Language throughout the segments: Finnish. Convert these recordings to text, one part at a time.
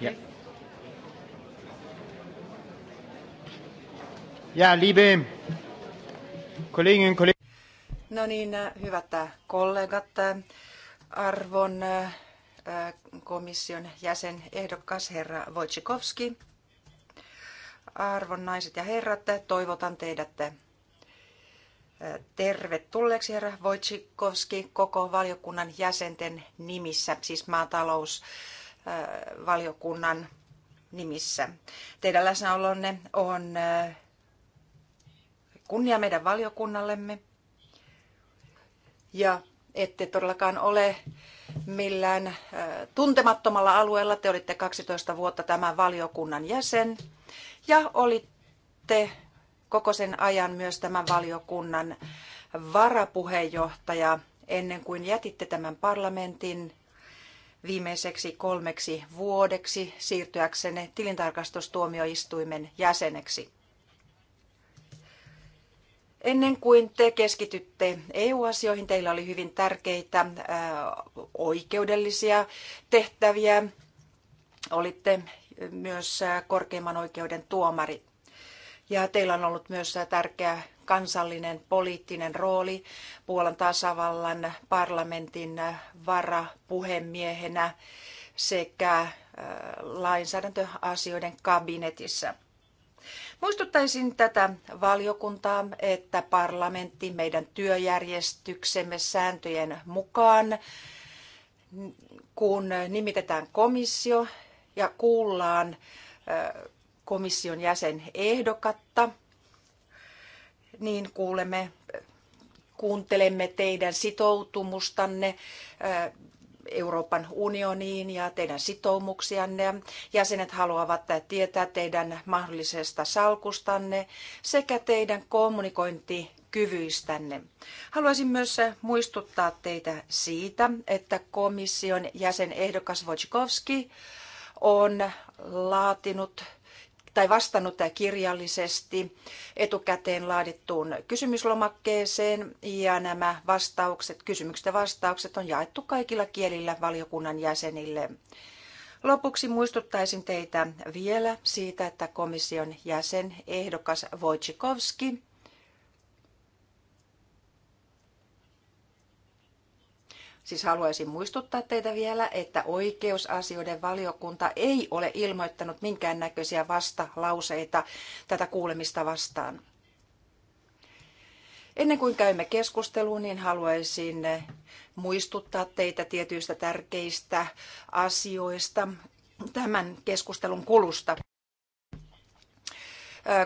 Ja, ja liebe Kolleginnen Kollegen. No niin, hyvät kollegat, arvon äh, komission jäsen ehdokas herra Wojciechowski. Arvon naiset ja herrat, toivotan teidät äh, Tervetulleeksi herra Wojciechowski koko valiokunnan jäsenten nimissä, siis maatalous- valiokunnan nimissä. Teidän läsnäolonne on kunnia meidän valiokunnallemme ja ette todellakaan ole millään tuntemattomalla alueella. Te olitte 12 vuotta tämän valiokunnan jäsen ja olitte koko sen ajan myös tämän valiokunnan varapuheenjohtaja ennen kuin jätitte tämän parlamentin viimeiseksi kolmeksi vuodeksi siirtyäksenne tilintarkastustuomioistuimen jäseneksi. Ennen kuin te keskitytte EU-asioihin, teillä oli hyvin tärkeitä äh, oikeudellisia tehtäviä. Olitte myös äh, korkeimman oikeuden tuomari. Ja teillä on ollut myös äh, tärkeä kansallinen poliittinen rooli Puolan tasavallan parlamentin varapuhemiehenä sekä lainsäädäntöasioiden kabinetissa. Muistuttaisin tätä valiokuntaa, että parlamentti meidän työjärjestyksemme sääntöjen mukaan, kun nimitetään komissio ja kuullaan komission jäsen ehdokatta, niin kuulemme, kuuntelemme teidän sitoutumustanne äh, Euroopan unioniin ja teidän sitoumuksianne. Jäsenet haluavat tietää teidän mahdollisesta salkustanne sekä teidän kommunikointi Kyvyistänne. Haluaisin myös muistuttaa teitä siitä, että komission jäsenehdokas Wojcikowski on laatinut tai vastannut kirjallisesti etukäteen laadittuun kysymyslomakkeeseen ja nämä vastaukset, kysymykset ja vastaukset on jaettu kaikilla kielillä valiokunnan jäsenille. Lopuksi muistuttaisin teitä vielä siitä, että komission jäsen ehdokas Wojcikowski Siis haluaisin muistuttaa teitä vielä, että oikeusasioiden valiokunta ei ole ilmoittanut minkäännäköisiä vastalauseita tätä kuulemista vastaan. Ennen kuin käymme keskusteluun, niin haluaisin muistuttaa teitä tietyistä tärkeistä asioista tämän keskustelun kulusta.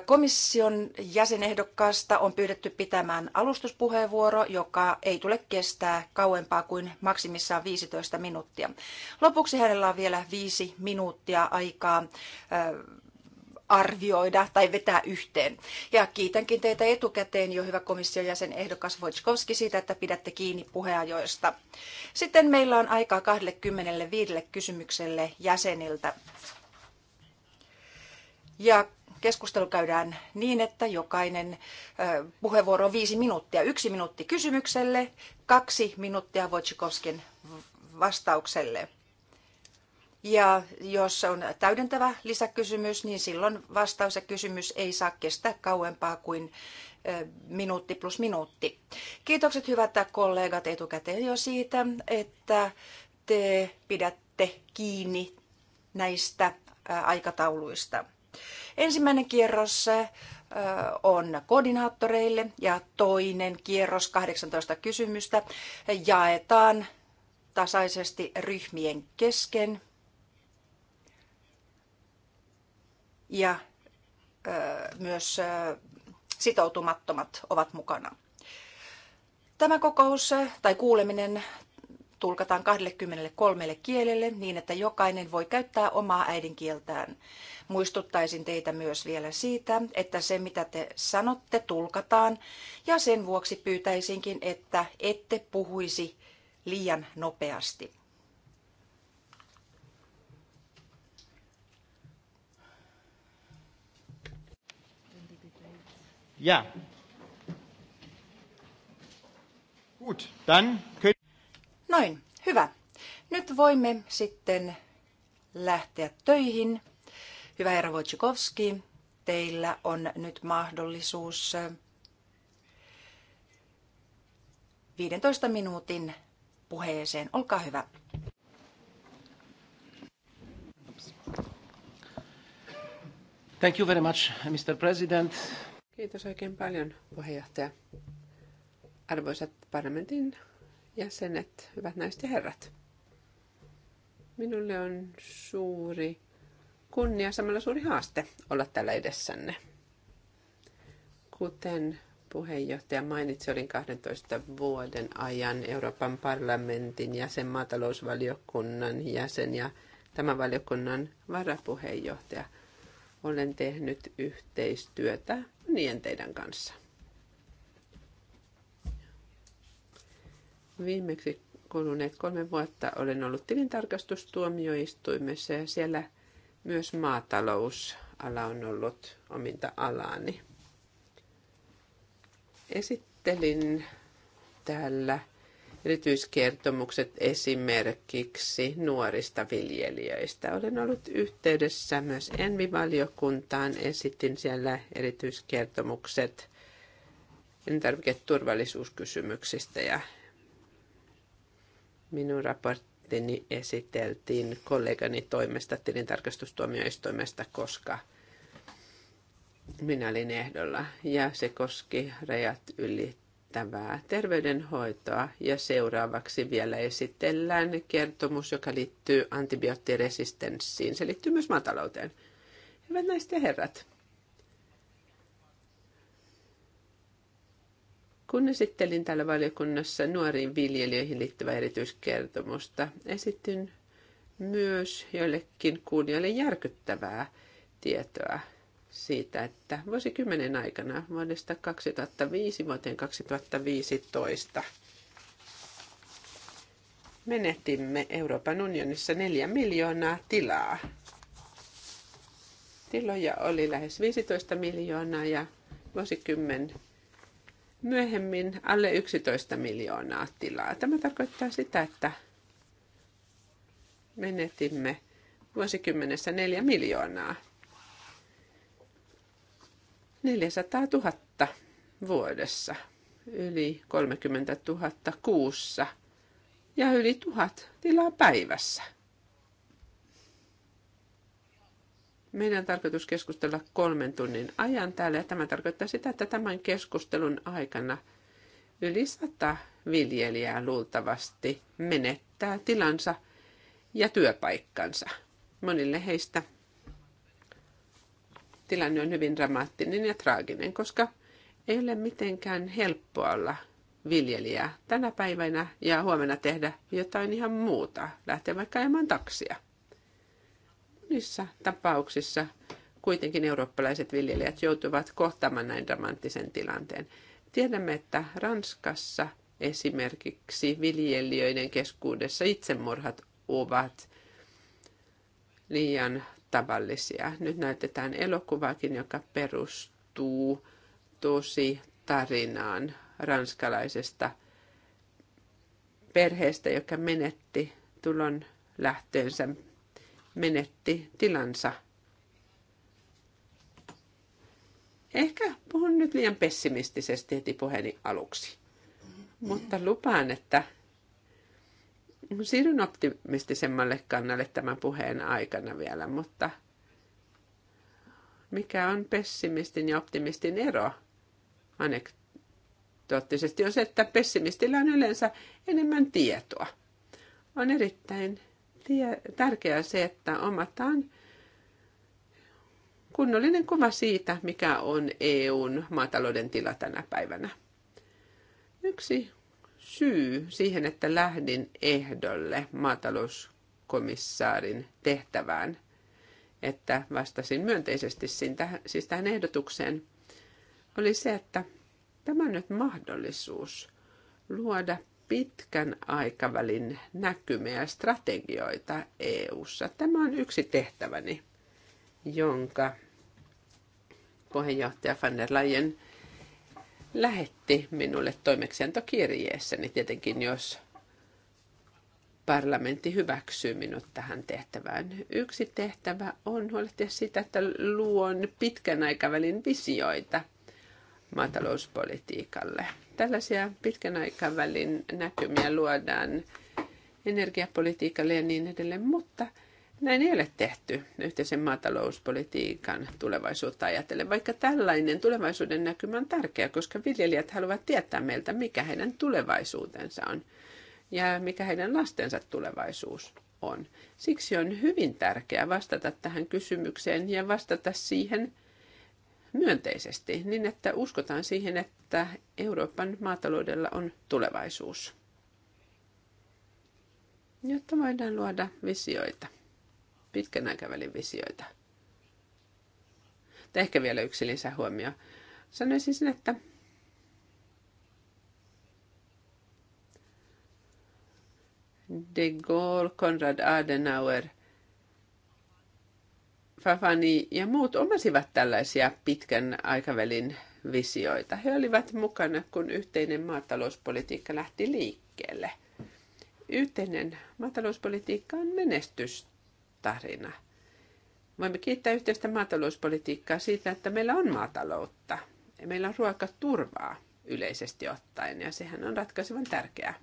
Komission jäsenehdokkaasta on pyydetty pitämään alustuspuheenvuoro, joka ei tule kestää kauempaa kuin maksimissaan 15 minuuttia. Lopuksi hänellä on vielä viisi minuuttia aikaa arvioida tai vetää yhteen. Ja kiitänkin teitä etukäteen jo hyvä komission jäsen ehdokas Wojtkowski siitä, että pidätte kiinni puheajoista. Sitten meillä on aikaa 25 kysymykselle jäseniltä. Ja keskustelu käydään niin, että jokainen puheenvuoro on viisi minuuttia. Yksi minuutti kysymykselle, kaksi minuuttia Wojcikovskin vastaukselle. Ja jos on täydentävä lisäkysymys, niin silloin vastaus ja kysymys ei saa kestää kauempaa kuin minuutti plus minuutti. Kiitokset hyvät kollegat etukäteen jo siitä, että te pidätte kiinni näistä aikatauluista. Ensimmäinen kierros on koordinaattoreille ja toinen kierros 18 kysymystä jaetaan tasaisesti ryhmien kesken. Ja myös sitoutumattomat ovat mukana. Tämä kokous tai kuuleminen tulkataan 23 kielelle niin, että jokainen voi käyttää omaa äidinkieltään. Muistuttaisin teitä myös vielä siitä, että se mitä te sanotte tulkataan ja sen vuoksi pyytäisinkin, että ette puhuisi liian nopeasti. Ja. Gut, dann können Noin, hyvä. Nyt voimme sitten lähteä töihin. Hyvä herra Wojcikowski, teillä on nyt mahdollisuus 15 minuutin puheeseen. Olkaa hyvä. Thank you very much, Mr. President. Kiitos oikein paljon, puheenjohtaja. Arvoisat parlamentin jäsenet, hyvät naiset ja herrat. Minulle on suuri kunnia, samalla suuri haaste olla täällä edessänne. Kuten puheenjohtaja mainitsi, olin 12 vuoden ajan Euroopan parlamentin jäsen, maatalousvaliokunnan jäsen ja tämän valiokunnan varapuheenjohtaja. Olen tehnyt yhteistyötä niiden teidän kanssa. Viimeksi kuluneet kolme vuotta olen ollut tilintarkastustuomioistuimessa ja siellä myös maatalousala on ollut ominta alaani. Esittelin täällä erityiskertomukset esimerkiksi nuorista viljelijöistä. Olen ollut yhteydessä myös Envivaliokuntaan. Esitin siellä erityiskertomukset elintarviketurvallisuuskysymyksistä ja Minun raporttini esiteltiin kollegani toimesta tilintarkastustuomioistuimesta, koska minä olin ehdolla ja se koski rajat ylittävää terveydenhoitoa ja seuraavaksi vielä esitellään kertomus, joka liittyy antibioottiresistenssiin. Se liittyy myös maatalouteen. Hyvät naiset ja herrat, Kun esittelin täällä valiokunnassa nuoriin viljelijöihin liittyvää erityiskertomusta, esitin myös joillekin kuulijoille järkyttävää tietoa siitä, että vuosikymmenen aikana vuodesta 2005 vuoteen 2015 menetimme Euroopan unionissa neljä miljoonaa tilaa. Tiloja oli lähes 15 miljoonaa ja vuosikymmen myöhemmin alle 11 miljoonaa tilaa. Tämä tarkoittaa sitä, että menetimme vuosikymmenessä 4 miljoonaa. 400 000 vuodessa, yli 30 000 kuussa ja yli tuhat tilaa päivässä. Meidän on tarkoitus keskustella kolmen tunnin ajan täällä ja tämä tarkoittaa sitä, että tämän keskustelun aikana yli sata viljelijää luultavasti menettää tilansa ja työpaikkansa. Monille heistä tilanne on hyvin dramaattinen ja traaginen, koska ei ole mitenkään helppoa olla viljelijää tänä päivänä ja huomenna tehdä jotain ihan muuta, lähteä vaikka ajamaan taksia – Monissa tapauksissa kuitenkin eurooppalaiset viljelijät joutuvat kohtaamaan näin dramaattisen tilanteen. Tiedämme, että Ranskassa esimerkiksi viljelijöiden keskuudessa itsemurhat ovat liian tavallisia. Nyt näytetään elokuvakin, joka perustuu tosi tarinaan ranskalaisesta perheestä, joka menetti tulon lähtöönsä menetti tilansa. Ehkä puhun nyt liian pessimistisesti heti puheeni aluksi, mutta lupaan, että siirryn optimistisemmalle kannalle tämän puheen aikana vielä, mutta mikä on pessimistin ja optimistin ero? Anekdoottisesti on se, että pessimistillä on yleensä enemmän tietoa. On erittäin tärkeää se, että omataan kunnollinen kuva siitä, mikä on EUn maatalouden tila tänä päivänä. Yksi syy siihen, että lähdin ehdolle maatalouskomissaarin tehtävään, että vastasin myönteisesti siitä, siis tähän ehdotukseen, oli se, että tämä on nyt mahdollisuus luoda pitkän aikavälin näkymiä ja strategioita EU:ssa. Tämä on yksi tehtäväni, jonka puheenjohtaja van der Leyen lähetti minulle toimeksiantokirjeessäni tietenkin, jos parlamentti hyväksyy minut tähän tehtävään. Yksi tehtävä on huolehtia sitä, että luon pitkän aikavälin visioita – maatalouspolitiikalle. Tällaisia pitkän aikavälin näkymiä luodaan energiapolitiikalle ja niin edelleen, mutta näin ei ole tehty yhteisen maatalouspolitiikan tulevaisuutta ajatellen, vaikka tällainen tulevaisuuden näkymä on tärkeä, koska viljelijät haluavat tietää meiltä, mikä heidän tulevaisuutensa on ja mikä heidän lastensa tulevaisuus on. Siksi on hyvin tärkeää vastata tähän kysymykseen ja vastata siihen myönteisesti, niin että uskotaan siihen, että Euroopan maataloudella on tulevaisuus, jotta voidaan luoda visioita, pitkän aikavälin visioita. Tai ehkä vielä yksi lisähuomio. Sanoisin sen, että de Gaulle, Konrad Adenauer – Fafani ja muut omasivat tällaisia pitkän aikavälin visioita. He olivat mukana, kun yhteinen maatalouspolitiikka lähti liikkeelle. Yhteinen maatalouspolitiikka on menestystarina. Voimme kiittää yhteistä maatalouspolitiikkaa siitä, että meillä on maataloutta ja meillä on ruokaturvaa yleisesti ottaen, ja sehän on ratkaisevan tärkeää.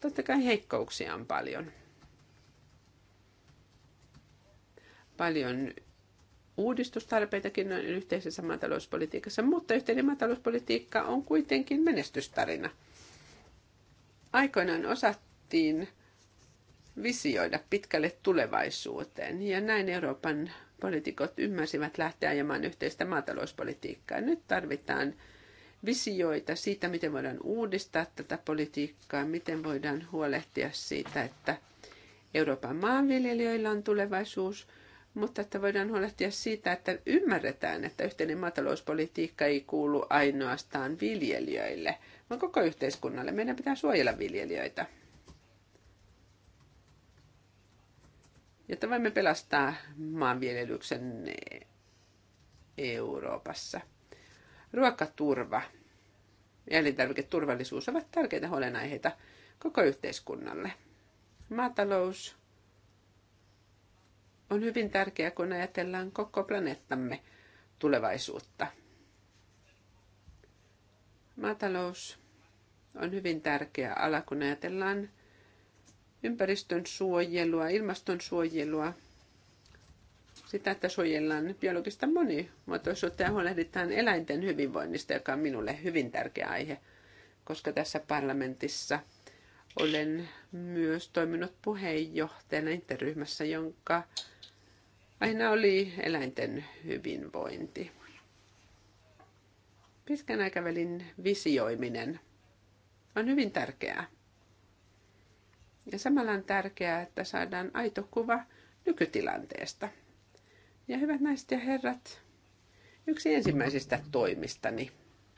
Totta kai heikkouksia on paljon, paljon uudistustarpeitakin on yhteisessä maatalouspolitiikassa, mutta yhteinen maatalouspolitiikka on kuitenkin menestystarina. Aikoinaan osattiin visioida pitkälle tulevaisuuteen ja näin Euroopan poliitikot ymmärsivät lähteä ajamaan yhteistä maatalouspolitiikkaa. Nyt tarvitaan visioita siitä, miten voidaan uudistaa tätä politiikkaa, miten voidaan huolehtia siitä, että Euroopan maanviljelijöillä on tulevaisuus – mutta että voidaan huolehtia siitä, että ymmärretään, että yhteinen maatalouspolitiikka ei kuulu ainoastaan viljelijöille, vaan koko yhteiskunnalle. Meidän pitää suojella viljelijöitä. Jotta voimme pelastaa maanviljelyksen Euroopassa. Ruokaturva ja elintarviketurvallisuus ovat tärkeitä huolenaiheita koko yhteiskunnalle. Maatalous on hyvin tärkeä, kun ajatellaan koko planeettamme tulevaisuutta. Maatalous on hyvin tärkeä ala, kun ajatellaan ympäristön suojelua, ilmaston suojelua, sitä, että suojellaan biologista monimuotoisuutta ja huolehditaan eläinten hyvinvoinnista, joka on minulle hyvin tärkeä aihe, koska tässä parlamentissa olen myös toiminut puheenjohtajana interryhmässä, jonka Aina oli eläinten hyvinvointi. Pitkän aikavälin visioiminen on hyvin tärkeää. Ja samalla on tärkeää, että saadaan aito kuva nykytilanteesta. Ja hyvät naiset ja herrat, yksi ensimmäisistä toimistani,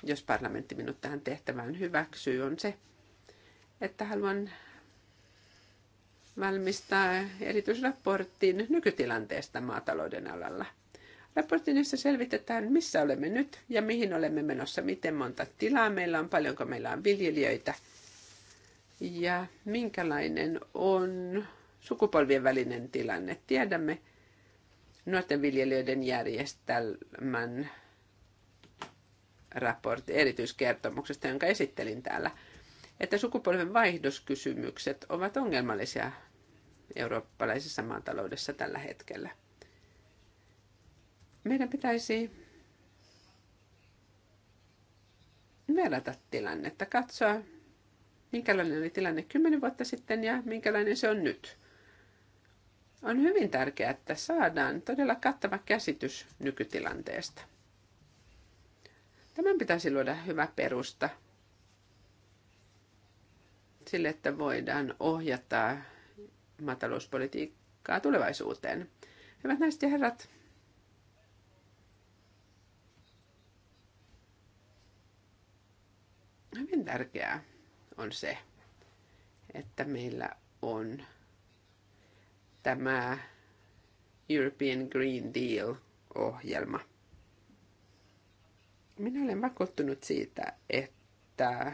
jos parlamentti minut tähän tehtävään hyväksyy, on se, että haluan valmistaa erityisraportin nykytilanteesta maatalouden alalla. Raportinissa selvitetään, missä olemme nyt ja mihin olemme menossa, miten monta tilaa meillä on, paljonko meillä on viljelijöitä ja minkälainen on sukupolvien välinen tilanne. Tiedämme nuorten viljelijöiden järjestelmän raportti erityiskertomuksesta, jonka esittelin täällä, että sukupolven vaihdoskysymykset ovat ongelmallisia eurooppalaisessa maataloudessa tällä hetkellä. Meidän pitäisi verrata tilannetta, katsoa minkälainen oli tilanne kymmenen vuotta sitten ja minkälainen se on nyt. On hyvin tärkeää, että saadaan todella kattava käsitys nykytilanteesta. Tämän pitäisi luoda hyvä perusta sille, että voidaan ohjata maatalouspolitiikkaa tulevaisuuteen. Hyvät naiset ja herrat, hyvin tärkeää on se, että meillä on tämä European Green Deal-ohjelma. Minä olen vakuuttunut siitä, että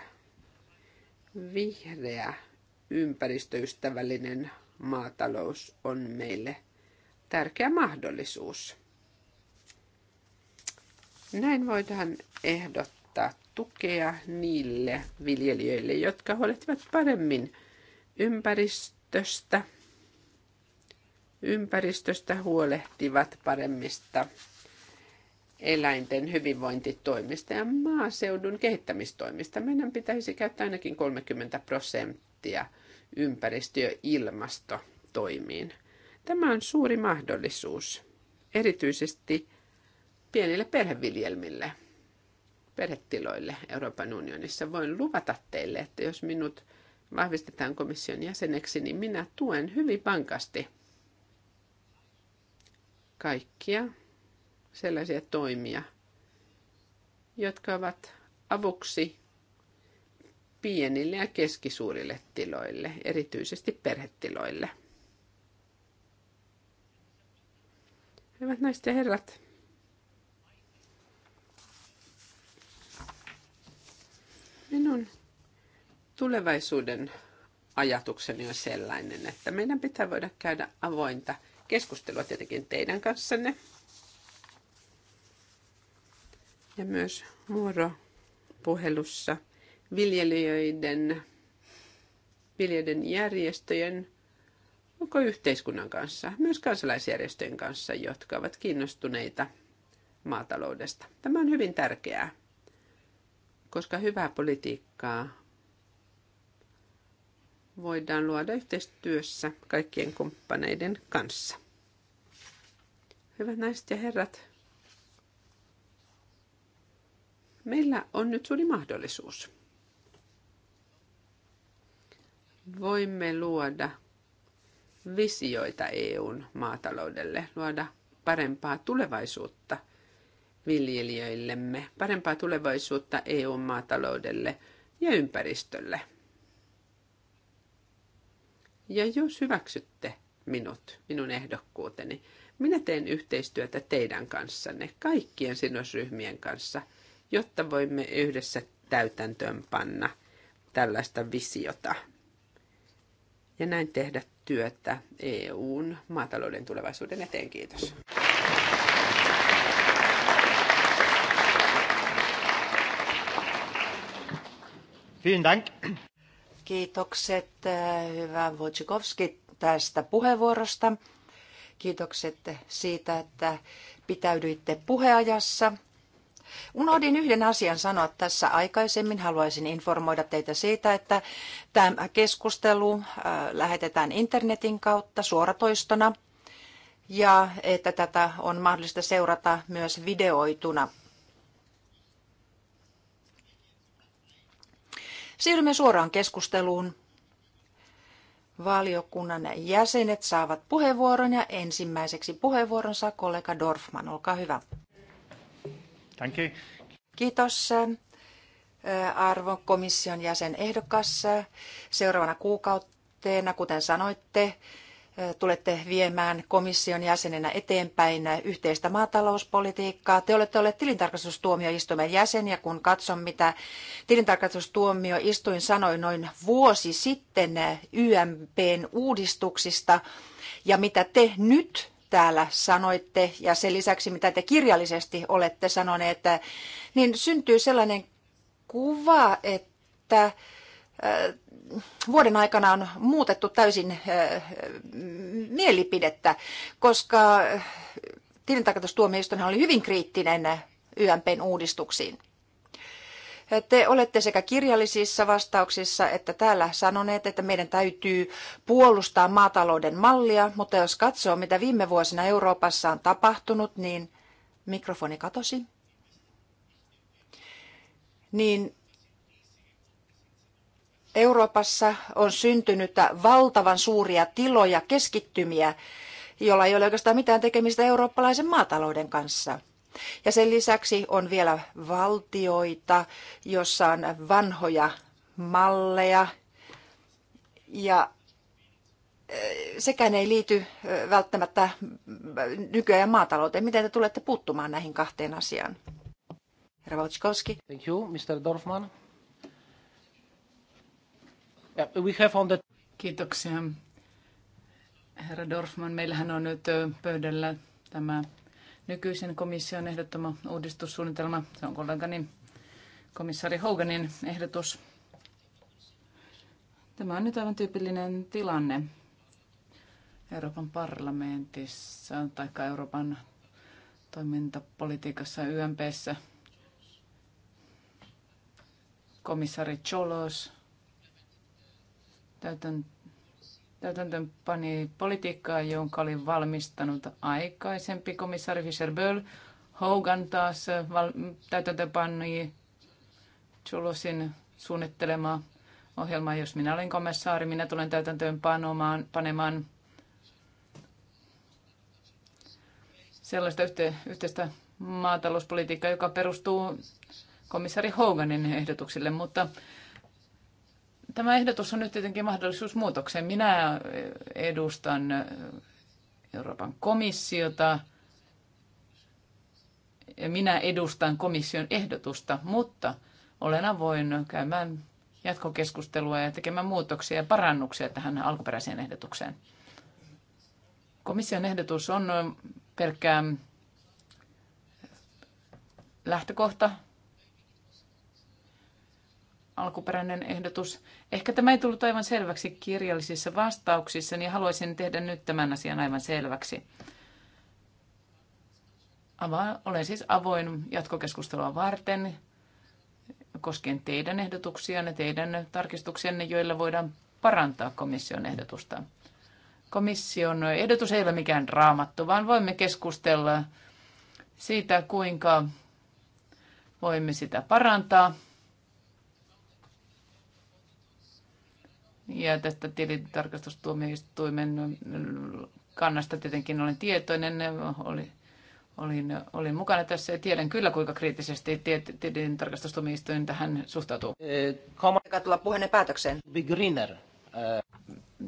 vihreä ympäristöystävällinen maatalous on meille tärkeä mahdollisuus. Näin voidaan ehdottaa tukea niille viljelijöille, jotka huolehtivat paremmin ympäristöstä, ympäristöstä huolehtivat paremmista eläinten hyvinvointitoimista ja maaseudun kehittämistoimista. Meidän pitäisi käyttää ainakin 30 prosenttia ympäristö- ja ilmastotoimiin. Tämä on suuri mahdollisuus, erityisesti pienille perheviljelmille, perhetiloille Euroopan unionissa. Voin luvata teille, että jos minut vahvistetaan komission jäseneksi, niin minä tuen hyvin vankasti kaikkia sellaisia toimia, jotka ovat avuksi pienille ja keskisuurille tiloille, erityisesti perhetiloille. Hyvät naiset ja herrat, minun tulevaisuuden ajatukseni on sellainen, että meidän pitää voida käydä avointa keskustelua tietenkin teidän kanssanne. Ja myös vuoropuhelussa – viljelijöiden, viljelijöiden järjestöjen, koko yhteiskunnan kanssa, myös kansalaisjärjestöjen kanssa, jotka ovat kiinnostuneita maataloudesta. Tämä on hyvin tärkeää, koska hyvää politiikkaa voidaan luoda yhteistyössä kaikkien kumppaneiden kanssa. Hyvät naiset ja herrat, meillä on nyt suuri mahdollisuus voimme luoda visioita EUn maataloudelle, luoda parempaa tulevaisuutta viljelijöillemme, parempaa tulevaisuutta EUn maataloudelle ja ympäristölle. Ja jos hyväksytte minut, minun ehdokkuuteni, minä teen yhteistyötä teidän kanssanne, kaikkien sidosryhmien kanssa, jotta voimme yhdessä täytäntöön panna tällaista visiota ja näin tehdä työtä EUn maatalouden tulevaisuuden eteen. Kiitos. Vielen Dank. Kiitokset, äh, hyvä Wojcikowski, tästä puheenvuorosta. Kiitokset siitä, että pitäydyitte puheajassa. Unohdin yhden asian sanoa tässä aikaisemmin. Haluaisin informoida teitä siitä, että tämä keskustelu äh, lähetetään internetin kautta suoratoistona ja että tätä on mahdollista seurata myös videoituna. Siirrymme suoraan keskusteluun. Valiokunnan jäsenet saavat puheenvuoron ja ensimmäiseksi puheenvuoron saa kollega Dorfman. Olkaa hyvä. Danke. Kiitos äh, arvon komission jäsen ehdokas. Seuraavana kuukautteena, kuten sanoitte, äh, tulette viemään komission jäsenenä eteenpäin yhteistä maatalouspolitiikkaa. Te olette olleet tilintarkastustuomioistuimen jäsen ja kun katson, mitä tilintarkastustuomioistuin sanoi noin vuosi sitten äh, YMPn uudistuksista ja mitä te nyt täällä sanoitte ja sen lisäksi, mitä te kirjallisesti olette sanoneet, niin syntyy sellainen kuva, että äh, vuoden aikana on muutettu täysin äh, mielipidettä, koska äh, tilintarkastustuomioistuinhan oli hyvin kriittinen YMPn uudistuksiin. Te olette sekä kirjallisissa vastauksissa että täällä sanoneet, että meidän täytyy puolustaa maatalouden mallia, mutta jos katsoo, mitä viime vuosina Euroopassa on tapahtunut, niin mikrofoni katosi. Niin Euroopassa on syntynyt valtavan suuria tiloja, keskittymiä, jolla ei ole oikeastaan mitään tekemistä eurooppalaisen maatalouden kanssa – ja sen lisäksi on vielä valtioita, jossa on vanhoja malleja ja sekään ei liity välttämättä nykyajan maatalouteen. Miten te tulette puuttumaan näihin kahteen asiaan? Herra Wojcikowski. Thank you, Mr. Dorfman. Yeah, we have on the... Kiitoksia. Herra Dorfman, meillähän on nyt pöydällä tämä nykyisen komission ehdottama uudistussuunnitelma. Se on kollegani komissaari Hoganin ehdotus. Tämä on nyt aivan tyypillinen tilanne Euroopan parlamentissa tai Euroopan toimintapolitiikassa YMPssä. Komissaari Cholos täytäntöön täytäntöönpani politiikkaa, jonka oli valmistanut aikaisempi komissaari Fischer-Böll. Hogan taas val- täytäntöön pani Chulusin jos minä olen komissaari, minä tulen täytäntöön panemaan sellaista yhte, yhteistä maatalouspolitiikkaa, joka perustuu komissari Hoganin ehdotuksille, mutta Tämä ehdotus on nyt tietenkin mahdollisuus muutokseen. Minä eh, edustan eh, Euroopan komissiota ja minä edustan komission ehdotusta, mutta olen avoin käymään jatkokeskustelua ja tekemään muutoksia ja parannuksia tähän alkuperäiseen ehdotukseen. Komission ehdotus on eh, pelkkää lähtökohta, alkuperäinen ehdotus. Ehkä tämä ei tullut aivan selväksi kirjallisissa vastauksissa, niin haluaisin tehdä nyt tämän asian aivan selväksi. Ava, olen siis avoin jatkokeskustelua varten koskien teidän ehdotuksianne, teidän tarkistuksianne, joilla voidaan parantaa komission ehdotusta. Komission ehdotus ei ole mikään raamattu, vaan voimme keskustella siitä, kuinka voimme sitä parantaa – ja tästä tilintarkastustuomioistuimen kannasta tietenkin olen tietoinen. Oli, olin, olin mukana tässä ja tiedän kyllä, kuinka kriittisesti tilintarkastustuomioistuin tähän suhtautuu. Kommentoikaa tulla puheenne päätökseen. Greener. Äh.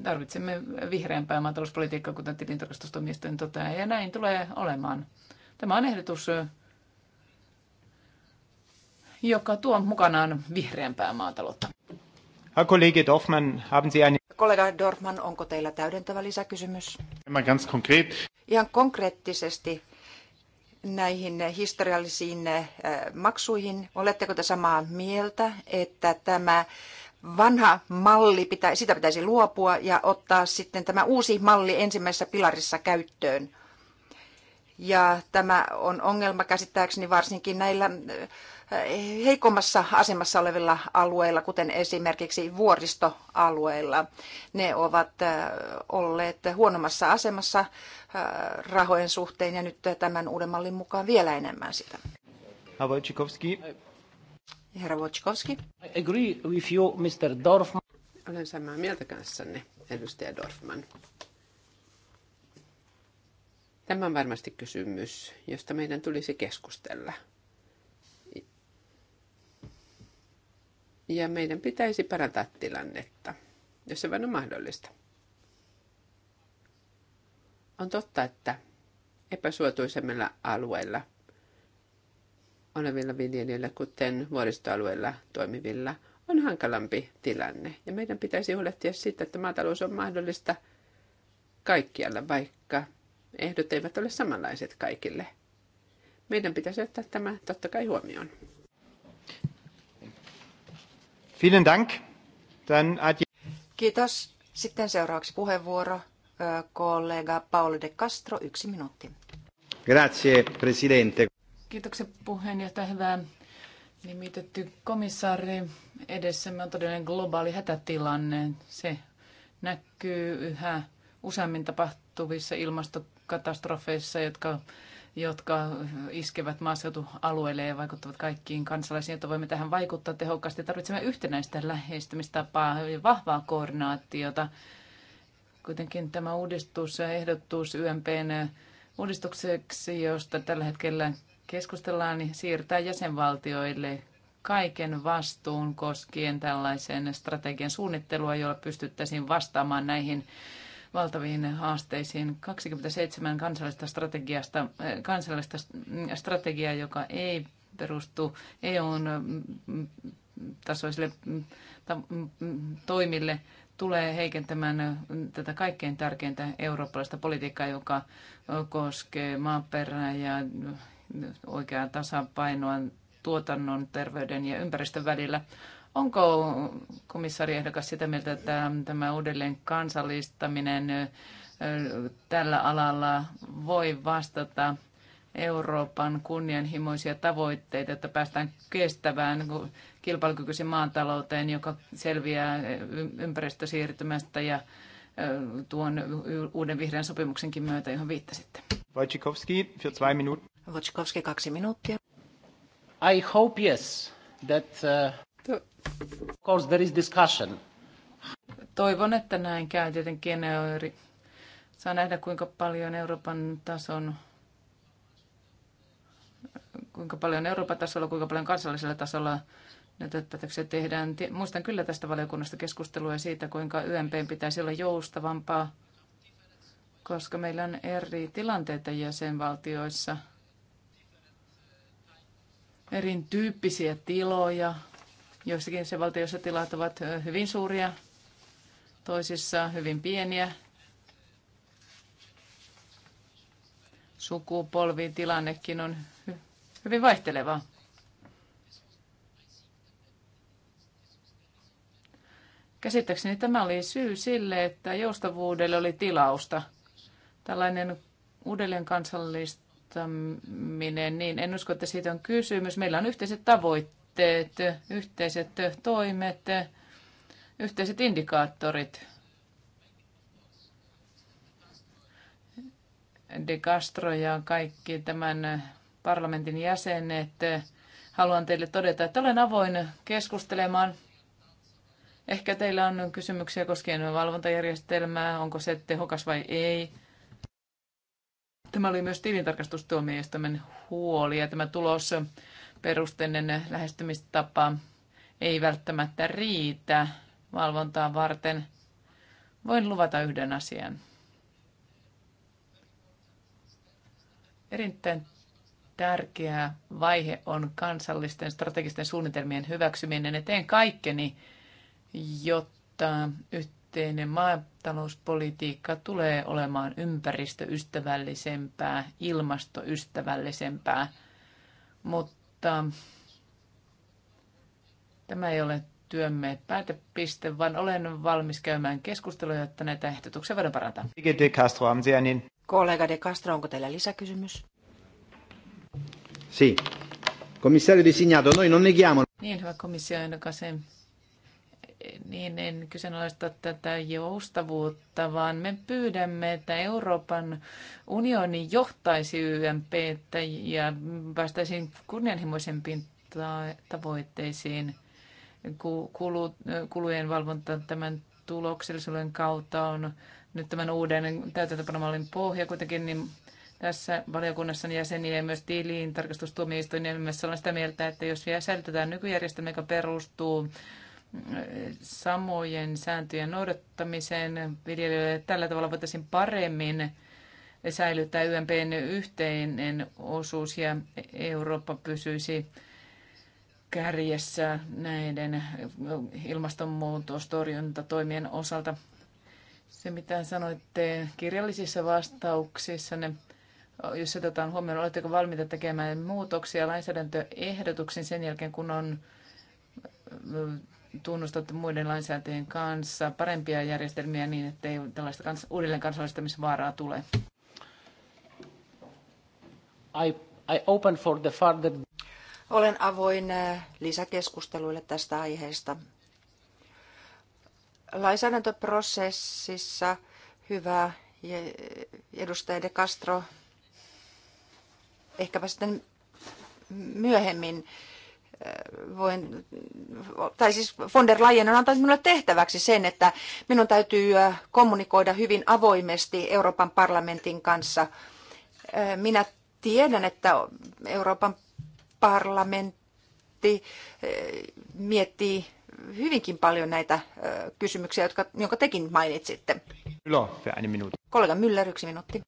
Tarvitsemme vihreämpää maatalouspolitiikkaa, kuten tilintarkastustuomioistuin toteaa, ja näin tulee olemaan. Tämä on ehdotus, joka tuo mukanaan vihreämpää maataloutta. Herr Kollege Dorfmann, haben Sie eine... Kollega Dorfman, onko teillä täydentävä lisäkysymys? Ganz konkret. Ihan konkreettisesti näihin historiallisiin eh, maksuihin. Oletteko te samaa mieltä, että tämä vanha malli, pitä, sitä pitäisi luopua ja ottaa sitten tämä uusi malli ensimmäisessä pilarissa käyttöön? Ja tämä on ongelma käsittääkseni varsinkin näillä eh, heikommassa asemassa olevilla alueilla, kuten esimerkiksi vuoristoalueilla. Ne ovat äh, olleet huonommassa asemassa äh, rahojen suhteen ja nyt tämän uuden mallin mukaan vielä enemmän sitä. Herra Wojciechowski. I agree with you, Mr. Dorfman. Olen samaa mieltä kanssanne, edustaja Dorfman. Tämä on varmasti kysymys, josta meidän tulisi keskustella – Ja meidän pitäisi parantaa tilannetta, jos se vain on mahdollista. On totta, että epäsuotuisemmilla alueilla olevilla viljelijöillä, kuten vuoristoalueilla toimivilla, on hankalampi tilanne. Ja meidän pitäisi huolehtia siitä, että maatalous on mahdollista kaikkialla, vaikka ehdot eivät ole samanlaiset kaikille. Meidän pitäisi ottaa tämä totta kai huomioon. Vielen Dank. Dann Kiitos. Sitten seuraavaksi puheenvuoro kollega Paolo de Castro, yksi minuutti. Grazie, presidente. Kiitoksia puheenjohtaja. Hyvää nimitetty komissaari. Edessämme on todellinen globaali hätätilanne. Se näkyy yhä useammin tapahtuvissa ilmastokatastrofeissa, jotka jotka iskevät maaseutualueille ja vaikuttavat kaikkiin kansalaisiin, jotta voimme tähän vaikuttaa tehokkaasti. Tarvitsemme yhtenäistä lähestymistapaa ja vahvaa koordinaatiota. Kuitenkin tämä uudistus ja ehdotus YMPn uudistukseksi, josta tällä hetkellä keskustellaan, niin siirtää jäsenvaltioille kaiken vastuun koskien tällaisen strategian suunnittelua, jolla pystyttäisiin vastaamaan näihin valtaviin haasteisiin. 27 kansallista, strategiasta, eh, kansallista mm, strategiaa, joka ei perustu EUn mm, tasoisille mm, toimille, tulee heikentämään eh, tätä kaikkein tärkeintä eurooppalaista politiikkaa, joka koskee maaperää ja oikeaa tasapainoa tuotannon, terveyden ja ympäristön välillä. Onko komissaariehdokas sitä mieltä, että tämä uudelleen kansallistaminen tällä alalla voi vastata Euroopan kunnianhimoisia tavoitteita, että päästään kestävään kilpailukykyisen maatalouteen, joka selviää ympäristösiirtymästä ja tuon uuden vihreän sopimuksenkin myötä, johon viittasitte. Wojciechowski, für zwei Minuten. Wojciechowski, kaksi minuuttia. I hope yes, that... Uh... To... there is discussion. Toivon, että näin käy tietenkin. Saa nähdä, kuinka paljon Euroopan tason kuinka paljon Euroopan tasolla, kuinka paljon kansallisella tasolla näitä päätöksiä tehdään. Muistan kyllä tästä valiokunnasta keskustelua siitä, kuinka YMP pitäisi olla joustavampaa, koska meillä on eri tilanteita jäsenvaltioissa, erityyppisiä tiloja, Joissakin se valtioissa tilat ovat hyvin suuria, toisissa hyvin pieniä. tilannekin on hy- hyvin vaihtelevaa. Käsittääkseni tämä oli syy sille, että joustavuudelle oli tilausta. Tällainen uudelleen kansallistaminen, niin en usko, että siitä on kysymys. Meillä on yhteiset tavoitteet puitteet, yhteiset toimet, yhteiset indikaattorit. De Castro ja kaikki tämän parlamentin jäsenet, haluan teille todeta, että olen avoin keskustelemaan. Ehkä teillä on kysymyksiä koskien valvontajärjestelmää, onko se tehokas vai ei. Tämä oli myös tilintarkastustuomioistuimen huoli ja tämä tulos perusteinen lähestymistapa ei välttämättä riitä valvontaa varten. Voin luvata yhden asian. Erittäin tärkeä vaihe on kansallisten strategisten suunnitelmien hyväksyminen. Ja teen kaikkeni, jotta yhteinen maatalouspolitiikka tulee olemaan ympäristöystävällisempää, ilmastoystävällisempää, mutta mutta tämä ei ole työmme päätepiste, vaan olen valmis käymään keskustelua, jotta näitä ehdotuksia voidaan parantaa. De Castro, niin. Kollega De Castro, onko teillä lisäkysymys? Si. Komissario designato, noi non neghiamo. Niin, hyvä komissio, kanssa niin en kyseenalaista tätä joustavuutta, vaan me pyydämme, että Euroopan unioni johtaisi YMP ja päästäisiin kunnianhimoisempiin tavoitteisiin. Kulujen valvonta tämän tuloksellisuuden kautta on nyt tämän uuden täytäntöpanomallin pohja kuitenkin, niin tässä valiokunnassa jäseniä ja myös tiliin tarkastustuomioistuin, niin myös olen sitä mieltä, että jos vielä säilytetään nykyjärjestelmä, joka perustuu samojen sääntöjen noudattamiseen viljelijöille. Tällä tavalla voitaisiin paremmin säilyttää YMPn yhteinen osuus ja Eurooppa pysyisi kärjessä näiden ilmastonmuutostorjuntatoimien osalta. Se, mitä sanoitte kirjallisissa vastauksissanne, jos otetaan huomioon, oletteko valmiita tekemään muutoksia lainsäädäntöehdotuksiin sen jälkeen, kun on tunnustatte muiden lainsäätäjien kanssa parempia järjestelmiä niin, että ei tällaista kans- uudelleen kansallistamisvaaraa tule? I, I open for the further... Olen avoin äh, lisäkeskusteluille tästä aiheesta. Lainsäädäntöprosessissa hyvä edustaja De Castro, ehkäpä sitten myöhemmin voin, tai siis von der Leyen on antanut minulle tehtäväksi sen, että minun täytyy kommunikoida hyvin avoimesti Euroopan parlamentin kanssa. Minä tiedän, että Euroopan parlamentti miettii hyvinkin paljon näitä kysymyksiä, jotka, jonka tekin mainitsitte. Kollega Müller, yksi minuutti.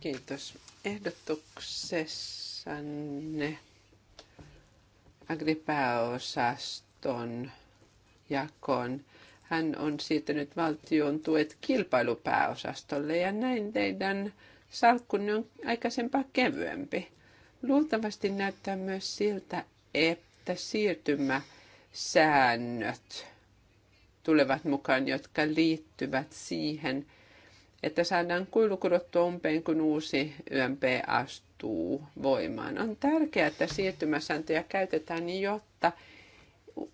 Kiitos ehdotuksessa puheessanne agripääosaston jakoon. Hän on siirtänyt valtion tuet kilpailupääosastolle ja näin teidän salkkunne on aikaisempaa kevyempi. Luultavasti näyttää myös siltä, että siirtymäsäännöt tulevat mukaan, jotka liittyvät siihen, että saadaan kuilu kurottua umpeen, kun uusi YMP astuu voimaan. On tärkeää, että siirtymäsääntöjä käytetään, jotta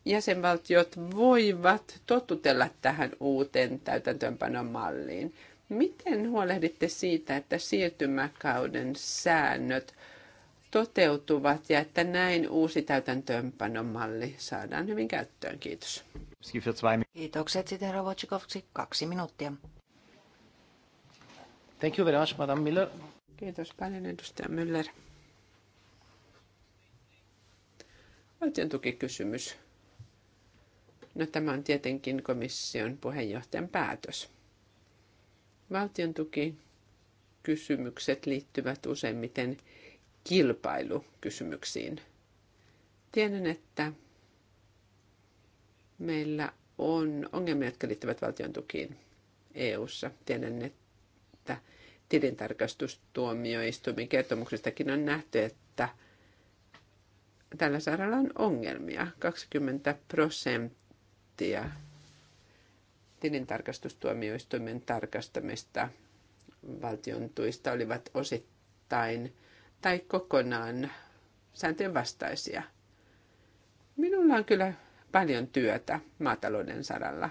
jäsenvaltiot voivat totutella tähän uuteen täytäntöönpanon malliin. Miten huolehditte siitä, että siirtymäkauden säännöt toteutuvat ja että näin uusi täytäntöönpanon malli saadaan hyvin käyttöön? Kiitos. Kiitokset sitten Rovotsikovsi, kaksi minuuttia. Thank you very much, Madam Kiitos paljon, edustaja Müller. Valtion tukikysymys. No tämä on tietenkin komission puheenjohtajan päätös. Valtion tukikysymykset liittyvät useimmiten kilpailukysymyksiin. Tiedän, että meillä on ongelmia, jotka liittyvät valtion tukiin EU-ssa. Tiedän, että että tilintarkastustuomioistuimen kertomuksestakin on nähty, että tällä saralla on ongelmia. 20 prosenttia tilintarkastustuomioistuimen tarkastamista valtion tuista olivat osittain tai kokonaan sääntöjen vastaisia. Minulla on kyllä paljon työtä maatalouden saralla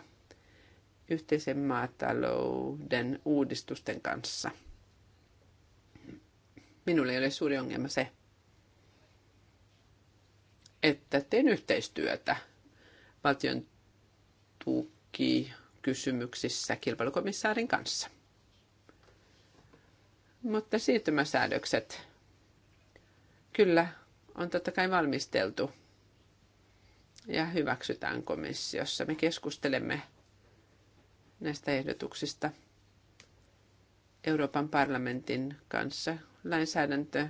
yhteisen maatalouden uudistusten kanssa. Minulle ei ole suuri ongelma se, että teen yhteistyötä valtion tuki kysymyksissä kilpailukomissaarin kanssa. Mutta siirtymäsäädökset kyllä on totta kai valmisteltu ja hyväksytään komissiossa. Me keskustelemme näistä ehdotuksista Euroopan parlamentin kanssa lainsäädäntö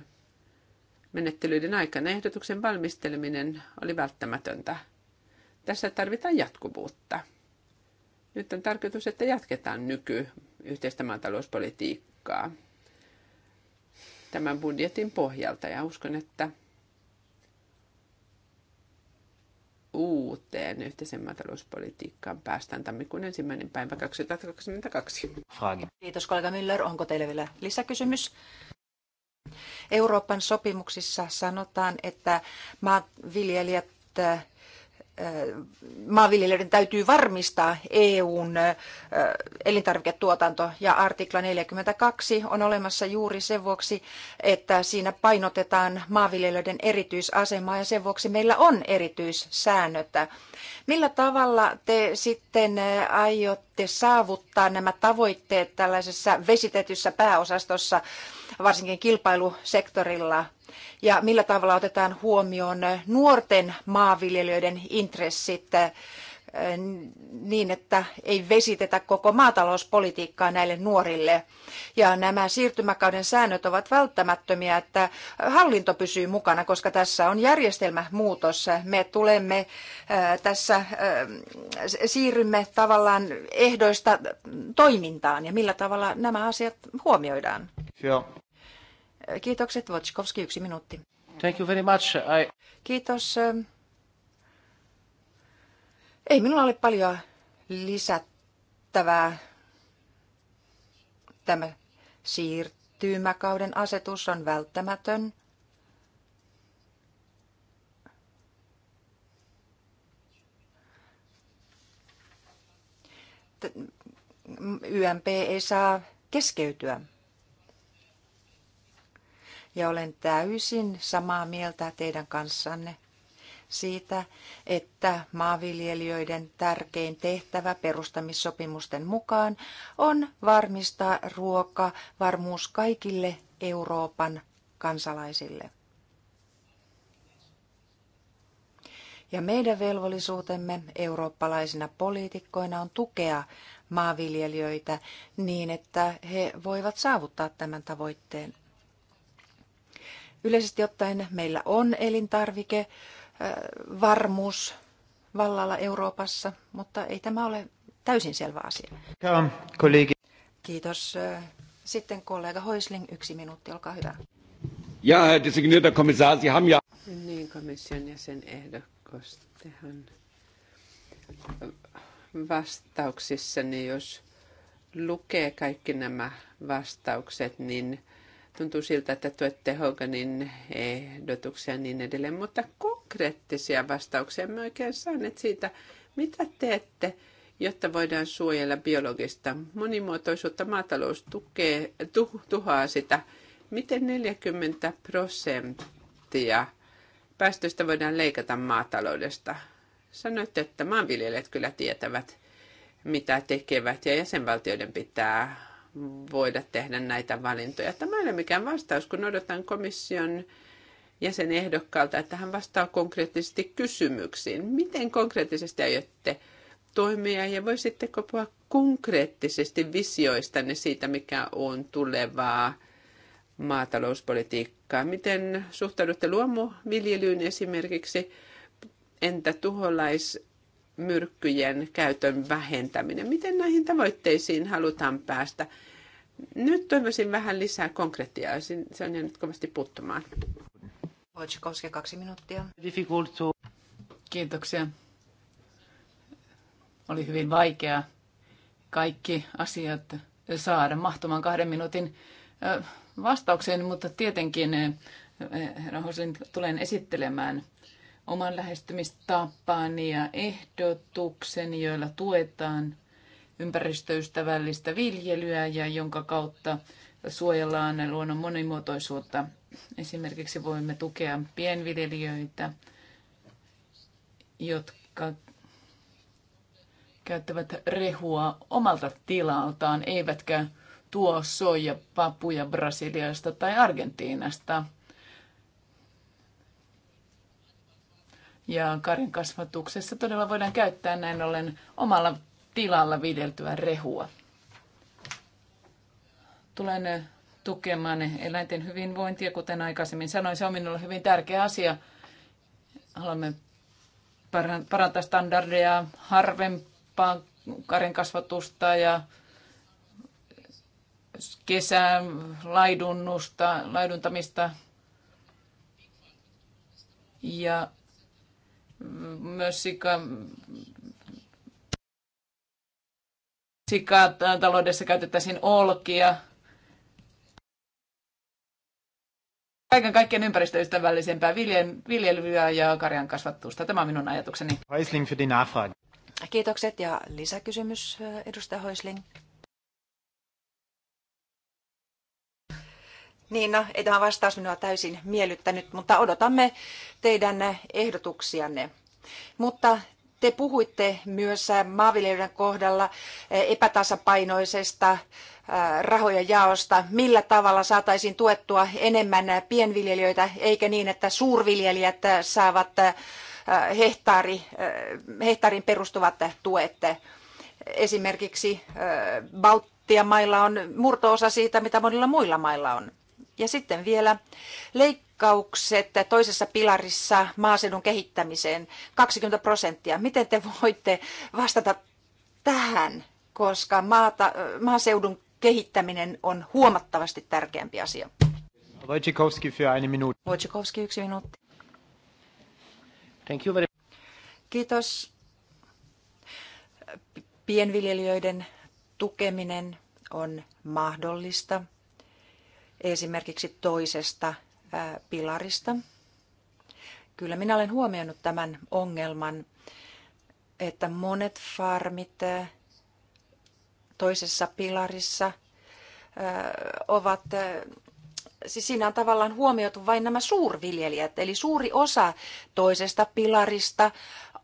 menettelyiden aikana ehdotuksen valmisteleminen oli välttämätöntä. Tässä tarvitaan jatkuvuutta. Nyt on tarkoitus, että jatketaan nykyyhteistä maatalouspolitiikkaa tämän budjetin pohjalta ja uskon, että uuteen yhteisen maatalouspolitiikkaan päästään tammikuun ensimmäinen päivä 2022. Frage. Kiitos kollega Müller. Onko teille vielä lisäkysymys? Euroopan sopimuksissa sanotaan, että maanviljelijät maanviljelijöiden täytyy varmistaa EUn elintarviketuotanto ja artikla 42 on olemassa juuri sen vuoksi, että siinä painotetaan maanviljelijöiden erityisasemaa ja sen vuoksi meillä on erityissäännöt. Millä tavalla te sitten aiotte saavuttaa nämä tavoitteet tällaisessa vesitetyssä pääosastossa, varsinkin kilpailusektorilla? ja millä tavalla otetaan huomioon nuorten maanviljelijöiden intressit eh, niin, että ei vesitetä koko maatalouspolitiikkaa näille nuorille. Ja nämä siirtymäkauden säännöt ovat välttämättömiä, että hallinto pysyy mukana, koska tässä on järjestelmämuutos. Me tulemme eh, tässä, eh, siirrymme tavallaan ehdoista toimintaan ja millä tavalla nämä asiat huomioidaan. Joo. Kiitokset, Wojciechowski, yksi minuutti. Thank you very much. I... Kiitos. Ei minulla ole paljon lisättävää. Tämä siirtymäkauden asetus on välttämätön. YMP ei saa keskeytyä. Ja olen täysin samaa mieltä teidän kanssanne siitä, että maanviljelijöiden tärkein tehtävä perustamissopimusten mukaan on varmistaa ruoka varmuus kaikille Euroopan kansalaisille. Ja meidän velvollisuutemme eurooppalaisina poliitikkoina on tukea maanviljelijöitä niin, että he voivat saavuttaa tämän tavoitteen. Yleisesti ottaen meillä on elintarvike, äh, varmuus vallalla Euroopassa, mutta ei tämä ole täysin selvä asia. Kiitos. Äh, sitten kollega Hoisling, yksi minuutti, olkaa hyvä. Ja, designierter Kommissar, Sie haben ja... Niin, komission jäsen ehdokas tähän vastauksissa, niin jos lukee kaikki nämä vastaukset, niin tuntuu siltä, että tuette Hoganin ehdotuksia ja niin edelleen, mutta konkreettisia vastauksia me oikein saaneet siitä, mitä teette, jotta voidaan suojella biologista monimuotoisuutta. Maatalous tukee, tu, tuhaa sitä. Miten 40 prosenttia päästöistä voidaan leikata maataloudesta? Sanoitte, että maanviljelijät kyllä tietävät, mitä tekevät ja jäsenvaltioiden pitää voida tehdä näitä valintoja. Tämä ei ole mikään vastaus, kun odotan komission jäsenehdokkaalta, että hän vastaa konkreettisesti kysymyksiin. Miten konkreettisesti aiotte toimia ja voisitteko puhua konkreettisesti visioistanne siitä, mikä on tulevaa maatalouspolitiikkaa? Miten suhtaudutte luomuviljelyyn esimerkiksi? Entä tuholais myrkkyjen käytön vähentäminen. Miten näihin tavoitteisiin halutaan päästä? Nyt toivoisin vähän lisää konkretiaa, se on jäänyt kovasti puuttumaan. koskea kaksi minuuttia. Kiitoksia. Oli hyvin vaikea kaikki asiat saada mahtumaan kahden minuutin vastaukseen, mutta tietenkin herra Hoslin tulen esittelemään – oman lähestymistapani ja ehdotukseni, joilla tuetaan ympäristöystävällistä viljelyä ja jonka kautta suojellaan luonnon monimuotoisuutta. Esimerkiksi voimme tukea pienviljelijöitä, jotka käyttävät rehua omalta tilaltaan, eivätkä tuo soijapapuja Brasiliasta tai Argentiinasta – Ja karjan kasvatuksessa todella voidaan käyttää näin ollen omalla tilalla viljeltyä rehua. Tulen tukemaan eläinten hyvinvointia, kuten aikaisemmin sanoin. Se on minulle hyvin tärkeä asia. Haluamme parantaa standardeja, harvempaa karjan kasvatusta ja kesän laidunnusta, laiduntamista ja myös sika, taloudessa käytettäisiin olkia. Kaiken kaikkien ympäristöystävällisempää viljelyä ja karjan kasvattusta. Tämä on minun ajatukseni. Häusling für die Nachfrage. Kiitokset ja lisäkysymys edustaja Häusling. Niina, ei tämä vastaus minua täysin miellyttänyt, mutta odotamme teidän ehdotuksianne. Mutta te puhuitte myös maanviljelijöiden kohdalla epätasapainoisesta rahojen jaosta, millä tavalla saataisiin tuettua enemmän pienviljelijöitä, eikä niin, että suurviljelijät saavat hehtaari, hehtaarin perustuvat tuet. Esimerkiksi Baltian mailla on murtoosa siitä, mitä monilla muilla mailla on. Ja sitten vielä leikkaukset toisessa pilarissa maaseudun kehittämiseen, 20 prosenttia. Miten te voitte vastata tähän, koska maata, maaseudun kehittäminen on huomattavasti tärkeämpi asia? Wojciechowski für eine Minute. Wojciechowski, yksi minuutti. Thank you very Kiitos. Pienviljelijöiden tukeminen on mahdollista – esimerkiksi toisesta pilarista. Kyllä minä olen huomioinut tämän ongelman, että monet farmit toisessa pilarissa ovat, siis siinä on tavallaan huomioitu vain nämä suurviljelijät, eli suuri osa toisesta pilarista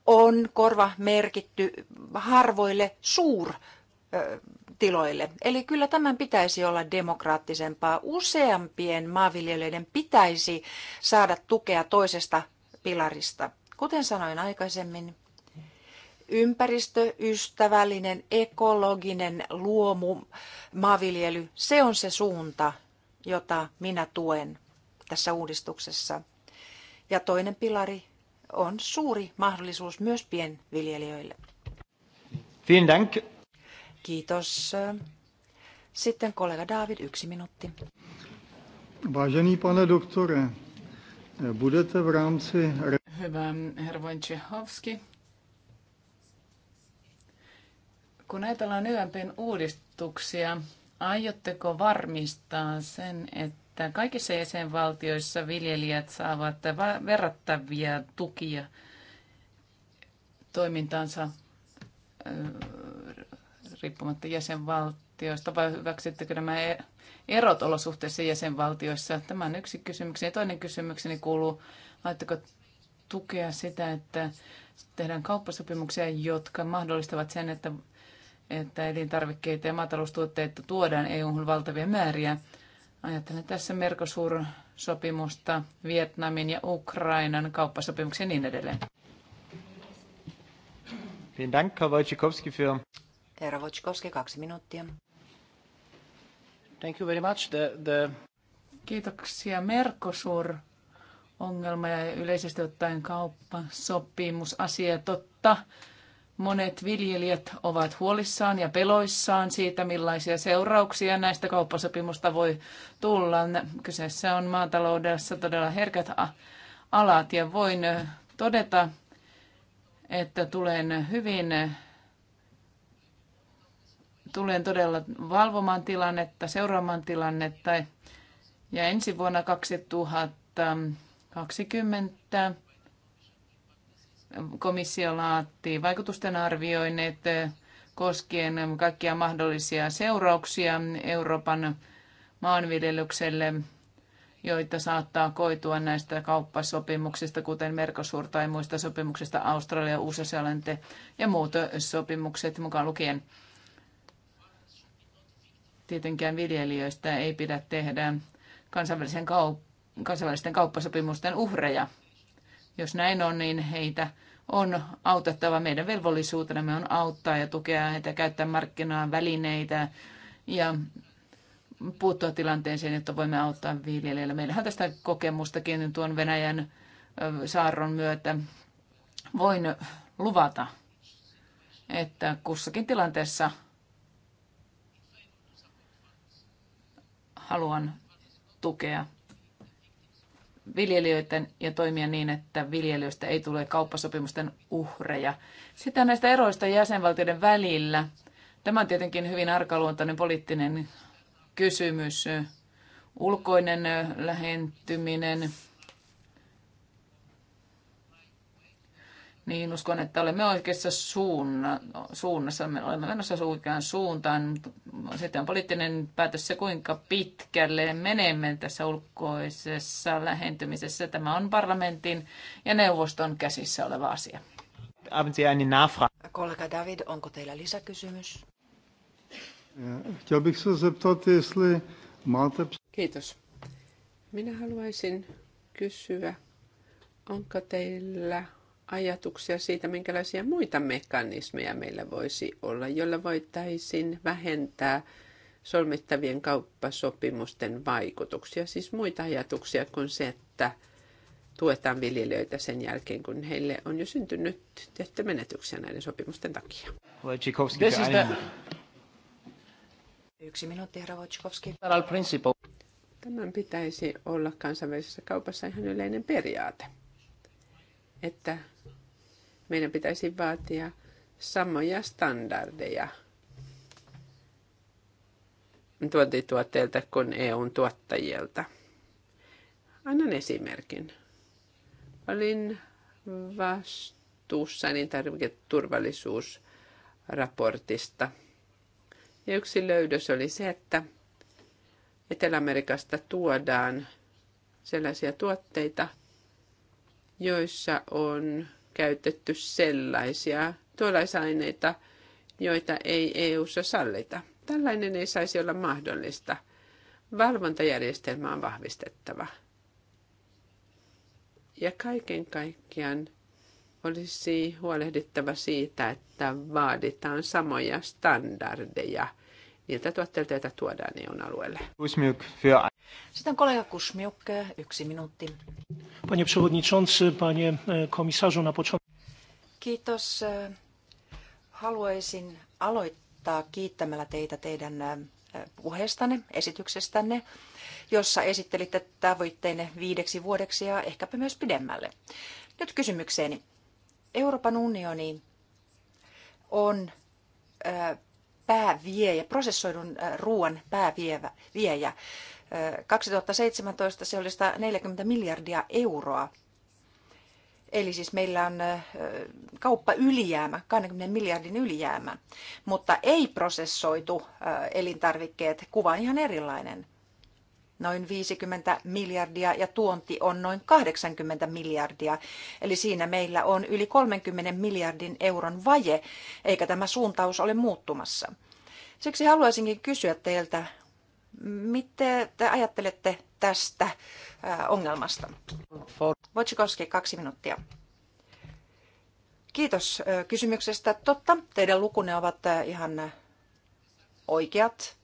on korva merkitty harvoille suurviljelijöille tiloille. Eli kyllä tämän pitäisi olla demokraattisempaa. Useampien maanviljelijöiden pitäisi saada tukea toisesta pilarista. Kuten sanoin aikaisemmin, ympäristöystävällinen, ekologinen luomu, maanviljely, se on se suunta, jota minä tuen tässä uudistuksessa. Ja toinen pilari on suuri mahdollisuus myös pienviljelijöille. Vielen Dank. Kiitos. Sitten kollega David, yksi minuutti. Vážený pane doktore, budete v rámci... Hyvä herra Wojciechowski. Kun ajatellaan YMPn uudistuksia, aiotteko varmistaa sen, että kaikissa jäsenvaltioissa viljelijät saavat verrattavia tukia toimintaansa riippumatta jäsenvaltioista, vai hyväksyttekö nämä e- erot olosuhteissa jäsenvaltioissa? Tämä on yksi kysymykseni. Toinen kysymykseni kuuluu, laitteko tukea sitä, että tehdään kauppasopimuksia, jotka mahdollistavat sen, että, että elintarvikkeita ja maataloustuotteita tuodaan EU-hun valtavia määriä. Ajattelen tässä Mercosur-sopimusta, Vietnamin ja Ukrainan kauppasopimuksia ja niin edelleen. Vielen Dank, Wojciechowski, für... Herra Wojcikowski, kaksi minuuttia. Thank you very much. The, the... Kiitoksia. Mercosur ongelma ja yleisesti ottaen kauppasopimusasia totta. Monet viljelijät ovat huolissaan ja peloissaan siitä, millaisia seurauksia näistä kauppasopimusta voi tulla. Kyseessä on maataloudessa todella herkät alat ja voin todeta, että tulen hyvin tulen todella valvomaan tilannetta, seuraamaan tilannetta. Ja ensi vuonna 2020 komissio laatti vaikutusten arvioinnit koskien kaikkia mahdollisia seurauksia Euroopan maanviljelykselle, joita saattaa koitua näistä kauppasopimuksista, kuten Mercosur tai muista sopimuksista Australia, Uusi-Seelanti ja muut sopimukset mukaan lukien. Tietenkään viljelijöistä ei pidä tehdä kansainvälisen kaup- kansainvälisten kauppasopimusten uhreja. Jos näin on, niin heitä on autettava. Meidän me on auttaa ja tukea heitä, käyttää markkinaa, välineitä ja puuttua tilanteeseen, jotta voimme auttaa viljelijöillä. Meillähän tästä kokemustakin tuon Venäjän saarron myötä voin luvata, että kussakin tilanteessa haluan tukea viljelijöiden ja toimia niin, että viljelijöistä ei tule kauppasopimusten uhreja. Sitä näistä eroista jäsenvaltioiden välillä. Tämä on tietenkin hyvin arkaluontainen poliittinen kysymys. Ulkoinen lähentyminen niin uskon, että olemme oikeassa suunna, suunnassa. Me olemme menossa oikeaan suuntaan. Sitten on poliittinen päätös se, kuinka pitkälle menemme tässä ulkoisessa lähentymisessä. Tämä on parlamentin ja neuvoston käsissä oleva asia. Kollega David, onko teillä lisäkysymys? Kiitos. Minä haluaisin kysyä, onko teillä ajatuksia siitä, minkälaisia muita mekanismeja meillä voisi olla, joilla voitaisiin vähentää solmittavien kauppasopimusten vaikutuksia, siis muita ajatuksia kuin se, että tuetaan viljelijöitä sen jälkeen, kun heille on jo syntynyt tehty menetyksiä näiden sopimusten takia. Yksi minuutti, herra Wojcikowski. Tämän pitäisi olla kansainvälisessä kaupassa ihan yleinen periaate että meidän pitäisi vaatia samoja standardeja tuontituotteilta kuin EUn tuottajilta. Annan esimerkin. Olin vastuussa elintarviketurvallisuusraportista. Ja yksi löydös oli se, että Etelä-Amerikasta tuodaan sellaisia tuotteita – joissa on käytetty sellaisia tuollaisaineita, joita ei EU:ssa sallita. Tällainen ei saisi olla mahdollista. Valvontajärjestelmä on vahvistettava. Ja kaiken kaikkiaan olisi huolehdittava siitä, että vaaditaan samoja standardeja – niiltä tuotteilta, joita tuodaan EUn alueelle. Sitten kollega Kusmiuk, yksi minuutti. Panie przewodniczący, panie e, komisarzu, na początku. Kiitos. Haluaisin aloittaa kiittämällä teitä teidän e, puheestanne, esityksestänne, jossa esittelitte tavoitteenne viideksi vuodeksi ja ehkäpä myös pidemmälle. Nyt kysymykseeni. Euroopan unioni on e, pääviejä, prosessoidun ruoan pääviejä. 2017 se oli 140 miljardia euroa. Eli siis meillä on kauppa ylijäämä, 20 miljardin ylijäämä, mutta ei prosessoitu elintarvikkeet, kuva on ihan erilainen noin 50 miljardia ja tuonti on noin 80 miljardia. Eli siinä meillä on yli 30 miljardin euron vaje, eikä tämä suuntaus ole muuttumassa. Siksi haluaisinkin kysyä teiltä, miten te ajattelette tästä ongelmasta? Wojcikowski, kaksi minuuttia. Kiitos kysymyksestä. Totta, teidän lukunne ovat ihan oikeat.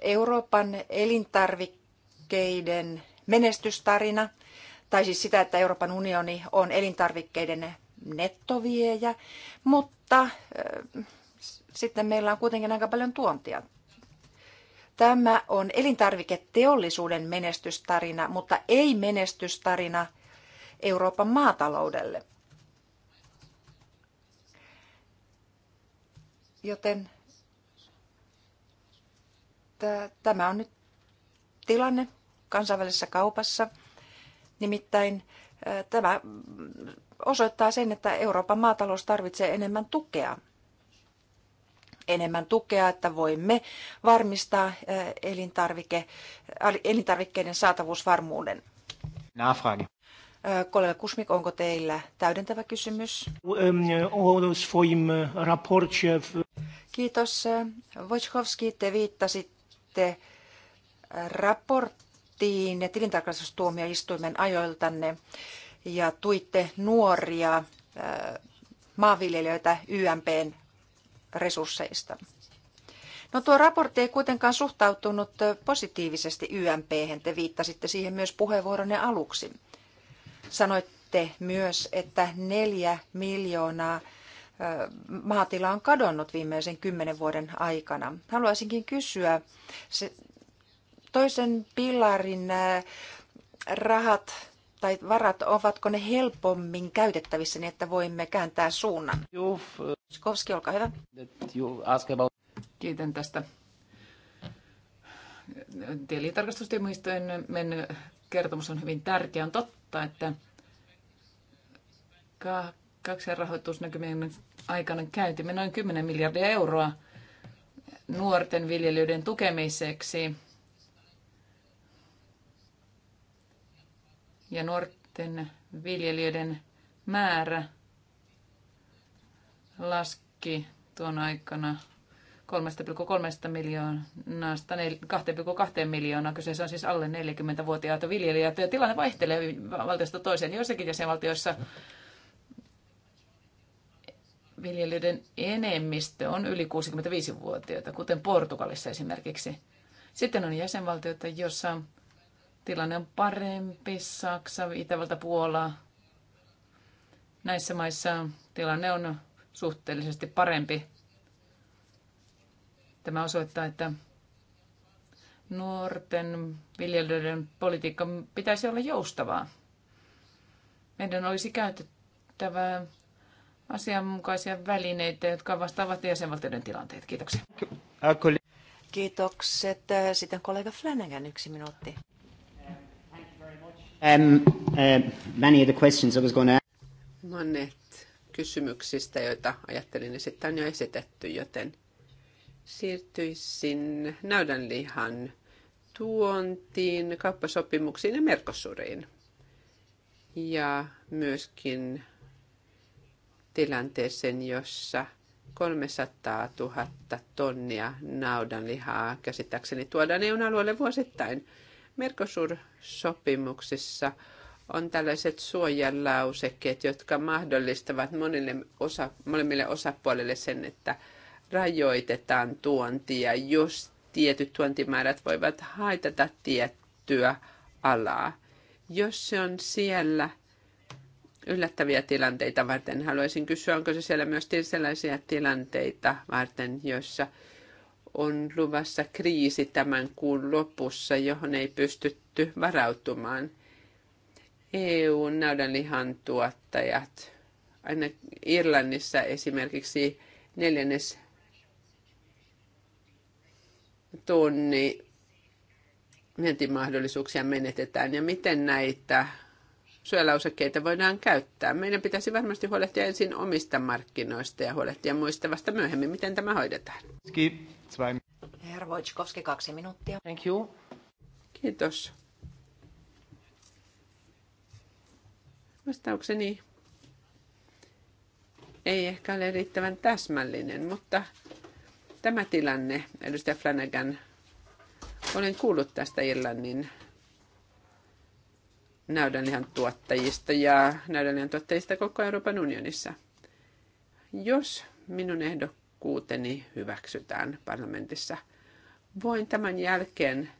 Euroopan elintarvikkeiden menestystarina, tai siis sitä, että Euroopan unioni on elintarvikkeiden nettoviejä, mutta sitten meillä on kuitenkin aika paljon tuontia. Tämä on elintarviketeollisuuden menestystarina, mutta ei menestystarina Euroopan maataloudelle. Joten tämä on nyt tilanne kansainvälisessä kaupassa. Nimittäin tämä osoittaa sen, että Euroopan maatalous tarvitsee enemmän tukea. Enemmän tukea, että voimme varmistaa elintarvike, elintarvikkeiden saatavuusvarmuuden. Nachfrage. Kollega Kusmik, onko teillä täydentävä kysymys? Um, uh, uh, Kiitos. Wojciechowski, te viittasitte sitten raporttiin ja tilintarkastustuomioistuimen ajoiltanne ja tuitte nuoria äh, maanviljelijöitä YMPn resursseista. No tuo raportti ei kuitenkaan suhtautunut positiivisesti YMP, te viittasitte siihen myös puheenvuoronne aluksi. Sanoitte myös, että neljä miljoonaa maatila on kadonnut viimeisen kymmenen vuoden aikana. Haluaisinkin kysyä, se toisen pilarin rahat tai varat, ovatko ne helpommin käytettävissä niin, että voimme kääntää suunnan? Skovski, olkaa hyvä. Kiitän tästä mennyt kertomus on hyvin tärkeä. On totta, että kaksi rahoitusnäkymien aikana käytimme noin 10 miljardia euroa nuorten viljelijöiden tukemiseksi. Ja nuorten viljelijöiden määrä laski tuon aikana 3,3 miljoonasta 2,2 miljoonaa. Kyseessä on siis alle 40-vuotiaita viljelijöitä. Ja tilanne vaihtelee valtiosta toiseen. Joissakin jäsenvaltioissa viljelijöiden enemmistö on yli 65-vuotiaita, kuten Portugalissa esimerkiksi. Sitten on jäsenvaltioita, joissa tilanne on parempi, Saksa, Itävalta, Puola. Näissä maissa tilanne on suhteellisesti parempi. Tämä osoittaa, että nuorten viljelijöiden politiikka pitäisi olla joustavaa. Meidän olisi käytettävä asianmukaisia välineitä, jotka vastaavat jäsenvaltioiden tilanteet. Kiitoksia. Kiitokset. Sitten kollega Flanagan, yksi minuutti. Um, uh, many of the questions I was going to Monet kysymyksistä, joita ajattelin esittää, on jo esitetty, joten siirtyisin näydänlihan tuontiin, kauppasopimuksiin ja merkossuriin. Ja myöskin tilanteeseen, jossa 300 000 tonnia naudanlihaa käsittääkseni tuodaan eu alueelle vuosittain. Mercosur-sopimuksissa on tällaiset suojalausekkeet, jotka mahdollistavat monille osa, molemmille osapuolille sen, että rajoitetaan tuontia, jos tietyt tuontimäärät voivat haitata tiettyä alaa. Jos se on siellä yllättäviä tilanteita varten. Haluaisin kysyä, onko se siellä myös sellaisia tilanteita varten, joissa on luvassa kriisi tämän kuun lopussa, johon ei pystytty varautumaan. EUn naudanlihan tuottajat, aina Irlannissa esimerkiksi neljännes tonni mahdollisuuksia menetetään ja miten näitä suojalausekkeita voidaan käyttää. Meidän pitäisi varmasti huolehtia ensin omista markkinoista ja huolehtia muista vasta myöhemmin, miten tämä hoidetaan. Herra Wojtkowski, kaksi minuuttia. Thank you. Kiitos. Vastaukseni ei ehkä ole riittävän täsmällinen, mutta tämä tilanne, edustaja Flanagan, olen kuullut tästä Irlannin näydenlihan tuottajista ja näydenlihan tuottajista koko Euroopan unionissa. Jos minun ehdokkuuteni hyväksytään parlamentissa, voin tämän jälkeen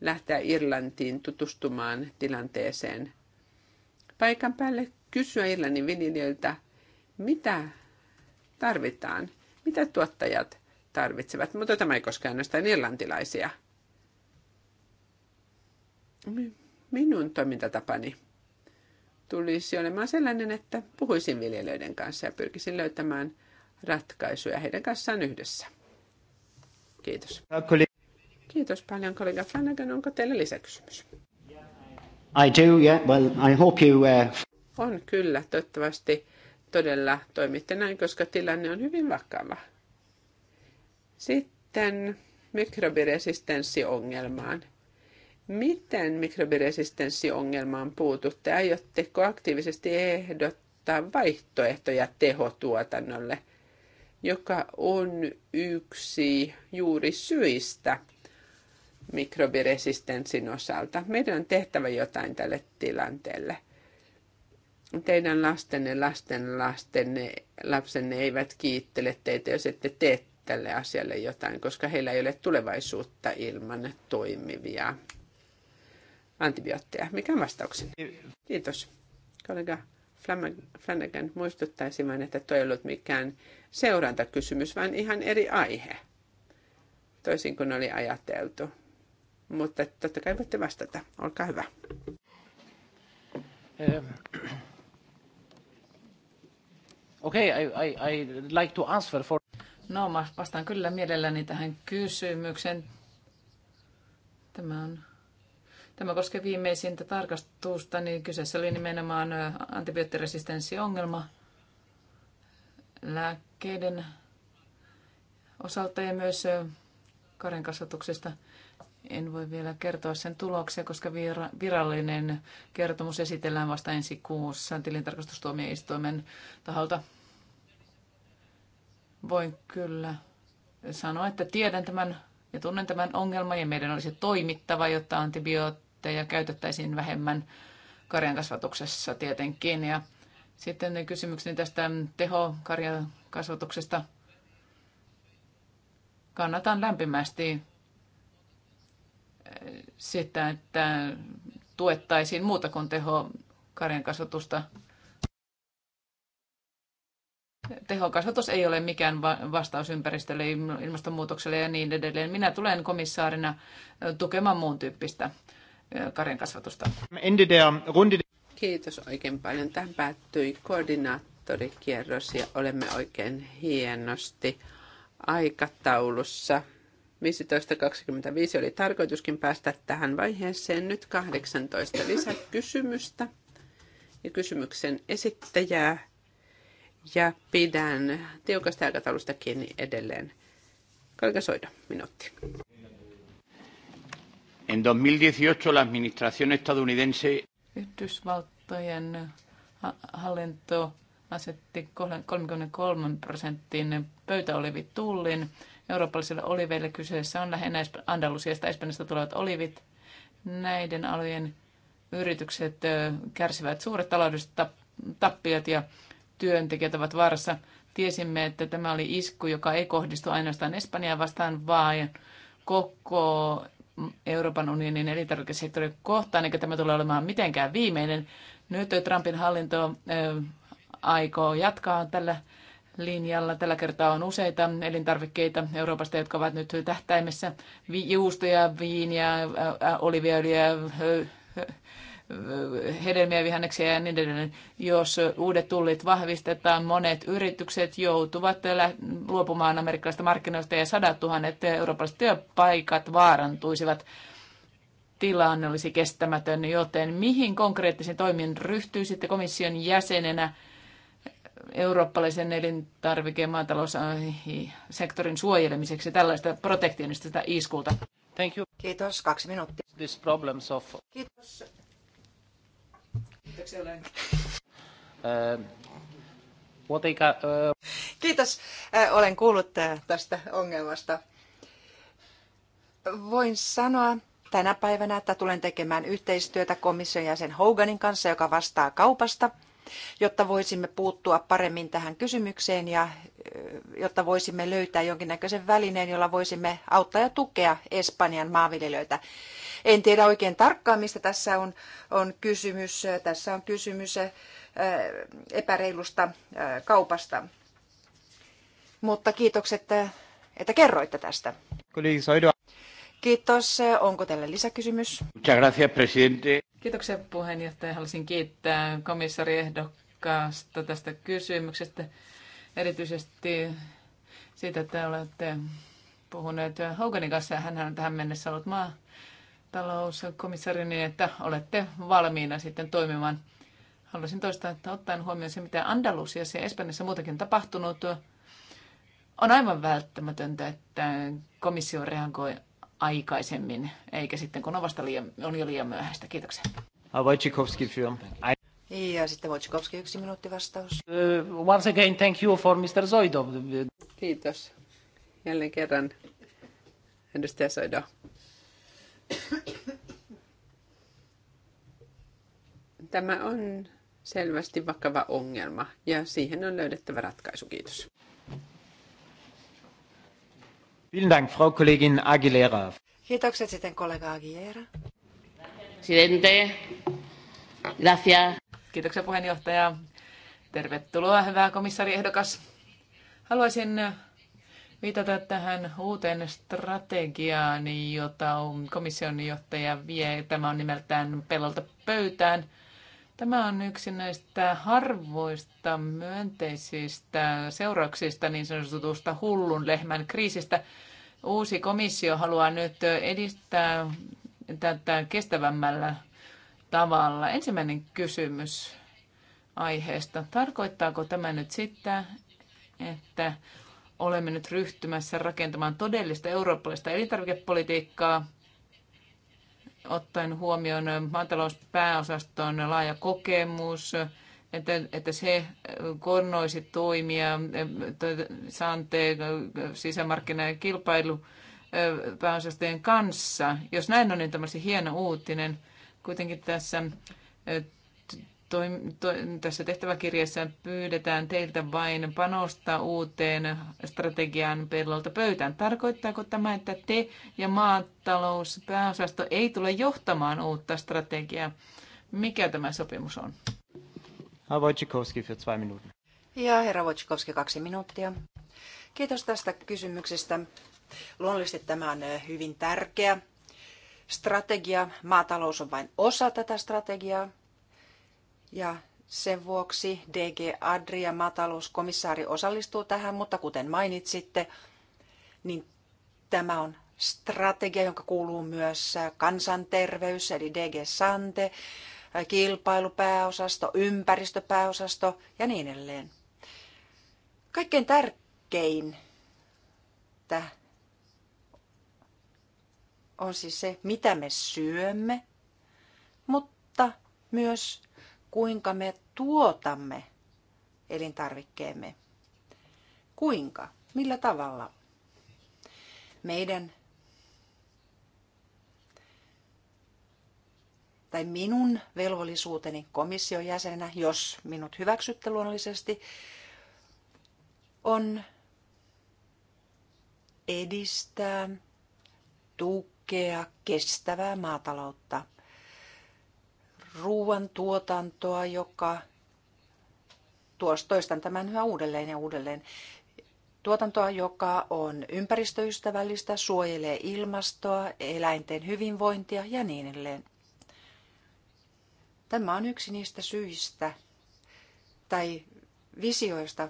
lähteä Irlantiin tutustumaan tilanteeseen. Paikan päälle kysyä Irlannin viljelijöiltä, mitä tarvitaan, mitä tuottajat tarvitsevat, mutta tämä ei koske ainoastaan irlantilaisia minun toimintatapani tulisi olemaan sellainen, että puhuisin viljelijöiden kanssa ja pyrkisin löytämään ratkaisuja heidän kanssaan yhdessä. Kiitos. Kiitos paljon kollega Flanagan. Onko teillä lisäkysymys? I do, yeah. Well, I hope you... Uh... On kyllä, toivottavasti todella toimitte näin, koska tilanne on hyvin vakava. Sitten mikrobiresistenssiongelmaan. Miten mikrobiresistenssiongelmaan puututte? Aiotteko aktiivisesti ehdottaa vaihtoehtoja tehotuotannolle, joka on yksi juuri syistä mikrobiresistenssin osalta? Meidän on tehtävä jotain tälle tilanteelle teidän lastenne, lasten lastenne, lapsenne eivät kiittele teitä, jos ette tee tälle asialle jotain, koska heillä ei ole tulevaisuutta ilman toimivia antibiootteja. Mikä on vastaukseni? Kiitos. Kollega Flanagan muistuttaisi vain, että tuo ei ollut mikään seurantakysymys, vaan ihan eri aihe, toisin kuin oli ajateltu. Mutta totta kai voitte vastata. Olkaa hyvä. Okei, okay, I, I, I like to answer for... No, mä vastaan kyllä mielelläni tähän kysymykseen. Tämä on Tämä koskee viimeisintä tarkastusta, niin kyseessä oli nimenomaan antibioottiresistenssiongelma lääkkeiden osalta ja myös karen kasvatuksesta. En voi vielä kertoa sen tuloksia, koska virallinen kertomus esitellään vasta ensi kuussa tilintarkastustuomioistuimen taholta. Voin kyllä sanoa, että tiedän tämän ja tunnen tämän ongelman ja meidän olisi toimittava, jotta antibiootit ja käytettäisiin vähemmän karjankasvatuksessa tietenkin. Ja sitten kysymykseni tästä kasvatuksesta Kannatan lämpimästi eh, sitä, että tuettaisiin muuta kuin tehokarjan kasvatusta. Tehokasvatus ei ole mikään vastaus ympäristölle, ilmastonmuutokselle ja niin edelleen. Minä tulen komissaarina eh, tukemaan muun tyyppistä karjan kasvatusta. Kiitos oikein paljon. Tähän päättyi koordinaattorikierros ja olemme oikein hienosti aikataulussa. 15.25 oli tarkoituskin päästä tähän vaiheeseen. Nyt 18 lisäkysymystä ja kysymyksen esittäjää. Ja pidän tiukasta aikataulusta kiinni edelleen. Kalka Soida, minuutti. En 2018 la administración estadounidense Yhdysvaltojen hallinto asetti 33 prosentin pöytäolivit tullin. Eurooppalaisille oliveille kyseessä on lähinnä Andalusiasta Espanjasta tulevat olivit. Näiden alojen yritykset kärsivät suuret taloudelliset tappiot ja työntekijät ovat varassa. Tiesimme, että tämä oli isku, joka ei kohdistu ainoastaan Espanjaan vastaan, vaan koko Euroopan unionin elintarvikesektori kohtaan, eikä tämä tule olemaan mitenkään viimeinen. Nyt Trumpin hallinto aikoo jatkaa tällä linjalla. Tällä kertaa on useita elintarvikkeita Euroopasta, jotka ovat nyt tähtäimessä. Juustoja, viiniä, oliviöljyä, hedelmiä, vihanneksia ja niin edelleen. Jos uudet tullit vahvistetaan, monet yritykset joutuvat luopumaan amerikkalaisista markkinoista ja sadat tuhannet eurooppalaiset työpaikat vaarantuisivat. Tilanne olisi kestämätön, joten mihin konkreettisiin toimiin ryhtyisitte komission jäsenenä eurooppalaisen elintarvike- ja maataloussektorin suojelemiseksi tällaista protektionistista iskulta? Thank you. Kiitos, kaksi minuuttia. These problems of... Kiitos. Kiitoksia, olen. Kiitos, olen kuullut tästä ongelmasta. Voin sanoa tänä päivänä, että tulen tekemään yhteistyötä komission jäsen Hoganin kanssa, joka vastaa kaupasta – jotta voisimme puuttua paremmin tähän kysymykseen ja jotta voisimme löytää jonkinnäköisen välineen, jolla voisimme auttaa ja tukea Espanjan maanviljelijöitä. En tiedä oikein tarkkaan, mistä tässä on, on kysymys. Tässä on kysymys epäreilusta kaupasta. Mutta kiitokset, että kerroitte tästä. Kiitos. Onko teille lisäkysymys? Gracias, presidente. Kiitoksia puheenjohtaja. Haluaisin kiittää komissariehdokkaasta tästä kysymyksestä. Erityisesti siitä, että olette puhuneet Hoganin kanssa. Hän on tähän mennessä ollut maatalouskomissaari, niin että olette valmiina sitten toimimaan. Haluaisin toistaa, että ottaen huomioon se, mitä Andalusiassa ja Espanjassa muutenkin tapahtunut, on aivan välttämätöntä, että komissio reagoi aikaisemmin, eikä sitten kun on, vasta liian, on jo liian myöhäistä. Kiitoksia. Wojciechowski ja sitten Wojciechowski, yksi minuutti vastaus. Uh, once again, thank you for Mr. Zoido. Kiitos. Jälleen kerran, edustaja Zoido. Tämä on selvästi vakava ongelma ja siihen on löydettävä ratkaisu. Kiitos. Vielen Dank, Frau Kollegin Aguilera. Kiitokset sitten kollega Aguilera. Presidente, gracias. Kiitoksia puheenjohtaja. Tervetuloa, hyvä komissaariehdokas. Haluaisin viitata tähän uuteen strategiaan, jota komission johtaja vie. Tämä on nimeltään pelolta pöytään. Tämä on yksi näistä harvoista myönteisistä seurauksista niin sanotusta hullun lehmän kriisistä. Uusi komissio haluaa nyt edistää tätä kestävämmällä tavalla. Ensimmäinen kysymys aiheesta. Tarkoittaako tämä nyt sitä, että olemme nyt ryhtymässä rakentamaan todellista eurooppalaista elintarvikepolitiikkaa – ottaen huomioon maatalouspääosaston laaja kokemus, että, että se konnoisi toimia saanteen sisämarkkina- ja kilpailupääosastojen kanssa. Jos näin on, niin tämä olisi hieno uutinen. Kuitenkin tässä toi, toi, tässä tehtäväkirjassa pyydetään teiltä vain panostaa uuteen strategian pellolta pöytään. Tarkoittaako tämä, että te ja maatalouspääosasto ei tule johtamaan uutta strategiaa? Mikä tämä sopimus on? Wojciechowski für zwei Minuten. Ja herra Wojcikowski, kaksi minuuttia. Kiitos tästä kysymyksestä. Luonnollisesti tämä on hyvin tärkeä strategia. Maatalous on vain osa tätä strategiaa ja sen vuoksi DG Adria maatalouskomissaari osallistuu tähän, mutta kuten mainitsitte, niin tämä on strategia, jonka kuuluu myös kansanterveys eli DG Sante, kilpailupääosasto, ympäristöpääosasto ja niin edelleen. Kaikkein tärkein on siis se, mitä me syömme, mutta myös kuinka me tuotamme elintarvikkeemme. Kuinka? Millä tavalla? Meidän tai minun velvollisuuteni komission jäsenenä, jos minut hyväksytte luonnollisesti, on edistää, tukea kestävää maataloutta – ruoantuotantoa, joka tuos, toistan tämän yhä uudelleen ja uudelleen. Tuotantoa, joka on ympäristöystävällistä, suojelee ilmastoa, eläinten hyvinvointia ja niin edelleen. Tämä on yksi niistä syistä tai visioista,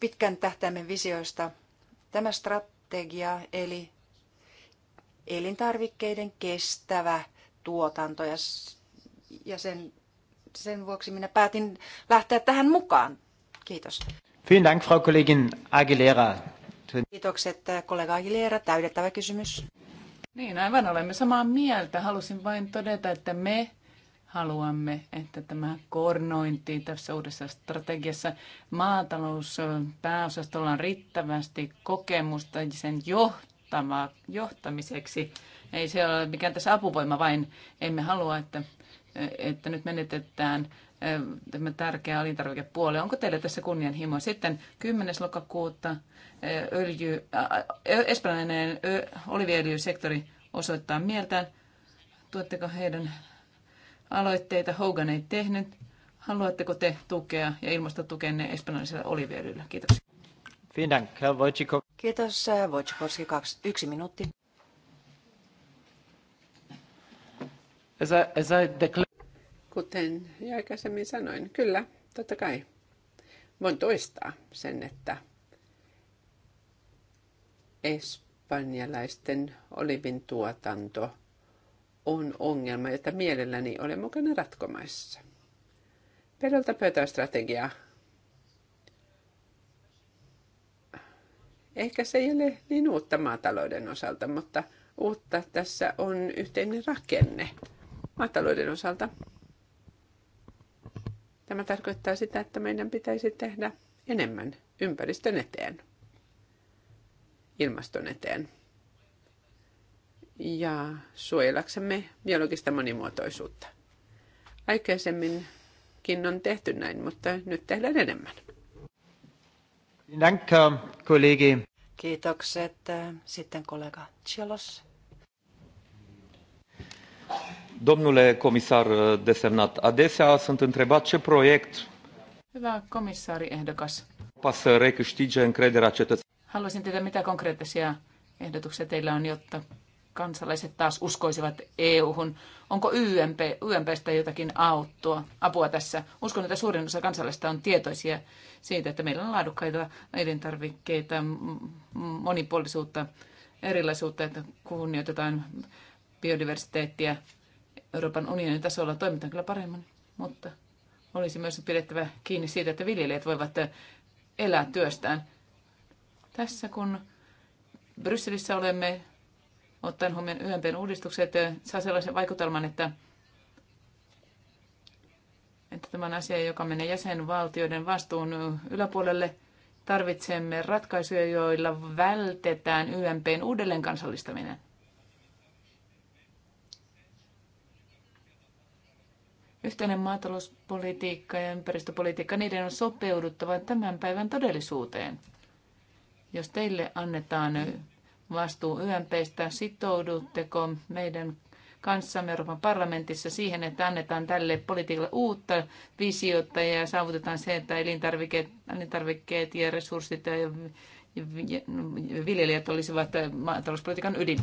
pitkän tähtäimen visioista. Tämä strategia eli elintarvikkeiden kestävä tuotanto ja, ja sen, sen vuoksi minä päätin lähteä tähän mukaan. Kiitos. Vielen Dank, Frau Kollegin Aguilera. Kiitokset, äh, kollega Aguilera. Täydettävä kysymys. Niin, aivan olemme samaa mieltä. Halusin vain todeta, että me haluamme, että tämä koordinointi tässä uudessa strategiassa maatalouspääosastolla äh, on riittävästi kokemusta sen johto johtama, johtamiseksi. Ei se ole mikään tässä apuvoima, vain emme halua, että, että nyt menetetään tämä tärkeä elintarvikepuoli. Onko teillä tässä kunnianhimo? Sitten 10. lokakuuta öljy, äh, espanjalainen oliviöljysektori osoittaa mieltään. Tuotteko heidän aloitteita? Hogan ei tehnyt. Haluatteko te tukea ja ilmastotukenne espanjalaisella oliviöljyllä? Kiitoksia. Vielen Dank, Herr Kiitos. Wojciechowski, kaksi, yksi minuutti. Kuten aikaisemmin sanoin, kyllä, totta kai. Voin toistaa sen, että espanjalaisten olivin tuotanto on ongelma, jota mielelläni olen mukana ratkomaissa. Pedolta pöytästrategia Ehkä se ei ole niin uutta maatalouden osalta, mutta uutta tässä on yhteinen rakenne maatalouden osalta. Tämä tarkoittaa sitä, että meidän pitäisi tehdä enemmän ympäristön eteen, ilmaston eteen ja suojelaksemme biologista monimuotoisuutta. Aikaisemminkin on tehty näin, mutta nyt tehdään enemmän. Dank, ähm, kollegi. Kiitokset. Sitten kollega Cielos. Domnule comisar desemnat, adesea sunt întrebat ce proiect... Hyvä komissaari ehdokas. ...să recâștige încrederea cetățenilor. Haluaisin tietää, mitä konkreettisia ehdotuksia teillä on, jotta kansalaiset taas uskoisivat EU-hun. Onko YMP, YMPstä jotakin auttua, apua tässä? Uskon, että suurin osa kansalaisista on tietoisia siitä, että meillä on laadukkaita elintarvikkeita, monipuolisuutta, erilaisuutta, että kunnioitetaan biodiversiteettiä Euroopan unionin tasolla. Toimitaan kyllä paremmin, mutta olisi myös pidettävä kiinni siitä, että viljelijät voivat elää työstään. Tässä kun Brysselissä olemme ottaen huomioon YMPn uudistukset, saa sellaisen vaikutelman, että, että tämä on asia, joka menee jäsenvaltioiden vastuun yläpuolelle. Tarvitsemme ratkaisuja, joilla vältetään YMPn uudelleen kansallistaminen. Yhteinen maatalouspolitiikka ja ympäristöpolitiikka, niiden on sopeuduttava tämän päivän todellisuuteen. Jos teille annetaan vastuu YMPstä. Sitoudutteko meidän kanssamme Euroopan parlamentissa siihen, että annetaan tälle politiikalle uutta visiota ja saavutetaan se, että elintarvikkeet, elintarvikkeet ja resurssit ja viljelijät olisivat maatalouspolitiikan ydin.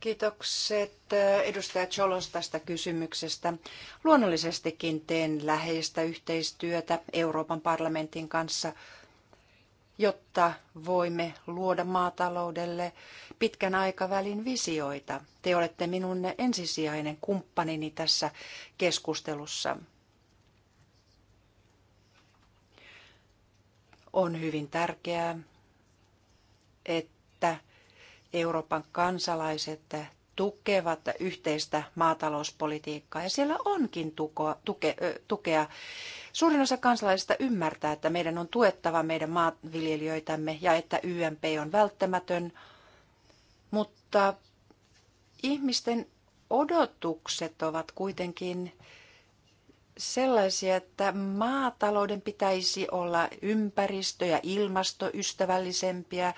Kiitokset edustaja Cholos tästä kysymyksestä. Luonnollisestikin teen läheistä yhteistyötä Euroopan parlamentin kanssa – jotta voimme luoda maataloudelle pitkän aikavälin visioita. Te olette minun ensisijainen kumppanini tässä keskustelussa. On hyvin tärkeää, että Euroopan kansalaiset tukevat yhteistä maatalouspolitiikkaa. Ja siellä onkin tuke, tukea Suurin osa kansalaisista ymmärtää, että meidän on tuettava meidän maanviljelijöitämme ja että YMP on välttämätön, mutta ihmisten odotukset ovat kuitenkin sellaisia, että maatalouden pitäisi olla ympäristö- ja ilmastoystävällisempiä,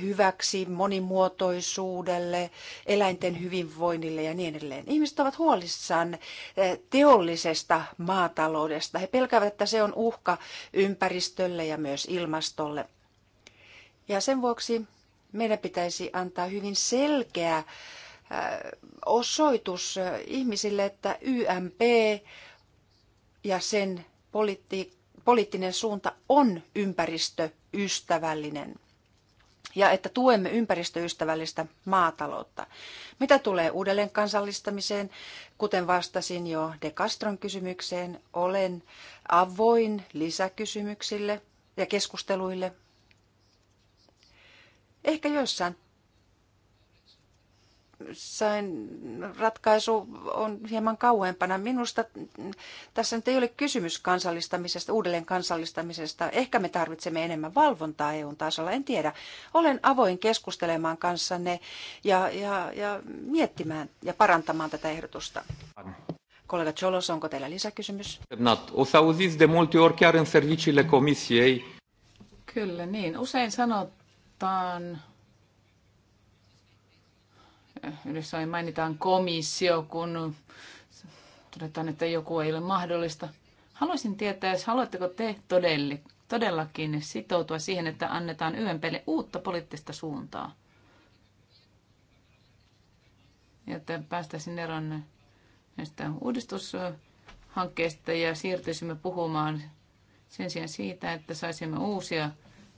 hyväksi monimuotoisuudelle, eläinten hyvinvoinnille ja niin edelleen. Ihmiset ovat huolissaan teollisesta maataloudesta. He pelkäävät, että se on uhka ympäristölle ja myös ilmastolle. Ja sen vuoksi meidän pitäisi antaa hyvin selkeä osoitus ihmisille, että YMP ja sen politi- poliittinen suunta on ympäristöystävällinen ja että tuemme ympäristöystävällistä maataloutta. Mitä tulee uudelleen kansallistamiseen, kuten vastasin jo De Castron kysymykseen, olen avoin lisäkysymyksille ja keskusteluille. Ehkä jossain sain ratkaisu on hieman kauempana. Minusta tässä nyt ei ole kysymys kansallistamisesta, uudelleen kansallistamisesta. Ehkä me tarvitsemme enemmän valvontaa EUn tasolla, en tiedä. Olen avoin keskustelemaan kanssanne ja, ja, ja miettimään ja parantamaan tätä ehdotusta. Kollega Cholos, onko teillä lisäkysymys? de multe ori Kyllä niin. Usein sanotaan yhdessä mainitaan komissio, kun todetaan, että joku ei ole mahdollista. Haluaisin tietää, jos haluatteko te todelli, todellakin sitoutua siihen, että annetaan YMPlle uutta poliittista suuntaa, jotta päästäisiin eroon näistä uudistushankkeista ja siirtyisimme puhumaan sen sijaan siitä, että saisimme uusia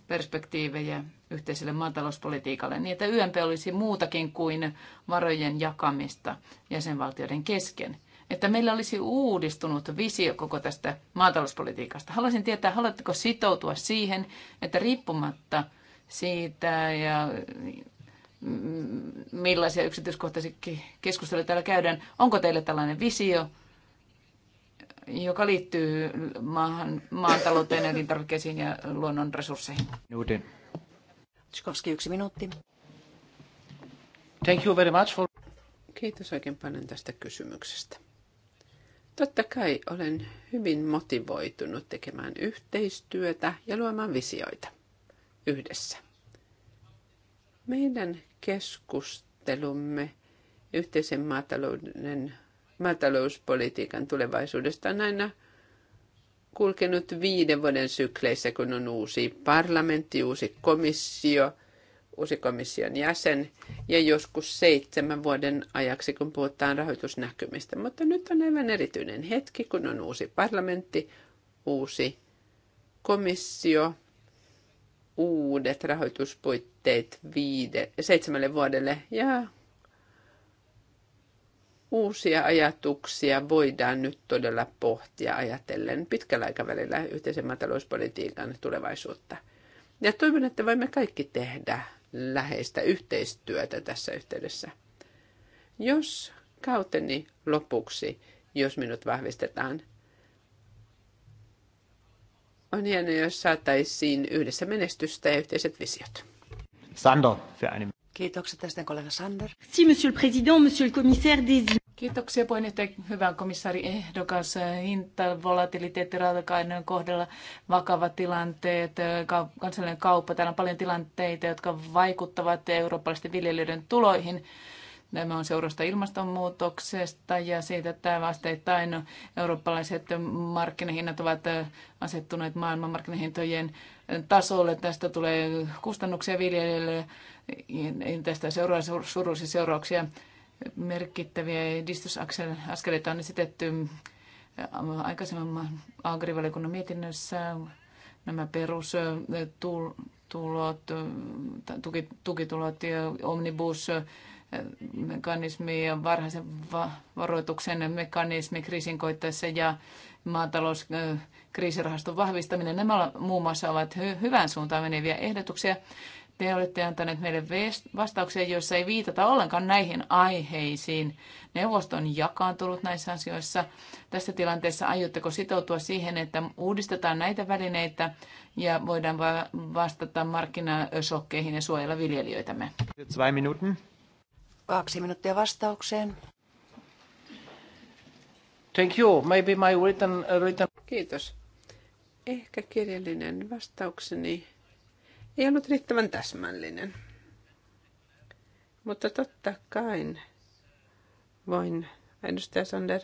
perspektiivejä yhteiselle maatalouspolitiikalle, niin että YMP olisi muutakin kuin varojen jakamista jäsenvaltioiden kesken. Että meillä olisi uudistunut visio koko tästä maatalouspolitiikasta. Haluaisin tietää, haluatteko sitoutua siihen, että riippumatta siitä ja mm, millaisia yksityiskohtaisia keskusteluja täällä käydään, onko teillä tällainen visio, joka liittyy maahan, maatalouteen elintarvikkeisiin ja luonnon resursseihin? Uuden yksi minuutti. Thank you very much for... Kiitos oikein paljon tästä kysymyksestä. Totta kai olen hyvin motivoitunut tekemään yhteistyötä ja luomaan visioita yhdessä. Meidän keskustelumme yhteisen maatalouden, maatalouspolitiikan tulevaisuudesta on aina kulkenut viiden vuoden sykleissä, kun on uusi parlamentti, uusi komissio, uusi komission jäsen ja joskus seitsemän vuoden ajaksi, kun puhutaan rahoitusnäkymistä. Mutta nyt on aivan erityinen hetki, kun on uusi parlamentti, uusi komissio, uudet rahoituspuitteet viide, seitsemälle vuodelle ja uusia ajatuksia voidaan nyt todella pohtia ajatellen pitkällä aikavälillä yhteisen maatalouspolitiikan tulevaisuutta. Ja toivon, että voimme kaikki tehdä läheistä yhteistyötä tässä yhteydessä. Jos kauteni lopuksi, jos minut vahvistetaan, on hienoa, jos saataisiin yhdessä menestystä ja yhteiset visiot. Sando, für Kiitokset tästä kollega Sander. Si, monsieur le président, monsieur le commissaire Desi. Kiitoksia puheenjohtaja, hyvä komissaari ehdokas. Hinta, volatiliteetti, raaka-aineen kohdalla vakavat tilanteet, kansallinen kauppa. Täällä on paljon tilanteita, jotka vaikuttavat eurooppalaisten viljelijöiden tuloihin. Tämä on seurasta ilmastonmuutoksesta ja siitä, että vasteittain eurooppalaiset markkinahinnat ovat asettuneet maailmanmarkkinahintojen tasolle. Tästä tulee kustannuksia viljelijöille, tästä seuraa surullisia seurauksia. Merkittäviä edistysaskeleita on esitetty aikaisemman agrivaliokunnan mietinnössä nämä perustulot, tukitulot ja omnibus mekanismi ja varhaisen varoituksen mekanismi kriisin koittaessa ja maatalouskriisirahaston vahvistaminen. Nämä muun muassa ovat hy- hyvän suuntaan meneviä ehdotuksia. Te olette antaneet meille vastauksia, joissa ei viitata ollenkaan näihin aiheisiin. Neuvosto on jakaantunut näissä asioissa. Tässä tilanteessa aiotteko sitoutua siihen, että uudistetaan näitä välineitä ja voidaan vastata markkinasokkeihin ja suojella viljelijöitämme? Zwei Minuten. Kaksi minuuttia vastaukseen. Thank you. Maybe my written, uh, written... Kiitos. Ehkä kirjallinen vastaukseni ei ollut riittävän täsmällinen. Mutta totta kai voin, edustaja Sander,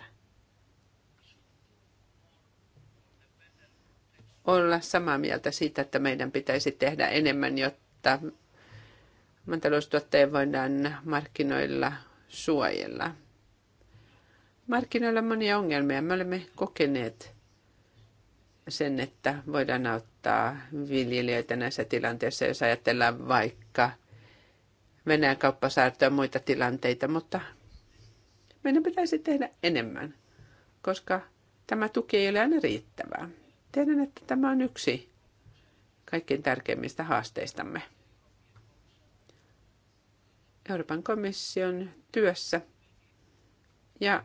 olla samaa mieltä siitä, että meidän pitäisi tehdä enemmän, jotta maataloustuottajia voidaan markkinoilla suojella. Markkinoilla on monia ongelmia. Me olemme kokeneet sen, että voidaan auttaa viljelijöitä näissä tilanteissa, jos ajatellaan vaikka Venäjän kauppasaartoja ja muita tilanteita, mutta meidän pitäisi tehdä enemmän, koska tämä tuki ei ole aina riittävää. Tiedän, että tämä on yksi kaikkein tärkeimmistä haasteistamme. Euroopan komission työssä. Ja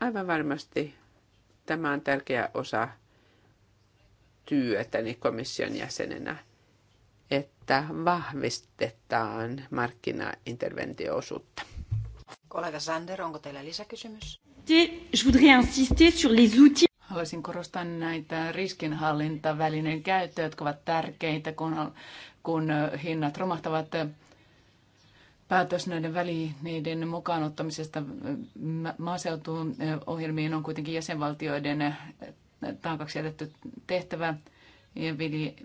aivan varmasti tämä on tärkeä osa työtäni komission jäsenenä, että vahvistetaan markkinainterventioosuutta. Kollega Sander, onko teillä lisäkysymys? Haluaisin korostaa näitä riskinhallintavälineen käyttöä, jotka ovat tärkeitä, kun, kun hinnat romahtavat päätös näiden välineiden mukaanottamisesta mm, maaseutuun ohjelmiin on kuitenkin jäsenvaltioiden taakaksi jätetty tehtävä. Ja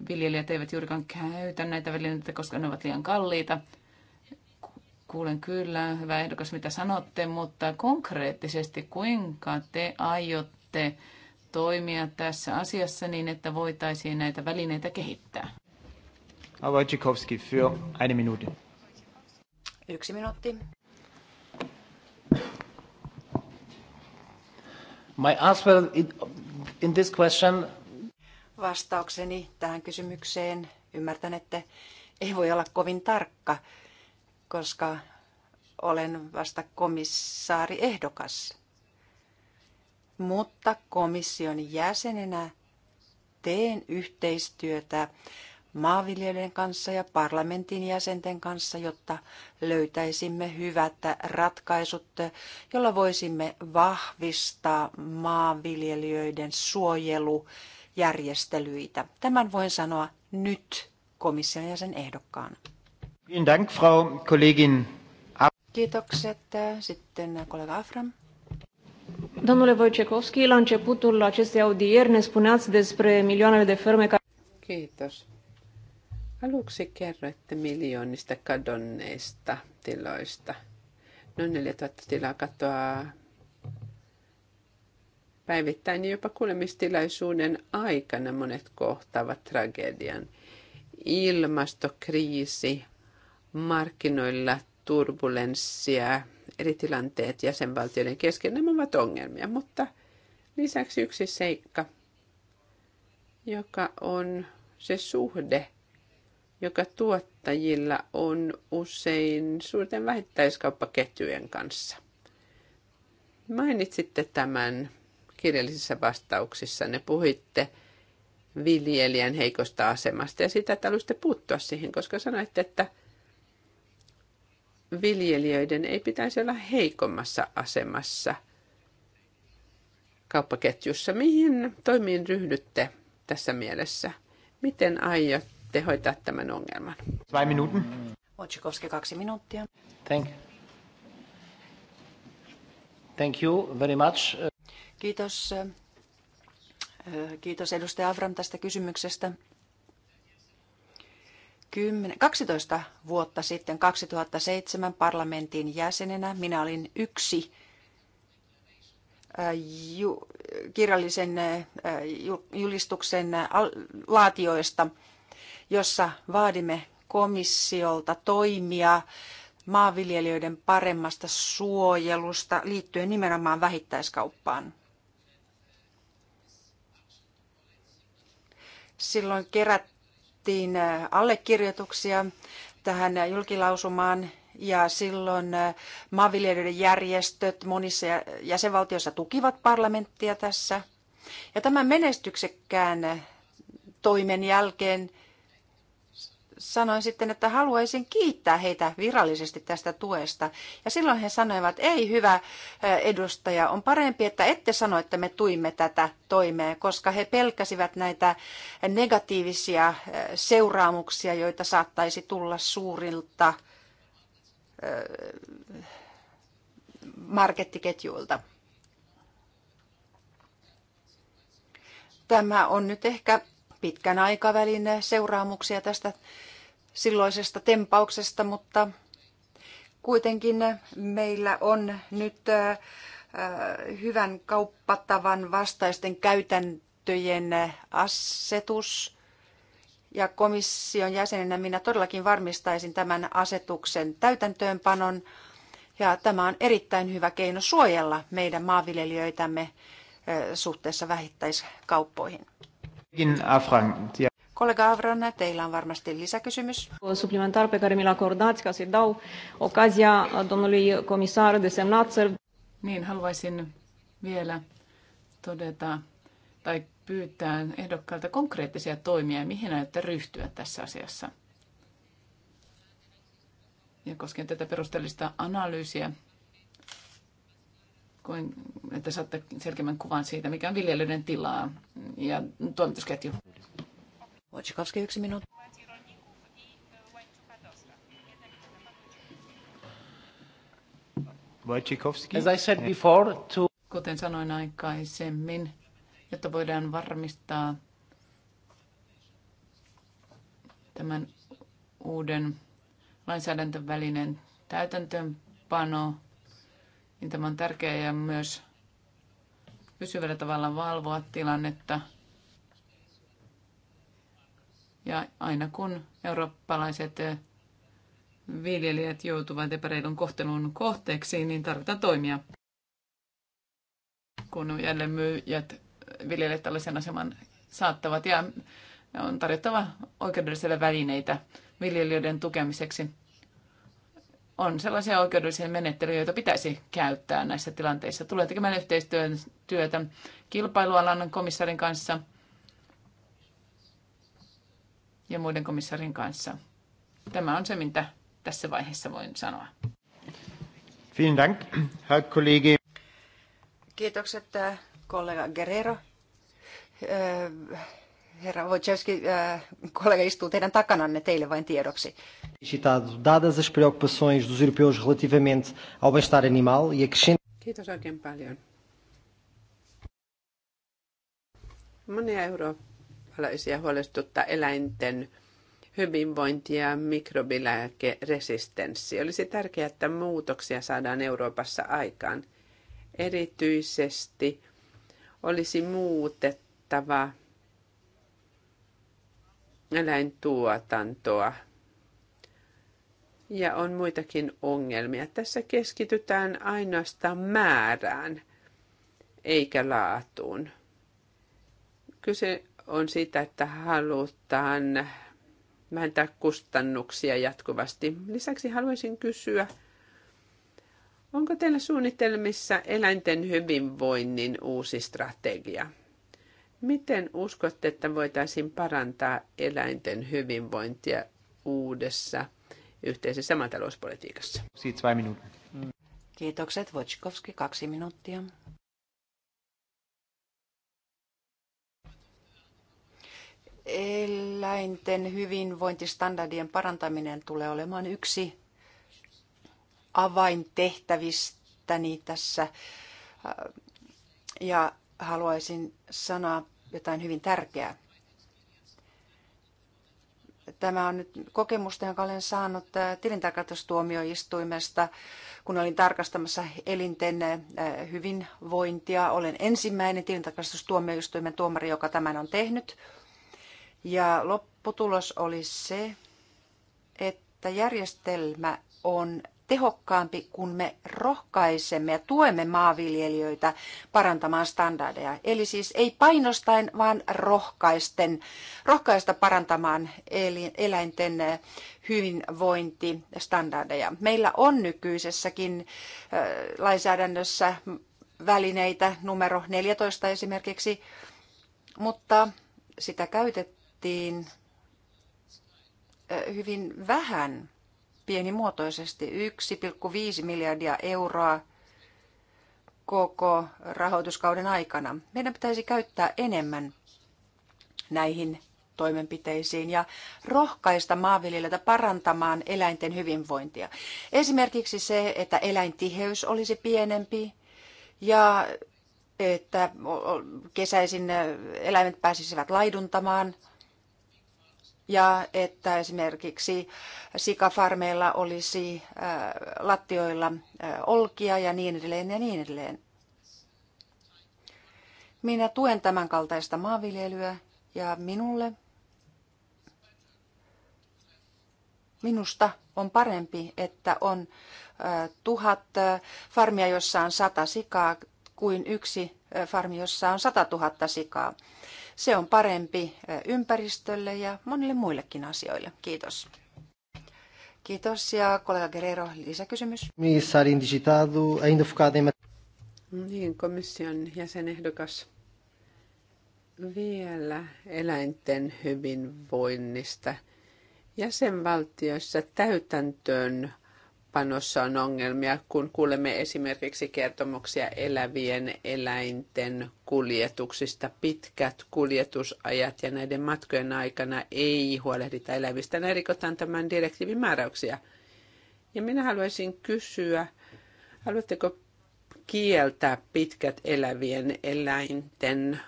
viljelijät eivät juurikaan käytä näitä välineitä, koska ne ovat liian kalliita. Kuulen kyllä, hyvä ehdokas, mitä sanotte, mutta konkreettisesti kuinka te aiotte toimia tässä asiassa niin, että voitaisiin näitä välineitä kehittää? Wojciechowski für eine Minute. Yksi minuutti. My answer in this question... Vastaukseni tähän kysymykseen, ymmärtän, että ei voi olla kovin tarkka, koska olen vasta komissaari ehdokas. Mutta komission jäsenenä teen yhteistyötä maanviljelijöiden kanssa ja parlamentin jäsenten kanssa, jotta löytäisimme hyvät ratkaisut, jolla voisimme vahvistaa maanviljelijöiden suojelujärjestelyitä. Tämän voin sanoa nyt komission jäsen ehdokkaan. Dank, Frau Kollegin. Kiitokset. Sitten kollega Afram. Domnule Wojciechowski, la începutul acestei audieri ne spuneați despre milioanele de ferme care... Kiitos Aluksi kerroitte miljoonista kadonneista tiloista. Noin 4000 tilaa katoaa päivittäin niin jopa kuulemistilaisuuden aikana monet kohtaavat tragedian. Ilmastokriisi, markkinoilla turbulenssia, eri tilanteet jäsenvaltioiden kesken, nämä ovat ongelmia, mutta lisäksi yksi seikka, joka on se suhde, joka tuottajilla on usein suurten vähittäiskauppaketjujen kanssa. Mainitsitte tämän kirjallisissa vastauksissa. Ne puhuitte viljelijän heikosta asemasta ja sitä, että haluaisitte puuttua siihen, koska sanoitte, että viljelijöiden ei pitäisi olla heikommassa asemassa kauppaketjussa. Mihin toimiin ryhdytte tässä mielessä? Miten aiot sitten hoitaa tämän ongelman? Vai minuutin. Otsikovski kaksi minuuttia. Thank. Thank you very much. Kiitos. Äh, kiitos edustaja Avram tästä kysymyksestä. 12 vuotta sitten 2007 parlamentin jäsenenä minä olin yksi äh, kirjallisen äh, julistuksen laatioista – jossa vaadimme komissiolta toimia maanviljelijöiden paremmasta suojelusta liittyen nimenomaan vähittäiskauppaan. Silloin kerättiin äh, allekirjoituksia tähän julkilausumaan ja silloin äh, maanviljelijöiden järjestöt monissa jäsenvaltioissa tukivat parlamenttia tässä. Ja tämän menestyksekkään äh, toimen jälkeen sanoin sitten, että haluaisin kiittää heitä virallisesti tästä tuesta. Ja silloin he sanoivat, että ei hyvä edustaja, on parempi, että ette sano, että me tuimme tätä toimeen, koska he pelkäsivät näitä negatiivisia seuraamuksia, joita saattaisi tulla suurilta markettiketjuilta. Tämä on nyt ehkä pitkän aikavälin seuraamuksia tästä silloisesta tempauksesta, mutta kuitenkin meillä on nyt hyvän kauppatavan vastaisten käytäntöjen asetus. Ja komission jäsenenä minä todellakin varmistaisin tämän asetuksen täytäntöönpanon. Ja tämä on erittäin hyvä keino suojella meidän maanviljelijöitämme suhteessa vähittäiskauppoihin. Kollega Avron, teillä on varmasti lisäkysymys. Suplementar, pe care mi-l acordați ca să-i dau ocazia domnului comisar desemnat să... Niin, haluaisin vielä todeta tai pyytää ehdokkaalta konkreettisia toimia, mihin aiotte ryhtyä tässä asiassa. Ja koskien tätä perusteellista analyysiä, kuin, että saatte selkeämmän kuvan siitä, mikä on viljelyiden tilaa ja toimitusketju yksi minuutti. As I said before, to... Kuten sanoin aikaisemmin, jotta voidaan varmistaa tämän uuden lainsäädäntövälinen täytäntöönpano, niin tämä on tärkeää ja myös pysyvällä tavalla valvoa tilannetta – ja aina kun eurooppalaiset viljelijät joutuvat epäreilun kohtelun kohteeksi, niin tarvitaan toimia. Kun jälleen myyjät viljelijät tällaisen aseman saattavat ja on tarjottava oikeudellisille välineitä viljelijöiden tukemiseksi. On sellaisia oikeudellisia menettelyjä, joita pitäisi käyttää näissä tilanteissa. Tulee tekemään yhteistyötä kilpailualan komissarin kanssa – ja muiden komissarin kanssa. Tämä on se, mitä tässä vaiheessa voin sanoa. Vielen Dank, Herr Kollege. Kiitokset äh, kollega Guerrero. Äh, herra Wojciechowski, äh, kollega istuu teidän takananne teille vain tiedoksi. Citado, dadas as preocupações dos europeus relativamente ao bem-estar animal e acrescent... Kiitos oikein paljon. Monia Eurooppaa kansalaisia huolestuttaa eläinten hyvinvointi ja mikrobilääkeresistenssi. Olisi tärkeää, että muutoksia saadaan Euroopassa aikaan. Erityisesti olisi muutettava eläintuotantoa. Ja on muitakin ongelmia. Tässä keskitytään ainoastaan määrään eikä laatuun. Kyse on sitä, että halutaan vähentää kustannuksia jatkuvasti. Lisäksi haluaisin kysyä, onko teillä suunnitelmissa eläinten hyvinvoinnin uusi strategia? Miten uskotte, että voitaisiin parantaa eläinten hyvinvointia uudessa yhteisessä maatalouspolitiikassa? Siitä minuuttia. Kiitokset. Wojciechowski, kaksi minuuttia. eläinten hyvinvointistandardien parantaminen tulee olemaan yksi avaintehtävistäni tässä. Ja haluaisin sanoa jotain hyvin tärkeää. Tämä on nyt kokemusta, jonka olen saanut äh, tilintarkastustuomioistuimesta, kun olin tarkastamassa elinten äh, hyvinvointia. Olen ensimmäinen tilintarkastustuomioistuimen tuomari, joka tämän on tehnyt ja lopputulos oli se, että järjestelmä on tehokkaampi, kun me rohkaisemme ja tuemme maanviljelijöitä parantamaan standardeja. Eli siis ei painostain, vaan rohkaisten, rohkaista parantamaan eläinten hyvinvointistandardeja. Meillä on nykyisessäkin lainsäädännössä välineitä, numero 14 esimerkiksi, mutta sitä käytetään toimittiin hyvin vähän pienimuotoisesti, 1,5 miljardia euroa koko rahoituskauden aikana. Meidän pitäisi käyttää enemmän näihin toimenpiteisiin ja rohkaista maanviljelijöitä parantamaan eläinten hyvinvointia. Esimerkiksi se, että eläintiheys olisi pienempi ja että kesäisin eläimet pääsisivät laiduntamaan – ja että esimerkiksi sikafarmeilla olisi äh, lattioilla äh, olkia ja niin edelleen ja niin edelleen. Minä tuen tämän kaltaista maanviljelyä ja minulle Minusta on parempi, että on äh, tuhat farmia, jossa on sata sikaa, kuin yksi farmi, jossa on sata tuhatta sikaa. Se on parempi ympäristölle ja monille muillekin asioille. Kiitos. Kiitos ja kollega Guerrero, lisäkysymys. No niin, komission jäsenehdokas vielä eläinten hyvinvoinnista. Jäsenvaltioissa täytäntöön panossa on ongelmia, kun kuulemme esimerkiksi kertomuksia elävien eläinten kuljetuksista. Pitkät kuljetusajat ja näiden matkojen aikana ei huolehdita elävistä. Näin rikotaan tämän direktiivin määräyksiä. Ja minä haluaisin kysyä, haluatteko kieltää pitkät elävien eläinten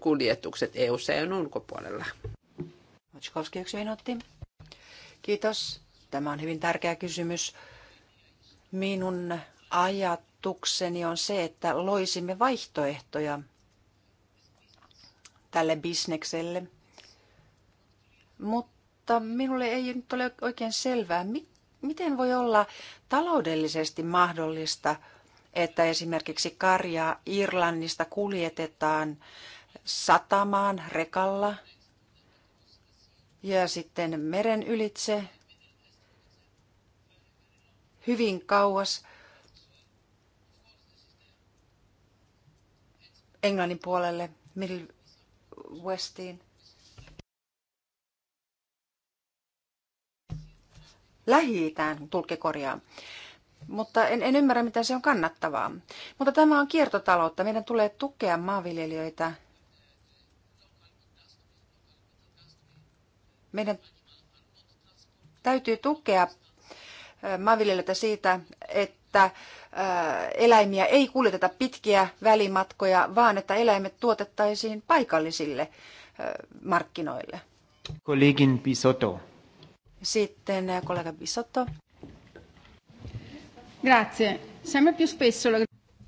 kuljetukset EU-seen ulkopuolella? Kiitos. Tämä on hyvin tärkeä kysymys. Minun ajatukseni on se, että loisimme vaihtoehtoja tälle bisnekselle. Mutta minulle ei nyt ole oikein selvää, miten voi olla taloudellisesti mahdollista, että esimerkiksi karjaa Irlannista kuljetetaan satamaan rekalla ja sitten meren ylitse hyvin kauas Englannin puolelle, Middle Westiin. Lähi-itään, tulkki korjaa. Mutta en, en ymmärrä, mitä se on kannattavaa. Mutta tämä on kiertotaloutta. Meidän tulee tukea maanviljelijöitä. Meidän täytyy tukea maanviljelijöiltä siitä, että eläimiä ei kuljeteta pitkiä välimatkoja, vaan että eläimet tuotettaisiin paikallisille markkinoille. Kollegin pisotto. Sitten kollega Grazie. Sempre più spesso la...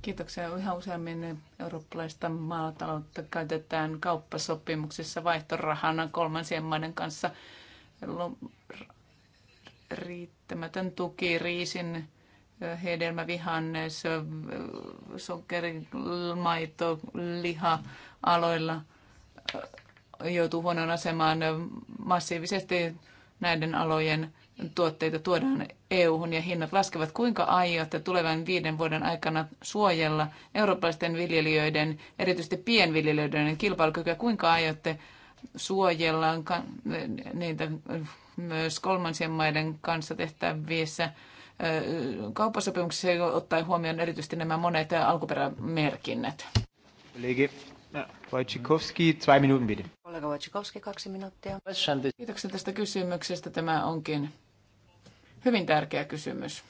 Kiitoksia. Yhä useammin eurooppalaista maataloutta käytetään kauppasopimuksissa vaihtorahana kolmansien maiden kanssa. Riit käsittämätön tuki, riisin hedelmä, vihannes, sokeri, maito, liha aloilla joutuu huonoon asemaan. Massiivisesti näiden alojen tuotteita tuodaan EU-hun ja hinnat laskevat. Kuinka aiotte tulevan viiden vuoden aikana suojella eurooppalaisten viljelijöiden, erityisesti pienviljelijöiden kilpailukykyä? Kuinka aiotte suojella niitä myös kolmansien maiden kanssa tehtävissä kauppasopimuksissa ottaen huomioon erityisesti nämä monet alkuperämerkinnät. Kollegi Wojciechowski, kaksi Minuten bitte. Kollega Wojcikowski, kaksi minuuttia. Kiitoksia tästä kysymyksestä. Tämä onkin hyvin tärkeä kysymys.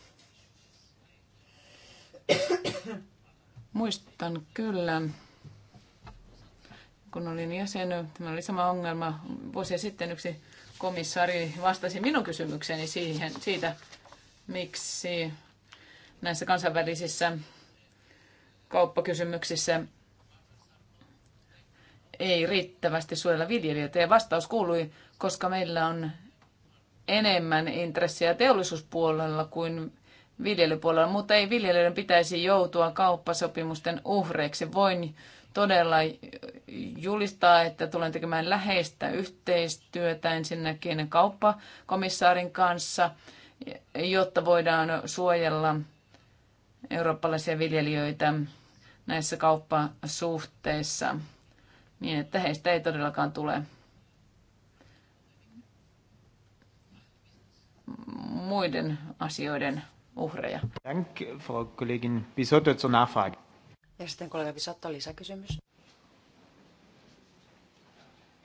Muistan kyllä, kun olin jäsen, tämä oli sama ongelma vuosia sitten yksi komissaari vastasi minun kysymykseeni siihen, siitä, miksi näissä kansainvälisissä kauppakysymyksissä ei riittävästi suojella viljelijöitä. Ja vastaus kuului, koska meillä on enemmän intressejä teollisuuspuolella kuin viljelypuolella, mutta ei viljelijöiden pitäisi joutua kauppasopimusten uhreiksi. Voin todella julistaa, että tulen tekemään läheistä yhteistyötä ensinnäkin kauppakomissaarin kanssa, jotta voidaan suojella eurooppalaisia viljelijöitä näissä kauppasuhteissa niin, että heistä ei todellakaan tule muiden asioiden uhreja. Dank, Frau Kollegin Bisotto zur Nachfrage. Ja sitten kollega Pisotto, lisäkysymys.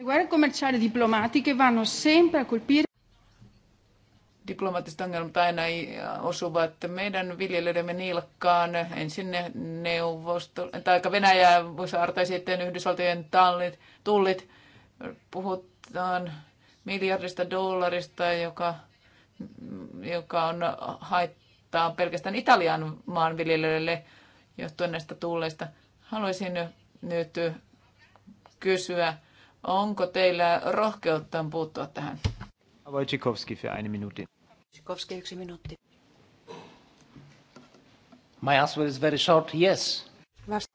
guerre commerciali diplomatiche vanno sempre a colpire diplomaattiset ongelmat aina osuvat meidän viljelijöidemme nilkkaan. Ensin ne neuvosto, tai Venäjä saarta sitten Yhdysvaltojen tallit, tullit. Puhutaan miljardista dollarista, joka, joka on haittaa pelkästään Italian maanviljelijöille – johtuen näistä tulleista. Haluaisin nyt kysyä, onko teillä rohkeutta puuttua tähän? Wojciechowski für eine Minute. Wojciechowski yksi minuutti. My answer is very short, yes.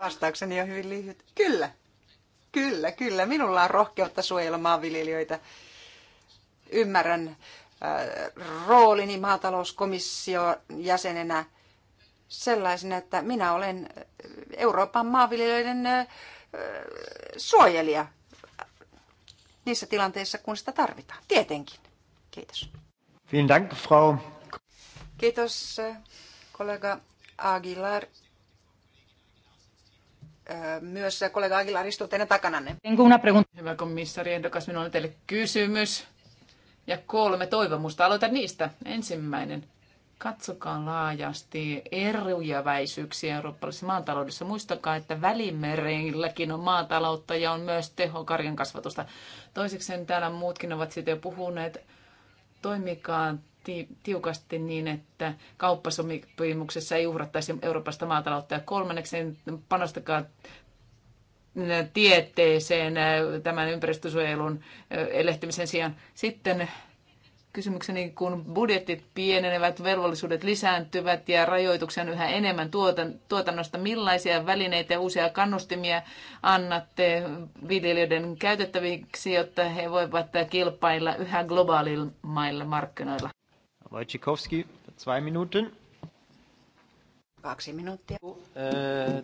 Vastaukseni on hyvin lyhyt. Kyllä. Kyllä, kyllä. Minulla on rohkeutta suojella maanviljelijöitä. Ymmärrän äh, roolini maatalouskomission jäsenenä sellaisena, että minä olen äh, Euroopan maanviljelijöiden äh, suojelija niissä tilanteissa, kun sitä tarvitaan. Tietenkin. Kiitos. Dank, Frau. Kiitos, äh, kollega Aguilar. Myös kollega Aguilar istuu teidän takananne. Hyvä komissari ehdokas, minulla on teille kysymys ja kolme toivomusta. Aloitan niistä. Ensimmäinen katsokaa laajasti eriäväisyyksiä eurooppalaisessa maataloudessa. Muistakaa, että välimereilläkin on maataloutta ja on myös tehokarjan kasvatusta. Toiseksi täällä muutkin ovat siitä jo puhuneet. Toimikaa tiukasti niin, että kauppasopimuksessa ei uhrattaisi Euroopasta maataloutta. Ja kolmanneksi panostakaa tieteeseen tämän ympäristösuojelun elehtimisen sijaan. Sitten kysymykseni, kun budjetit pienenevät, velvollisuudet lisääntyvät ja rajoituksia on yhä enemmän tuotannosta, millaisia välineitä ja uusia kannustimia annatte viljelijöiden käytettäviksi, jotta he voivat kilpailla yhä globaalimailla markkinoilla? Wojciechowski, kaksi minuuttia. Kaksi uh, minuuttia.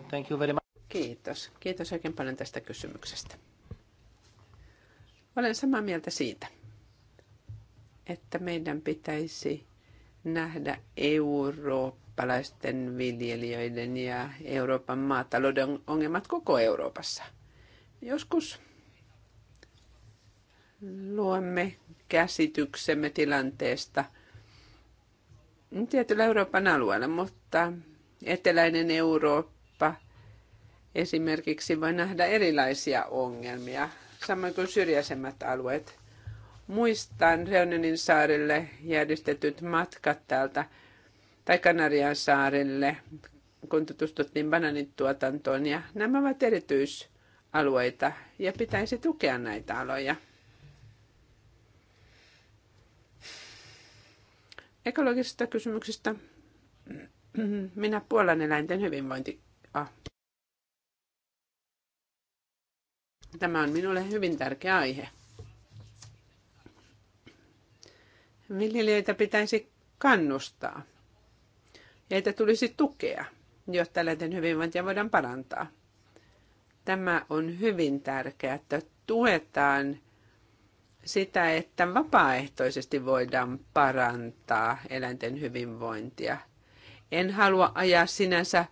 thank you very much. Kiitos. Kiitos oikein paljon tästä kysymyksestä. Olen samaa mieltä siitä, että meidän pitäisi nähdä eurooppalaisten viljelijöiden ja Euroopan maatalouden ongelmat koko Euroopassa. Joskus luomme käsityksemme tilanteesta tietyllä Euroopan alueella, mutta eteläinen Eurooppa esimerkiksi voi nähdä erilaisia ongelmia, samoin kuin syrjäisemmät alueet – muistan Reunionin saarille järjestetyt matkat täältä tai Kanarian saarille, kun tutustuttiin bananituotantoon. Ja nämä ovat erityisalueita ja pitäisi tukea näitä aloja. Ekologisista kysymyksistä minä puolan eläinten hyvinvointi. Ah. Tämä on minulle hyvin tärkeä aihe. viljelijöitä pitäisi kannustaa ja että tulisi tukea, jotta eläinten hyvinvointia voidaan parantaa. Tämä on hyvin tärkeää, että tuetaan sitä, että vapaaehtoisesti voidaan parantaa eläinten hyvinvointia. En halua ajaa sinänsä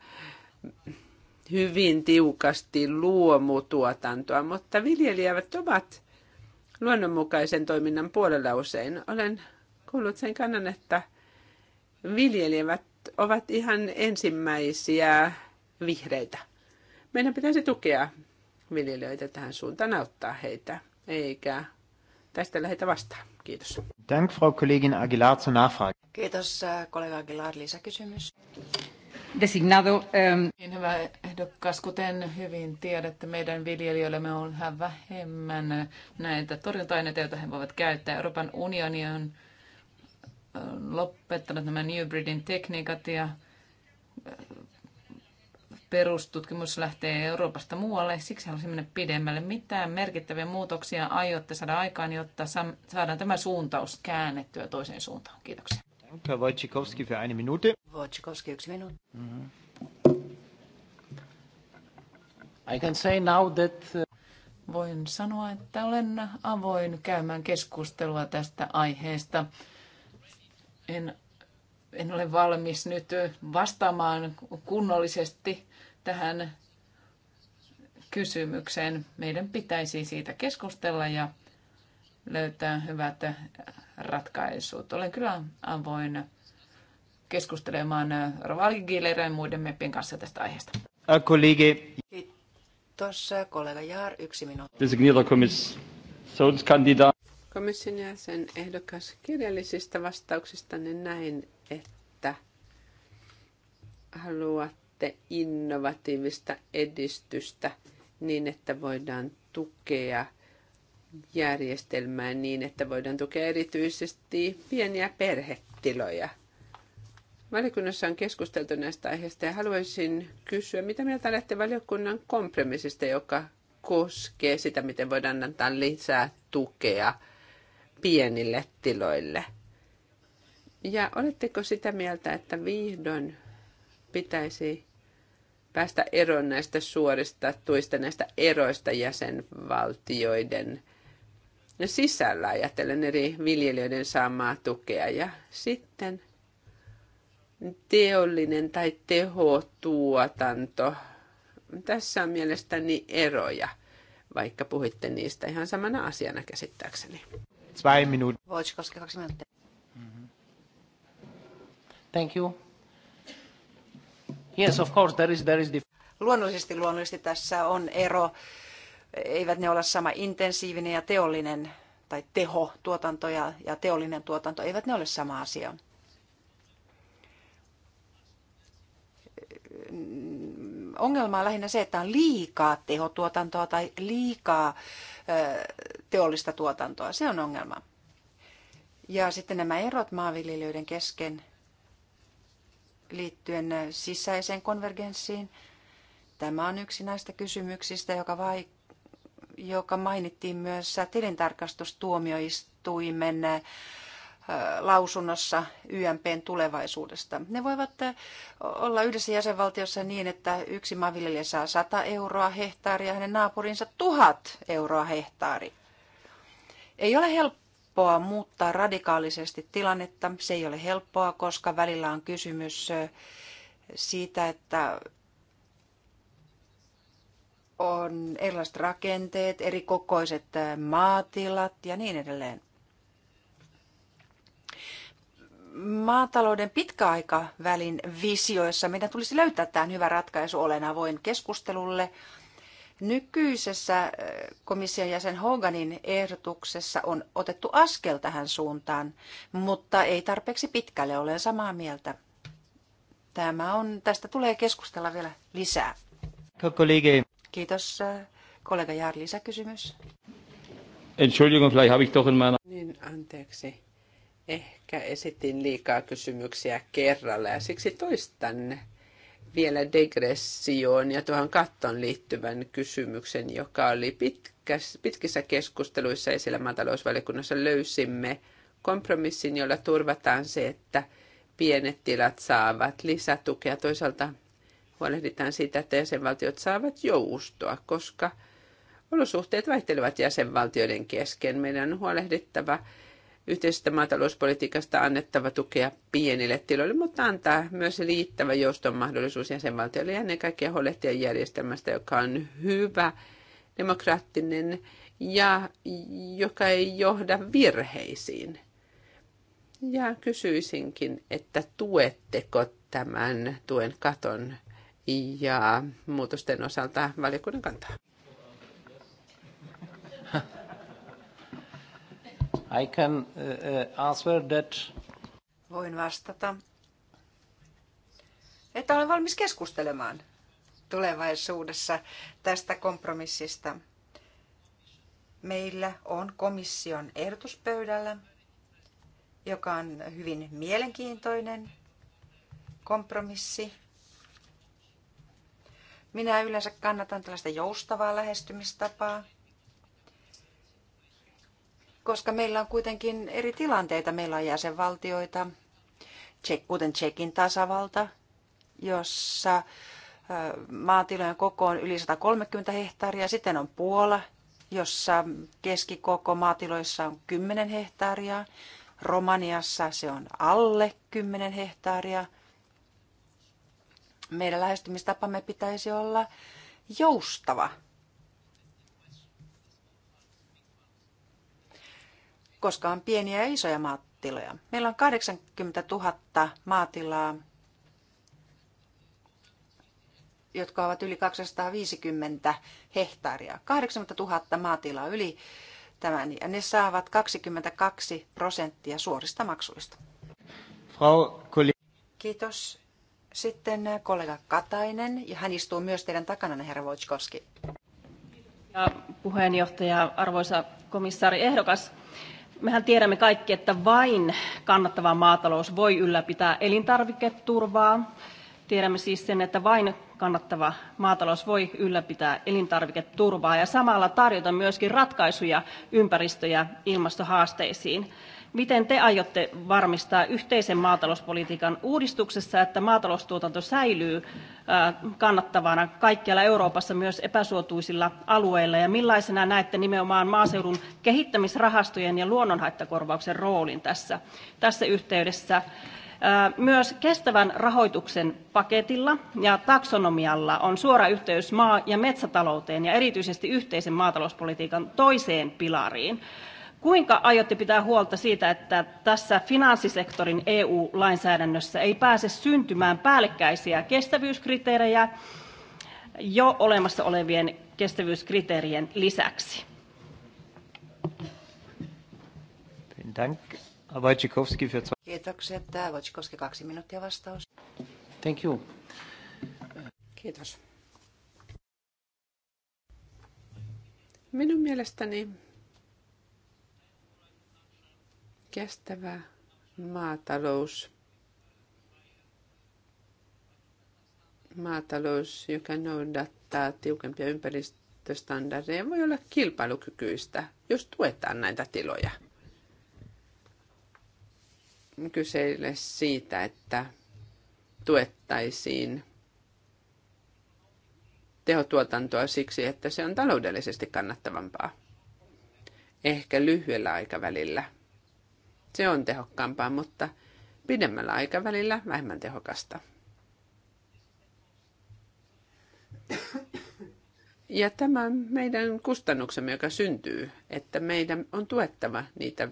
hyvin tiukasti luomutuotantoa, mutta viljelijät ovat luonnonmukaisen toiminnan puolella usein. Olen kuullut sen kannan, että viljelijät ovat ihan ensimmäisiä vihreitä. Meidän pitäisi tukea viljelijöitä tähän suuntaan, auttaa heitä, eikä tästä lähetä vastaan. Kiitos. Dank, Frau Kollegin Aguilar, zur Nachfrage. Kiitos, äh, kollega Aguilar. Lisäkysymys. Designado. Ähm. Niin, hyvä ehdokas, kuten hyvin tiedätte, meidän viljelijöillemme on vähän vähemmän näitä torjunta-aineita, joita he voivat käyttää. Euroopan unioni on lopettanut nämä New Breedin tekniikat ja äh, perustutkimus lähtee Euroopasta muualle, siksi haluaisin mennä pidemmälle. Mitä merkittäviä muutoksia aiotte saada aikaan, jotta saadaan tämä suuntaus käännettyä toiseen suuntaan? Kiitoksia. Danke, Wojciechowski für eine Minute. Wojciechowski, yksi minuutti. Mm-hmm. I can say now that... Uh, Voin sanoa, että olen avoin käymään keskustelua tästä aiheesta en, en ole valmis nyt vastaamaan kunnollisesti tähän kysymykseen. Meidän pitäisi siitä keskustella ja löytää hyvät ratkaisut. Olen kyllä avoin keskustelemaan Rovali Gillerin ja muiden meppien kanssa tästä aiheesta. Kiitos, kollega Jaar, yksi minuutti. Designierter Kommissionskandidaat komission jäsen ehdokas kirjallisista niin näin, että haluatte innovatiivista edistystä niin, että voidaan tukea järjestelmää niin, että voidaan tukea erityisesti pieniä perhetiloja. Valiokunnassa on keskusteltu näistä aiheista ja haluaisin kysyä, mitä mieltä olette valiokunnan kompromissista, joka koskee sitä, miten voidaan antaa lisää tukea – pienille tiloille. Ja oletteko sitä mieltä, että vihdoin pitäisi päästä eroon näistä suorista tuista, näistä eroista jäsenvaltioiden sisällä ajatellen eri viljelijöiden saamaa tukea. Ja sitten teollinen tai tehotuotanto. Tässä on mielestäni eroja, vaikka puhuitte niistä ihan samana asiana käsittääkseni zwei Minuten. Wojciechowski, kaksi minuuttia. Mhm. Thank you. Yes, of course, there is, there is the... Luonnollisesti, luonnollisesti tässä on ero. Eivät ne ole sama intensiivinen ja teollinen tai teho, tuotanto ja, ja teollinen tuotanto, eivät ne ole sama asia. Ongelma on lähinnä se, että on liikaa tehotuotantoa tai liikaa teollista tuotantoa. Se on ongelma. Ja sitten nämä erot maanviljelijöiden kesken liittyen sisäiseen konvergenssiin. Tämä on yksi näistä kysymyksistä, joka, vai, joka mainittiin myös tilintarkastustuomioistuimen lausunnossa YMPn tulevaisuudesta. Ne voivat olla yhdessä jäsenvaltiossa niin, että yksi maanviljelijä saa 100 euroa hehtaaria ja hänen naapurinsa 1000 euroa hehtaari. Ei ole helppoa muuttaa radikaalisesti tilannetta. Se ei ole helppoa, koska välillä on kysymys siitä, että on erilaiset rakenteet, eri kokoiset maatilat ja niin edelleen. Maatalouden pitkäaikavälin visioissa meidän tulisi löytää tämän hyvä ratkaisu. Olen avoin keskustelulle Nykyisessä äh, komission jäsen Hoganin ehdotuksessa on otettu askel tähän suuntaan, mutta ei tarpeeksi pitkälle, ole samaa mieltä. Tämä on, tästä tulee keskustella vielä lisää. Kiitos. Äh, kollega Jaar, lisäkysymys. Entschuldigung, vielleicht habe ich doch in meiner... Niin, anteeksi. Ehkä esitin liikaa kysymyksiä kerralla ja siksi toistan ne vielä degressioon ja tuohon kattoon liittyvän kysymyksen, joka oli pitkäs, pitkissä keskusteluissa esillä maatalousvaliokunnassa. Löysimme kompromissin, jolla turvataan se, että pienet tilat saavat lisätukea. Toisaalta huolehditaan siitä, että jäsenvaltiot saavat joustoa, koska olosuhteet vaihtelevat jäsenvaltioiden kesken. Meidän on huolehdittava yhteisestä maatalouspolitiikasta annettava tukea pienille tiloille, mutta antaa myös liittävä jouston mahdollisuus jäsenvaltioille ja ennen kaikkea huolehtia järjestelmästä, joka on hyvä, demokraattinen ja joka ei johda virheisiin. Ja kysyisinkin, että tuetteko tämän tuen katon ja muutosten osalta valiokunnan kantaa? I can uh, uh, answer that. Voin vastata, että olen valmis keskustelemaan tulevaisuudessa tästä kompromissista. Meillä on komission ehdotuspöydällä, joka on hyvin mielenkiintoinen kompromissi. Minä yleensä kannatan tällaista joustavaa lähestymistapaa koska meillä on kuitenkin eri tilanteita. Meillä on jäsenvaltioita, kuten Tsekin tasavalta, jossa maatilojen koko on yli 130 hehtaaria. Sitten on Puola, jossa keskikoko maatiloissa on 10 hehtaaria. Romaniassa se on alle 10 hehtaaria. Meidän lähestymistapamme pitäisi olla joustava koska on pieniä ja isoja maatiloja. Meillä on 80 000 maatilaa, jotka ovat yli 250 hehtaaria. 80 000 maatilaa yli tämän, ja ne saavat 22 prosenttia suorista maksuista. Frau Kiitos. Sitten kollega Katainen, ja hän istuu myös teidän takana, herra Wojtkowski. Ja puheenjohtaja, arvoisa komissaari ehdokas, mehän tiedämme kaikki, että vain kannattava maatalous voi ylläpitää elintarviketurvaa. Tiedämme siis sen, että vain kannattava maatalous voi ylläpitää elintarviketurvaa ja samalla tarjota myöskin ratkaisuja ympäristö- ja ilmastohaasteisiin. Miten te aiotte varmistaa yhteisen maatalouspolitiikan uudistuksessa, että maataloustuotanto säilyy äh, kannattavana kaikkialla Euroopassa myös epäsuotuisilla alueilla? Ja millaisena näette nimenomaan maaseudun kehittämisrahastojen ja luonnonhaittakorvauksen roolin tässä, tässä yhteydessä? Äh, myös kestävän rahoituksen paketilla ja taksonomialla on suora yhteys maa- ja metsätalouteen ja erityisesti yhteisen maatalouspolitiikan toiseen pilariin. Kuinka aiotte pitää huolta siitä, että tässä finanssisektorin EU-lainsäädännössä ei pääse syntymään päällekkäisiä kestävyyskriteerejä jo olemassa olevien kestävyyskriteerien lisäksi? Dank. Wojciechowski für zwei. Kiitokset. Wojciechowski kaksi minuuttia vastaus. Thank you. Kiitos. Minun mielestäni Kestävä maatalous. Maatalous, joka noudattaa tiukempia ympäristöstandardeja, voi olla kilpailukykyistä, jos tuetaan näitä tiloja. Kyseille siitä, että tuettaisiin tehotuotantoa siksi, että se on taloudellisesti kannattavampaa. Ehkä lyhyellä aikavälillä – se on tehokkaampaa, mutta pidemmällä aikavälillä vähemmän tehokasta. Ja tämä on meidän kustannuksemme, joka syntyy, että meidän on tuettava niitä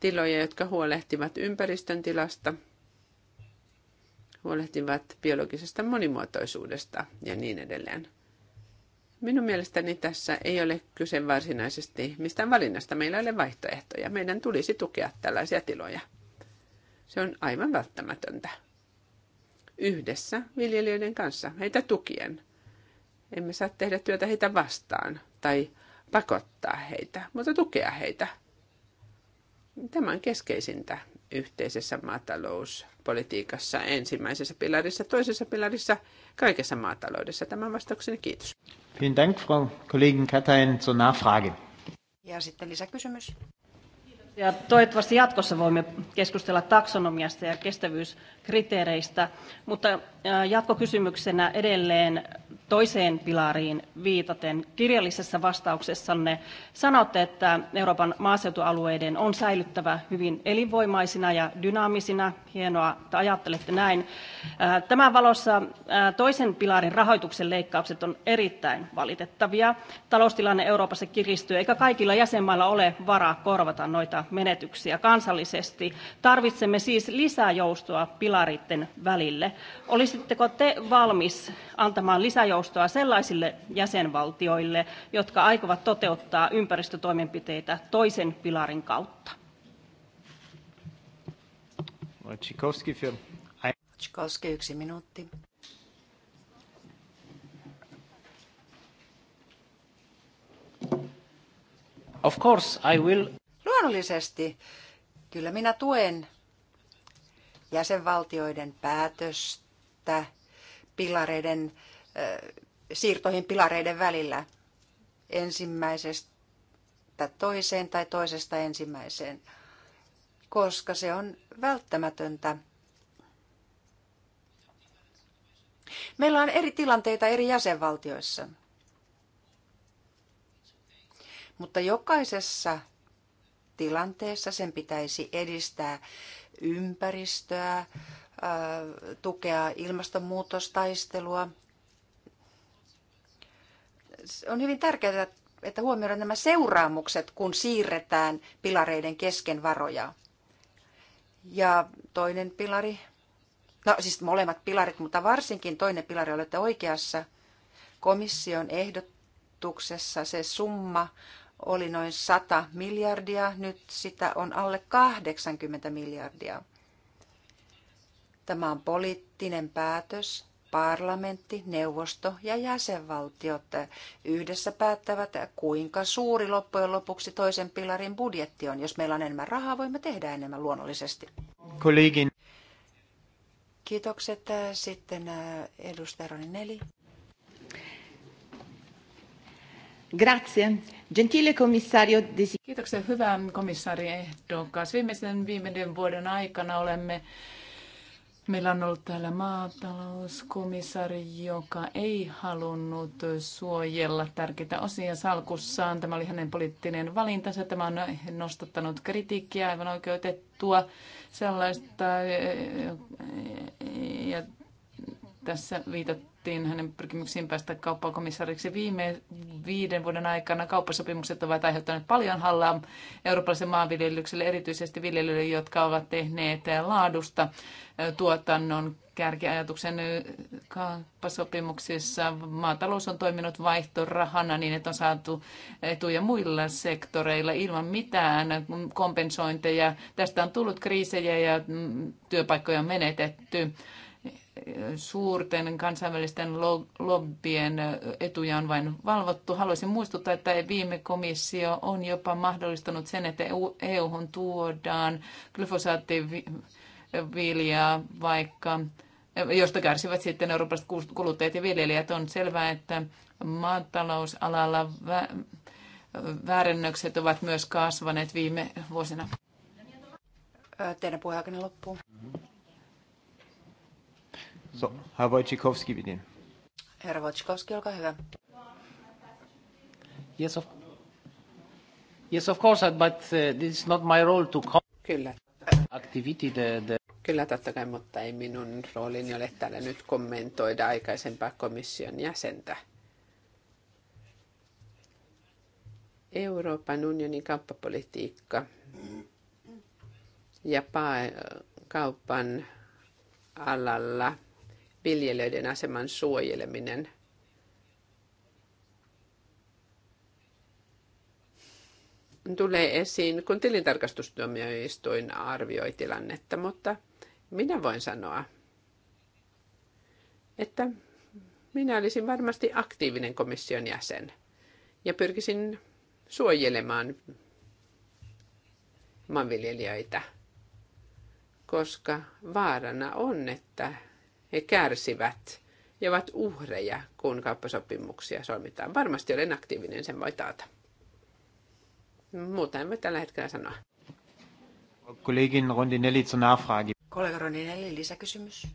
tiloja, jotka huolehtivat ympäristön tilasta, huolehtivat biologisesta monimuotoisuudesta ja niin edelleen. Minun mielestäni tässä ei ole kyse varsinaisesti mistään valinnasta. Meillä ei ole vaihtoehtoja. Meidän tulisi tukea tällaisia tiloja. Se on aivan välttämätöntä. Yhdessä viljelijöiden kanssa, heitä tukien. Emme saa tehdä työtä heitä vastaan tai pakottaa heitä, mutta tukea heitä. Tämä on keskeisintä yhteisessä maatalouspolitiikassa, ensimmäisessä pilarissa, toisessa pilarissa, kaikessa maataloudessa. Tämän vastauksen kiitos. Vielen Dank, Frau Kollegin Katainen, zur Nachfrage. Ja sitten lisäkysymys. Ja toivottavasti jatkossa voimme keskustella taksonomiasta ja kestävyyskriteereistä, mutta jatkokysymyksenä edelleen toiseen pilariin viitaten kirjallisessa vastauksessanne sanotte, että Euroopan maaseutualueiden on säilyttävä hyvin elinvoimaisina ja dynaamisina. Hienoa, että ajattelette näin. Tämän valossa toisen pilarin rahoituksen leikkaukset on erittäin valitettavia. Taloustilanne Euroopassa kiristyy, eikä kaikilla jäsenmailla ole varaa korvata noita menetyksiä kansallisesti. Tarvitsemme siis lisää joustoa pilaritten välille. Olisitteko te valmis antamaan lisäjoustoa sellaisille jäsenvaltioille, jotka aikovat toteuttaa ympäristötoimenpiteitä toisen pilarin kautta? Tchaikovsky, yksi minuutti. Of course I will. Luonnollisesti kyllä minä tuen jäsenvaltioiden päätöstä pilareiden, siirtoihin pilareiden välillä ensimmäisestä toiseen tai toisesta ensimmäiseen, koska se on välttämätöntä. Meillä on eri tilanteita eri jäsenvaltioissa, mutta jokaisessa tilanteessa. Sen pitäisi edistää ympäristöä, tukea ilmastonmuutostaistelua. On hyvin tärkeää, että huomioidaan nämä seuraamukset, kun siirretään pilareiden kesken varoja. Ja toinen pilari, no siis molemmat pilarit, mutta varsinkin toinen pilari, olette oikeassa, komission ehdotuksessa se summa oli noin 100 miljardia, nyt sitä on alle 80 miljardia. Tämä on poliittinen päätös. Parlamentti, neuvosto ja jäsenvaltiot yhdessä päättävät, kuinka suuri loppujen lopuksi toisen pilarin budjetti on. Jos meillä on enemmän rahaa, voimme tehdä enemmän luonnollisesti. Kollegin. Kiitokset. Sitten edustaja Roni Neli. Grazie. Gentile Desi. Kiitoksia hyvä komissaari ehdokas. Viimeisen viimeinen vuoden aikana olemme Meillä on ollut täällä maatalouskomissari, joka ei halunnut suojella tärkeitä osia salkussaan. Tämä oli hänen poliittinen valintansa. Tämä on nostattanut kritiikkiä aivan oikeutettua sellaista. Ja tässä viitattiin hänen pyrkimyksiin päästä kauppakomissariksi viime viiden vuoden aikana. Kauppasopimukset ovat aiheuttaneet paljon hallaa eurooppalaisen maanviljelykselle, erityisesti viljelijöille, jotka ovat tehneet laadusta tuotannon kärkiajatuksen kauppasopimuksissa. Maatalous on toiminut vaihtorahana niin, että on saatu etuja muilla sektoreilla ilman mitään kompensointeja. Tästä on tullut kriisejä ja työpaikkoja on menetetty suurten kansainvälisten lobbyjen etuja on vain valvottu. Haluaisin muistuttaa, että viime komissio on jopa mahdollistanut sen, että EU-hun tuodaan glyfosaattiviljaa, vaikka josta kärsivät sitten eurooppalaiset kuluttajat ja viljelijät. On selvää, että maatalousalalla vä- väärennökset ovat myös kasvaneet viime vuosina. Teidän puheenjohtajanne loppuu. Mm-hmm. So, Herr Wojciechowski, bitte. Herra Wojciechowski, olkaa hyvä. Yes, of, yes, of course, but uh, this is not my role to comment. Kyllä. Activity, the, the... Kyllä totta kai, mutta ei minun roolini ole täällä nyt kommentoida aikaisempaa komission jäsentä. Euroopan unionin kauppapolitiikka ja kaupan alalla viljelijöiden aseman suojeleminen. tulee esiin, kun tilintarkastustuomioistuin arvioi tilannetta, mutta minä voin sanoa, että minä olisin varmasti aktiivinen komission jäsen ja pyrkisin suojelemaan maanviljelijöitä, koska vaarana on, että he kärsivät ja ovat uhreja, kun kauppasopimuksia solmitaan. Varmasti olen aktiivinen, sen voi taata. Muuta en voi tällä hetkellä sanoa. Kollegin Rondinelli zur Nachfrage. Kollega Rondinelli, lisäkysymys.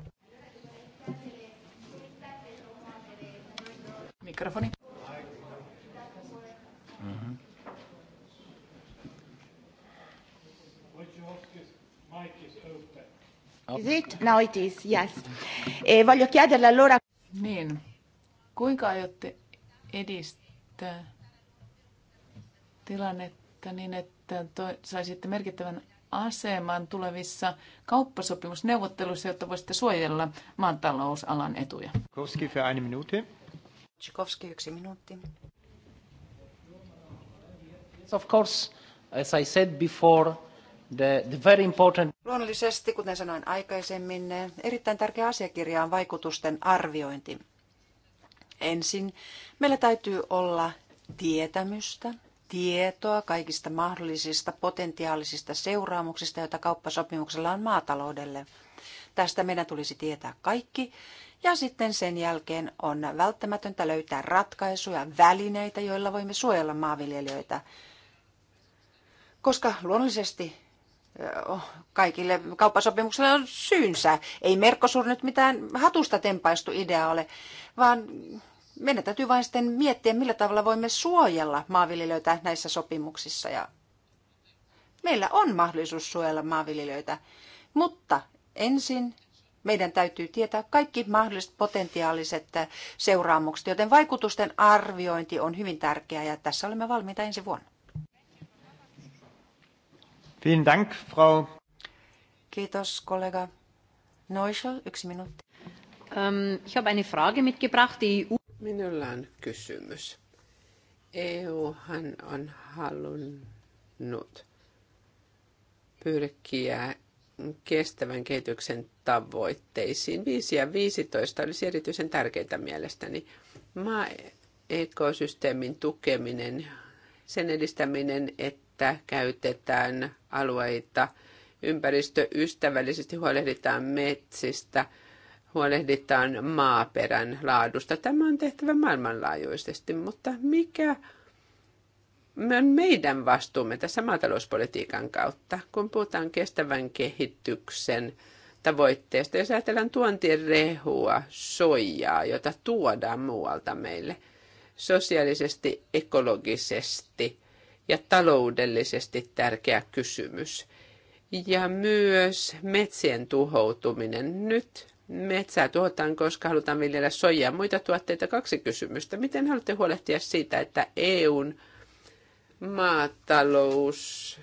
Mikrofoni. Mm-hmm. Mike. Is oh. it? Now it is, yes. Eh, voglio chiederle allora... Niin. Kuinka aiotte edistää tilannetta niin, että saisitte merkittävän aseman tulevissa kauppasopimusneuvotteluissa, jotta voisitte suojella maatalousalan etuja? Koski yksi minuutti. Of course, as I said before, The, the very important... Luonnollisesti, kuten sanoin aikaisemmin, erittäin tärkeä asiakirja on vaikutusten arviointi. Ensin meillä täytyy olla tietämystä, tietoa kaikista mahdollisista potentiaalisista seuraamuksista, joita kauppasopimuksella on maataloudelle. Tästä meidän tulisi tietää kaikki ja sitten sen jälkeen on välttämätöntä löytää ratkaisuja, välineitä, joilla voimme suojella maanviljelijöitä. Koska luonnollisesti Oh, kaikille kauppasopimuksille on syynsä. Ei Merkosur nyt mitään hatusta tempaistu idea ole, vaan meidän täytyy vain sitten miettiä, millä tavalla voimme suojella maanviljelijöitä näissä sopimuksissa. Ja meillä on mahdollisuus suojella maanviljelijöitä, mutta ensin meidän täytyy tietää kaikki mahdolliset potentiaaliset seuraamukset, joten vaikutusten arviointi on hyvin tärkeää ja tässä olemme valmiita ensi vuonna. Vielen Dank, Frau. Kiitos, kollega Neuschel. Yksi minuutti. Ähm, ich habe eine Frage mitgebracht. Die EU... Minulla on kysymys. EUhan on halunnut pyrkiä kestävän kehityksen tavoitteisiin. 5 ja 15 olisi erityisen tärkeintä mielestäni. Maa-ekosysteemin tukeminen, sen edistäminen, että että käytetään alueita ympäristöystävällisesti, huolehditaan metsistä, huolehditaan maaperän laadusta. Tämä on tehtävä maailmanlaajuisesti, mutta mikä on meidän vastuumme tässä maatalouspolitiikan kautta, kun puhutaan kestävän kehityksen tavoitteesta. Jos ajatellaan rehua soijaa, jota tuodaan muualta meille sosiaalisesti, ekologisesti – ja taloudellisesti tärkeä kysymys. Ja myös metsien tuhoutuminen. Nyt metsää tuhotaan, koska halutaan viljellä soijaa ja muita tuotteita. Kaksi kysymystä. Miten haluatte huolehtia siitä, että EUn maatalous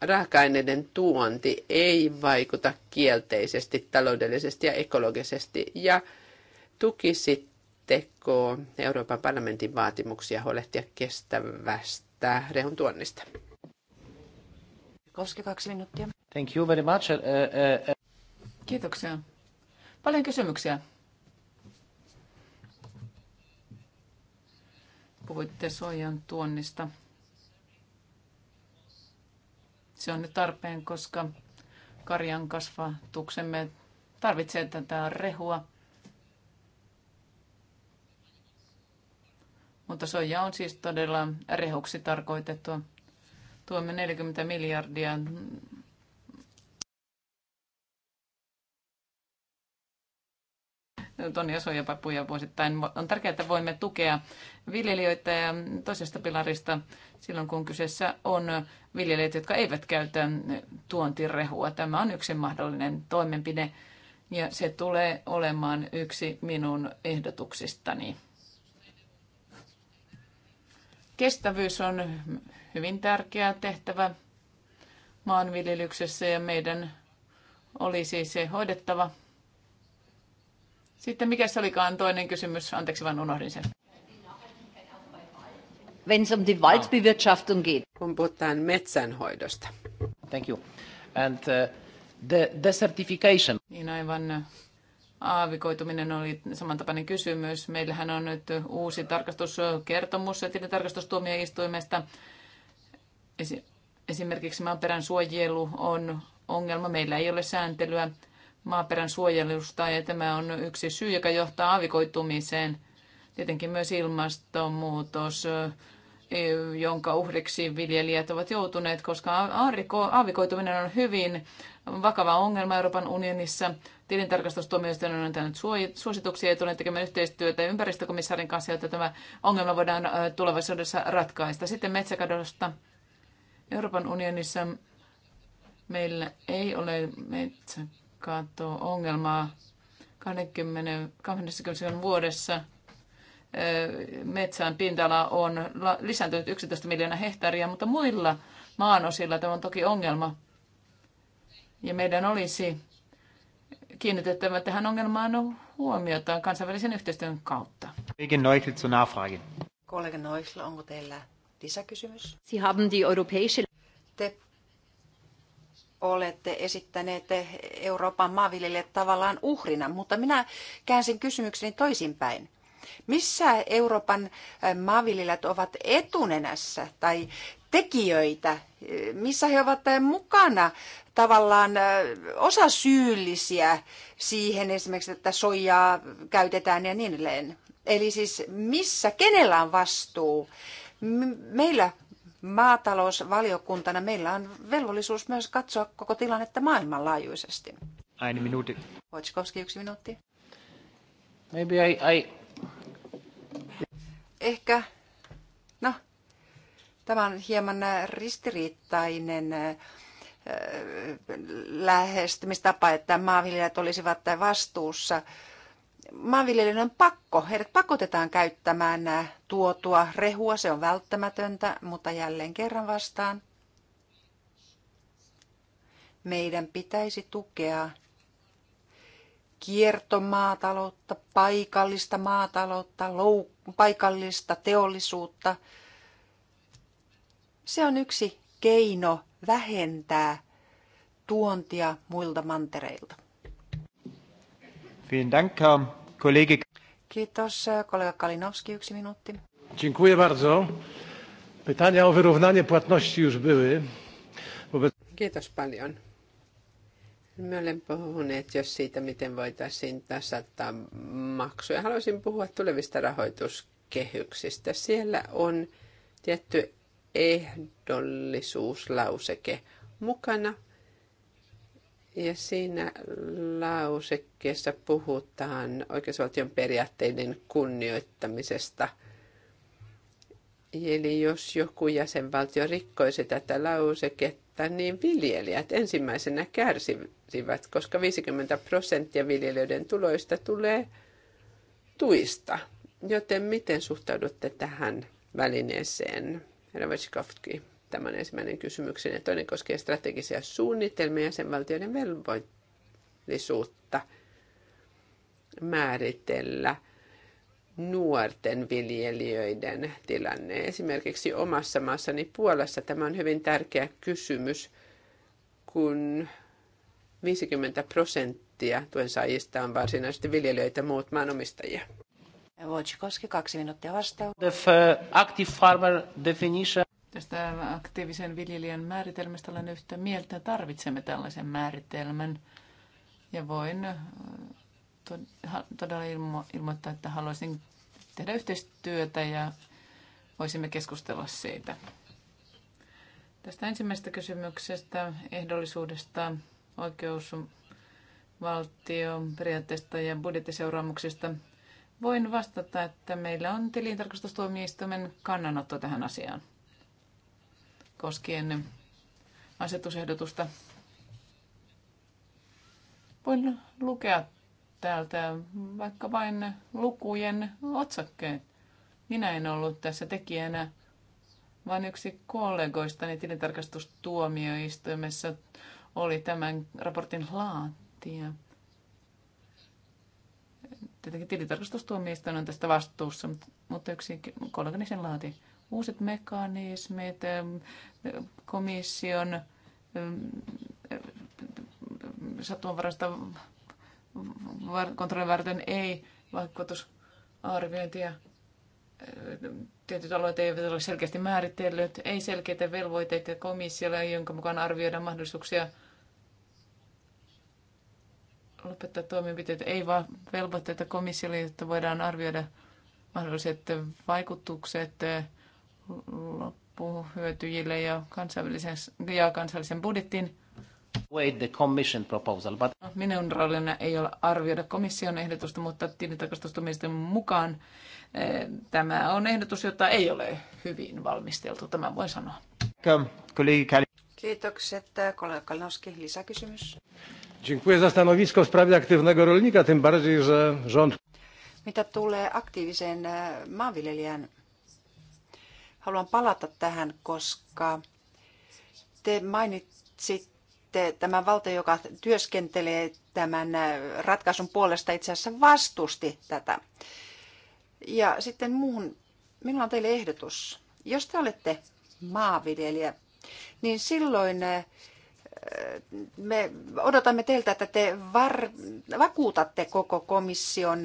raaka-aineiden tuonti ei vaikuta kielteisesti taloudellisesti ja ekologisesti ja tukisitteko Euroopan parlamentin vaatimuksia huolehtia kestävästi päättää rehun tuonnista. Koske kaksi minuuttia. Thank you very much. Uh, uh, uh. Kiitoksia. Paljon kysymyksiä. Puhuitte soijan tuonnista. Se on nyt tarpeen, koska karjan kasvatuksemme tarvitsee tätä rehua. Mutta soija on siis todella rehuksi tarkoitettua. Tuomme 40 miljardia tonnia soijapapuja vuosittain. On tärkeää, että voimme tukea viljelijöitä ja toisesta pilarista silloin, kun kyseessä on viljelijät, jotka eivät käytä tuontirehua. Tämä on yksi mahdollinen toimenpide ja se tulee olemaan yksi minun ehdotuksistani Kestävyys on hyvin tärkeä tehtävä maanviljelyksessä ja meidän olisi se hoidettava. Sitten mikä se olikaan toinen kysymys? Anteeksi, vaan unohdin sen. Wenn es um die Waldbewirtschaftung geht. Kun puhutaan metsänhoidosta. Thank you. And uh, the certification. Niin aivan Aavikoituminen oli samantapainen kysymys. Meillähän on nyt uusi tarkastuskertomus tilintarkastustuomioistuimesta. Esimerkiksi maaperän suojelu on ongelma. Meillä ei ole sääntelyä maaperän suojelusta ja tämä on yksi syy, joka johtaa aavikoitumiseen. Tietenkin myös ilmastonmuutos, e, jonka uhriksi viljelijät ovat joutuneet, koska aavikoituminen on hyvin vakava ongelma Euroopan unionissa. Tilintarkastustuomioistuin on antanut suosituksia ja tulee tekemään yhteistyötä ympäristökomissaarin kanssa, jotta tämä ongelma voidaan tulevaisuudessa ratkaista. Sitten metsäkadosta. Euroopan unionissa meillä ei ole metsäkato-ongelmaa 20, 20 vuodessa. Metsän pinta-ala on lisääntynyt 11 miljoonaa hehtaaria, mutta muilla maanosilla tämä on toki ongelma ja meidän olisi kiinnitettävä tähän ongelmaan huomiota kansainvälisen yhteistyön kautta. Kollegin Neuchel zur Nachfrage. Kollega Neuchel, onko teillä lisäkysymys? Sie haben die europäische... Te olette esittäneet Euroopan maanviljelijät tavallaan uhrina, mutta minä käänsin kysymykseni toisinpäin. Missä Euroopan maanviljelijät ovat etunenässä tai tekijöitä, missä he ovat mukana tavallaan osa syyllisiä siihen esimerkiksi, että soijaa käytetään ja niin edelleen. Eli siis missä, kenellä on vastuu? Meillä maatalousvaliokuntana meillä on velvollisuus myös katsoa koko tilannetta maailmanlaajuisesti. Aini minuutti. Wojciechowski, yksi minuutti. Maybe I, I ehkä, no, tämä on hieman äh, ristiriittainen äh, lähestymistapa, että maanviljelijät olisivat vastuussa. Maanviljelijöiden on pakko, heidät pakotetaan käyttämään äh, tuotua rehua, se on välttämätöntä, mutta jälleen kerran vastaan. Meidän pitäisi tukea kiertomaataloutta, paikallista maataloutta, loukkaa paikallista teollisuutta. Se on yksi keino vähentää tuontia muilta mantereilta. Kiitos, kollega Kalinowski, yksi minuutti. Dziękuję bardzo. Pytania o wyrównanie płatności już były. Kiitos paljon. Me olen puhunut, jos siitä, miten voitaisiin tasata maksuja. Haluaisin puhua tulevista rahoituskehyksistä. Siellä on tietty ehdollisuuslauseke mukana. Ja siinä lausekkeessa puhutaan oikeusvaltion periaatteiden kunnioittamisesta. Eli jos joku jäsenvaltio rikkoisi tätä lauseketta, niin viljelijät ensimmäisenä kärsivät kärsivät, koska 50 prosenttia viljelijöiden tuloista tulee tuista. Joten miten suhtaudutte tähän välineeseen? Herra Vetskovski, tämä on ensimmäinen kysymykseni. Toinen koskee strategisia suunnitelmia ja sen valtioiden velvollisuutta määritellä nuorten viljelijöiden tilanne. Esimerkiksi omassa maassani Puolassa tämä on hyvin tärkeä kysymys, kun 50 prosenttia tuen saajista on varsinaisesti viljelijöitä, muut maanomistajia. Wojcikowski, kaksi minuuttia vastaus. Uh, active farmer Tästä aktiivisen viljelijän määritelmästä olen yhtä mieltä. Tarvitsemme tällaisen määritelmän. Ja voin uh, todella ilmo- ilmoittaa, että haluaisin tehdä yhteistyötä ja voisimme keskustella siitä. Tästä ensimmäisestä kysymyksestä, ehdollisuudesta, oikeusvaltion periaatteista ja budjettiseuraamuksista. Voin vastata, että meillä on tilintarkastustuomioistuimen kannanotto tähän asiaan koskien asetusehdotusta. Voin lukea täältä vaikka vain lukujen otsakkeet. Minä en ollut tässä tekijänä, vaan yksi kollegoistani tilintarkastustuomioistuimessa oli tämän raportin laatija. Tietenkin tilitarkastustuomioistuin on tästä vastuussa, mutta yksi kollegani sen laati. Uuset mekanismit, ähm, komission ähm, sattumanvaraista kontrollin varten ei vaikutusarviointia. Tietyt alueet eivät ole selkeästi määritellyt, ei selkeitä velvoitteita komissiolle, jonka mukaan arvioidaan mahdollisuuksia – lopettaa toimenpiteitä, ei vaan velvoitteita komissiolle, jotta voidaan arvioida mahdolliset vaikutukset eh, loppuhyötyjille ja kansallisen, ja kansallisen budjettiin. Wait the commission proposal, but... No, minun roolina ei ole arvioida komission ehdotusta, mutta tilintarkastustumisten mukaan eh, tämä on ehdotus, jota ei ole hyvin valmisteltu, tämä voi sanoa. Kiitokset. Eh, kollega Kalinowski, lisäkysymys. Dziękuję za stanowisko w sprawie aktywnego rolnika, tym bardziej, że rząd... Mitä tulee aktiiviseen e, maanviljelijään, haluan palata tähän, koska te mainitsitte tämän valtio, joka työskentelee tämän e, ratkaisun puolesta, itse asiassa vastusti tätä. Ja sitten muuhun, minulla on teille ehdotus. Jos te olette maanviljelijä, niin silloin e, me odotamme teiltä, että te var, vakuutatte koko komission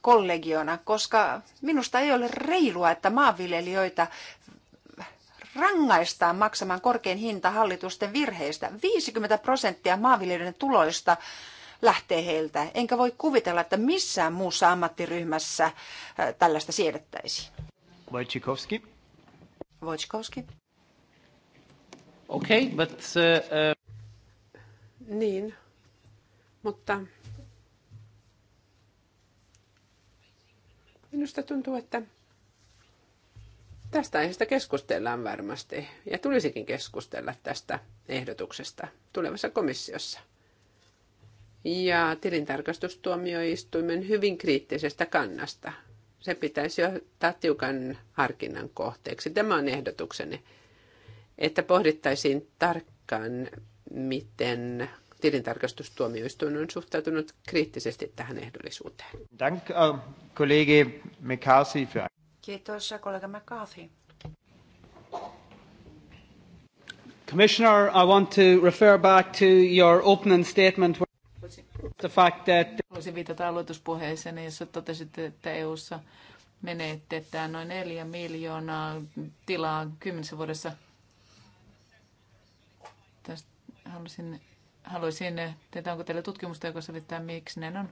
kollegiona, koska minusta ei ole reilua, että maanviljelijöitä rangaistaan maksamaan korkein hinta hallitusten virheistä. 50 prosenttia maanviljelijöiden tuloista lähtee heiltä, enkä voi kuvitella, että missään muussa ammattiryhmässä tällaista siedettäisiin. Wojciechowski. Wojciechowski. Okay, but, uh, uh... Niin, mutta minusta tuntuu, että tästä aiheesta keskustellaan varmasti ja tulisikin keskustella tästä ehdotuksesta tulevassa komissiossa. Ja tilintarkastustuomioistuimen hyvin kriittisestä kannasta. Se pitäisi ottaa tiukan harkinnan kohteeksi. Tämä on ehdotukseni että pohdittaisiin tarkkaan, miten tilintarkastustuomioistuin on suhtautunut kriittisesti tähän ehdollisuuteen. Dank, uh, äh, kollegi McCarthy. Für... Kiitos, kollega McCarthy. Commissioner, I want to refer back to your opening statement the fact that... Haluaisin viitata aloituspuheeseen, jossa totesitte, että EU-ssa menetetään noin 4 miljoonaa tilaa kymmenessä vuodessa – halusin, haluaisin tietää, onko teillä tutkimusta, joka selittää, miksi ne on.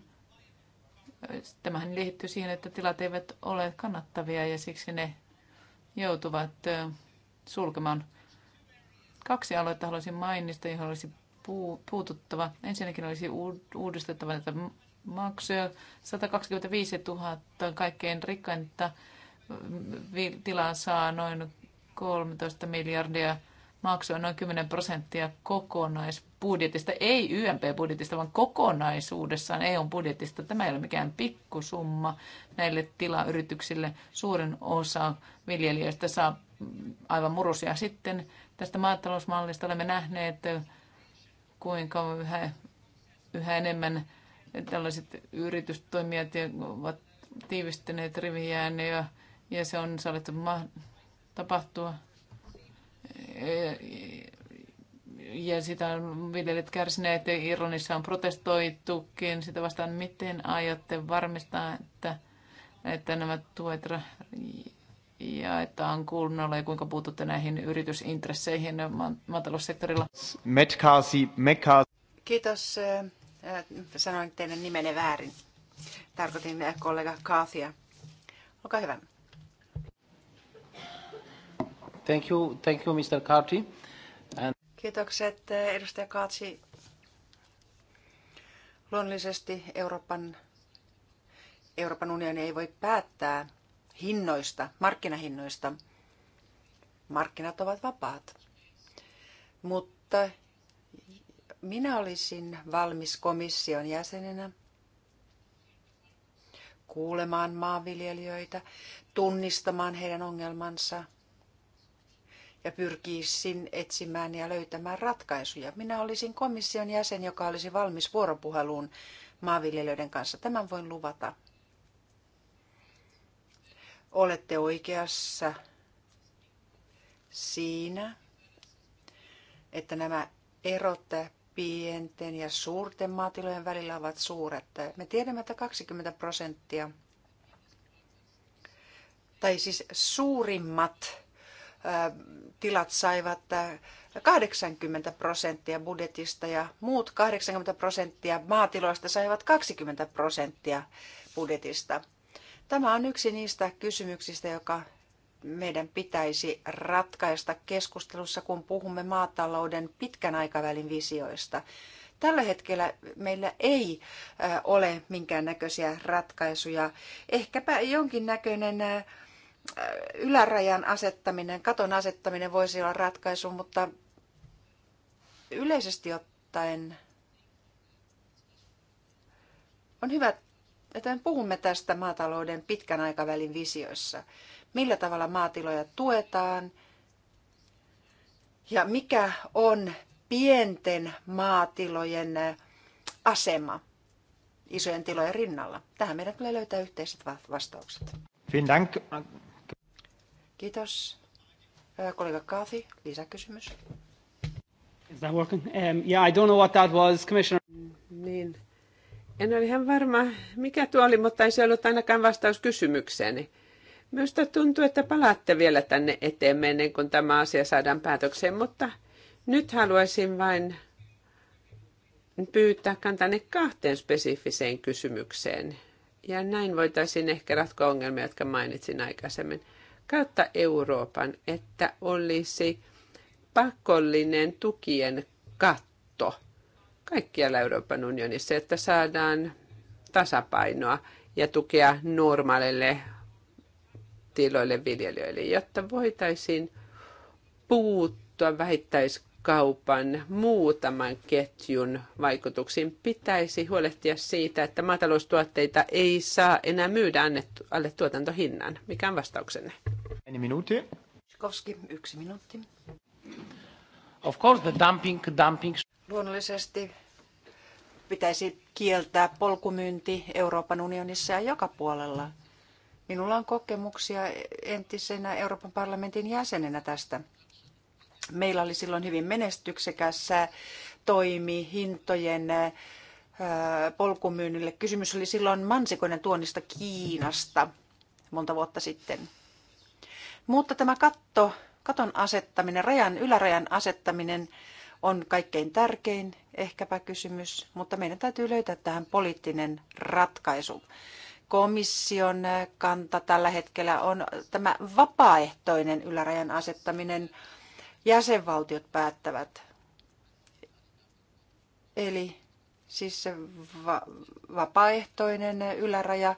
Tämähän liittyy siihen, että tilat eivät ole kannattavia ja siksi ne joutuvat sulkemaan. Kaksi aluetta haluaisin mainita, johon olisi puututtava. Ensinnäkin olisi uudistettava näitä maksuja. 125 000 kaikkein rikkainta tilaa saa noin 13 miljardia maksoi noin 10 prosenttia kokonaisbudjetista, ei YMP-budjetista, vaan kokonaisuudessaan eu budjetista. Tämä ei ole mikään pikkusumma näille tilayrityksille. Suurin osa viljelijöistä saa aivan murusia. Sitten tästä maatalousmallista olemme nähneet, kuinka yhä, yhä enemmän tällaiset yritystoimijat ovat tiivistäneet riviään ja, ja se on sallittu tapahtua ja sitä on viljelijät kärsineet ja Irlannissa on protestoitukin sitä vastaan. Miten aiotte varmistaa, että, että nämä tuet ja että on kunnolla ja kuinka puututte näihin yritysintresseihin maataloussektorilla? Metkasi, metkasi. Kiitos. Äh, sanoin teidän nimenne väärin. Tarkoitin äh, kollega Kaafia. Olkaa hyvä. Thank you, thank you Mr. And... Kiitokset eh, edustaja Kaatsi. Luonnollisesti Euroopan, Euroopan unioni ei voi päättää hinnoista, markkinahinnoista. Markkinat ovat vapaat. Mutta minä olisin valmis komission jäsenenä kuulemaan maanviljelijöitä, tunnistamaan heidän ongelmansa – ja sin etsimään ja löytämään ratkaisuja. Minä olisin komission jäsen, joka olisi valmis vuoropuheluun maanviljelijöiden kanssa. Tämän voin luvata. Olette oikeassa siinä, että nämä erot pienten ja suurten maatilojen välillä ovat suuret. Me tiedämme, että 20 prosenttia, tai siis suurimmat tilat saivat 80 prosenttia budjetista ja muut 80 prosenttia maatiloista saivat 20 prosenttia budjetista. Tämä on yksi niistä kysymyksistä, joka meidän pitäisi ratkaista keskustelussa, kun puhumme maatalouden pitkän aikavälin visioista. Tällä hetkellä meillä ei ole minkäännäköisiä ratkaisuja. Ehkäpä jonkinnäköinen näköinen ylärajan asettaminen, katon asettaminen voisi olla ratkaisu, mutta yleisesti ottaen on hyvä, että me puhumme tästä maatalouden pitkän aikavälin visioissa. Millä tavalla maatiloja tuetaan ja mikä on pienten maatilojen asema isojen tilojen rinnalla. Tähän meidän tulee löytää yhteiset vastaukset. Vielen Dank. Kiitos. Kollega Kaafi, lisäkysymys. Is that working? Um, yeah, I don't know what that was, Commissioner. Niin. En ole ihan varma, mikä tuo oli, mutta ei se ollut ainakaan vastaus kysymykseeni. Minusta tuntuu, että palaatte vielä tänne eteen ennen kuin tämä asia saadaan päätökseen, mutta nyt haluaisin vain pyytää kantanne kahteen spesifiseen kysymykseen. Ja näin voitaisiin ehkä ratkoa ongelmia, jotka mainitsin aikaisemmin kautta Euroopan, että olisi pakollinen tukien katto kaikkialla Euroopan unionissa, että saadaan tasapainoa ja tukea normaaleille tiloille viljelijöille, jotta voitaisiin puuttua vähittäiskaupan muutaman ketjun vaikutuksiin. Pitäisi huolehtia siitä, että maataloustuotteita ei saa enää myydä alle tuotantohinnan. Mikä on vastauksenne? Eine Minute. Tchaikovsky, yksi minuutti. Of course the dumping, dumping. Luonnollisesti pitäisi kieltää polkumyynti Euroopan unionissa ja joka puolella. Minulla on kokemuksia entisenä Euroopan parlamentin jäsenenä tästä. Meillä oli silloin hyvin menestyksekäs toimi hintojen polkumyynnille. Kysymys oli silloin mansikoiden tuonnista Kiinasta monta vuotta sitten. Mutta tämä katto, katon asettaminen, rajan, ylärajan asettaminen on kaikkein tärkein ehkäpä kysymys, mutta meidän täytyy löytää tähän poliittinen ratkaisu. Komission kanta tällä hetkellä on tämä vapaaehtoinen ylärajan asettaminen. Jäsenvaltiot päättävät. Eli siis se va- vapaaehtoinen yläraja,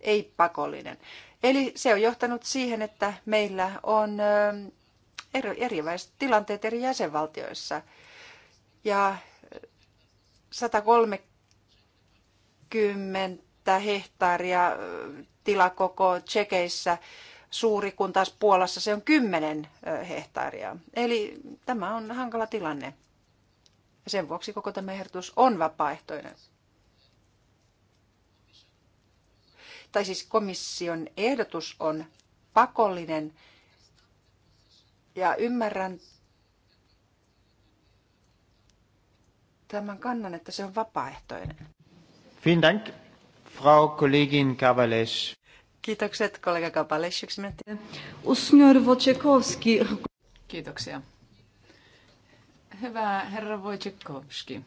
ei pakollinen. Eli se on johtanut siihen, että meillä on erilaiset tilanteet eri jäsenvaltioissa. Ja 130 hehtaaria tilakoko Tsekeissä suuri, kun taas Puolassa se on 10 hehtaaria. Eli tämä on hankala tilanne. Ja sen vuoksi koko tämä ehdotus on vapaaehtoinen. tai siis komission ehdotus on pakollinen ja ymmärrän tämän kannan, että se on vapaaehtoinen. Vielen Dank, Frau Kollegin Kavales. Kiitokset, kollega Kavales. Yksi minuutti. Usnjör Wojciechowski. Kiitoksia. Hyvä herra Wojciechowski.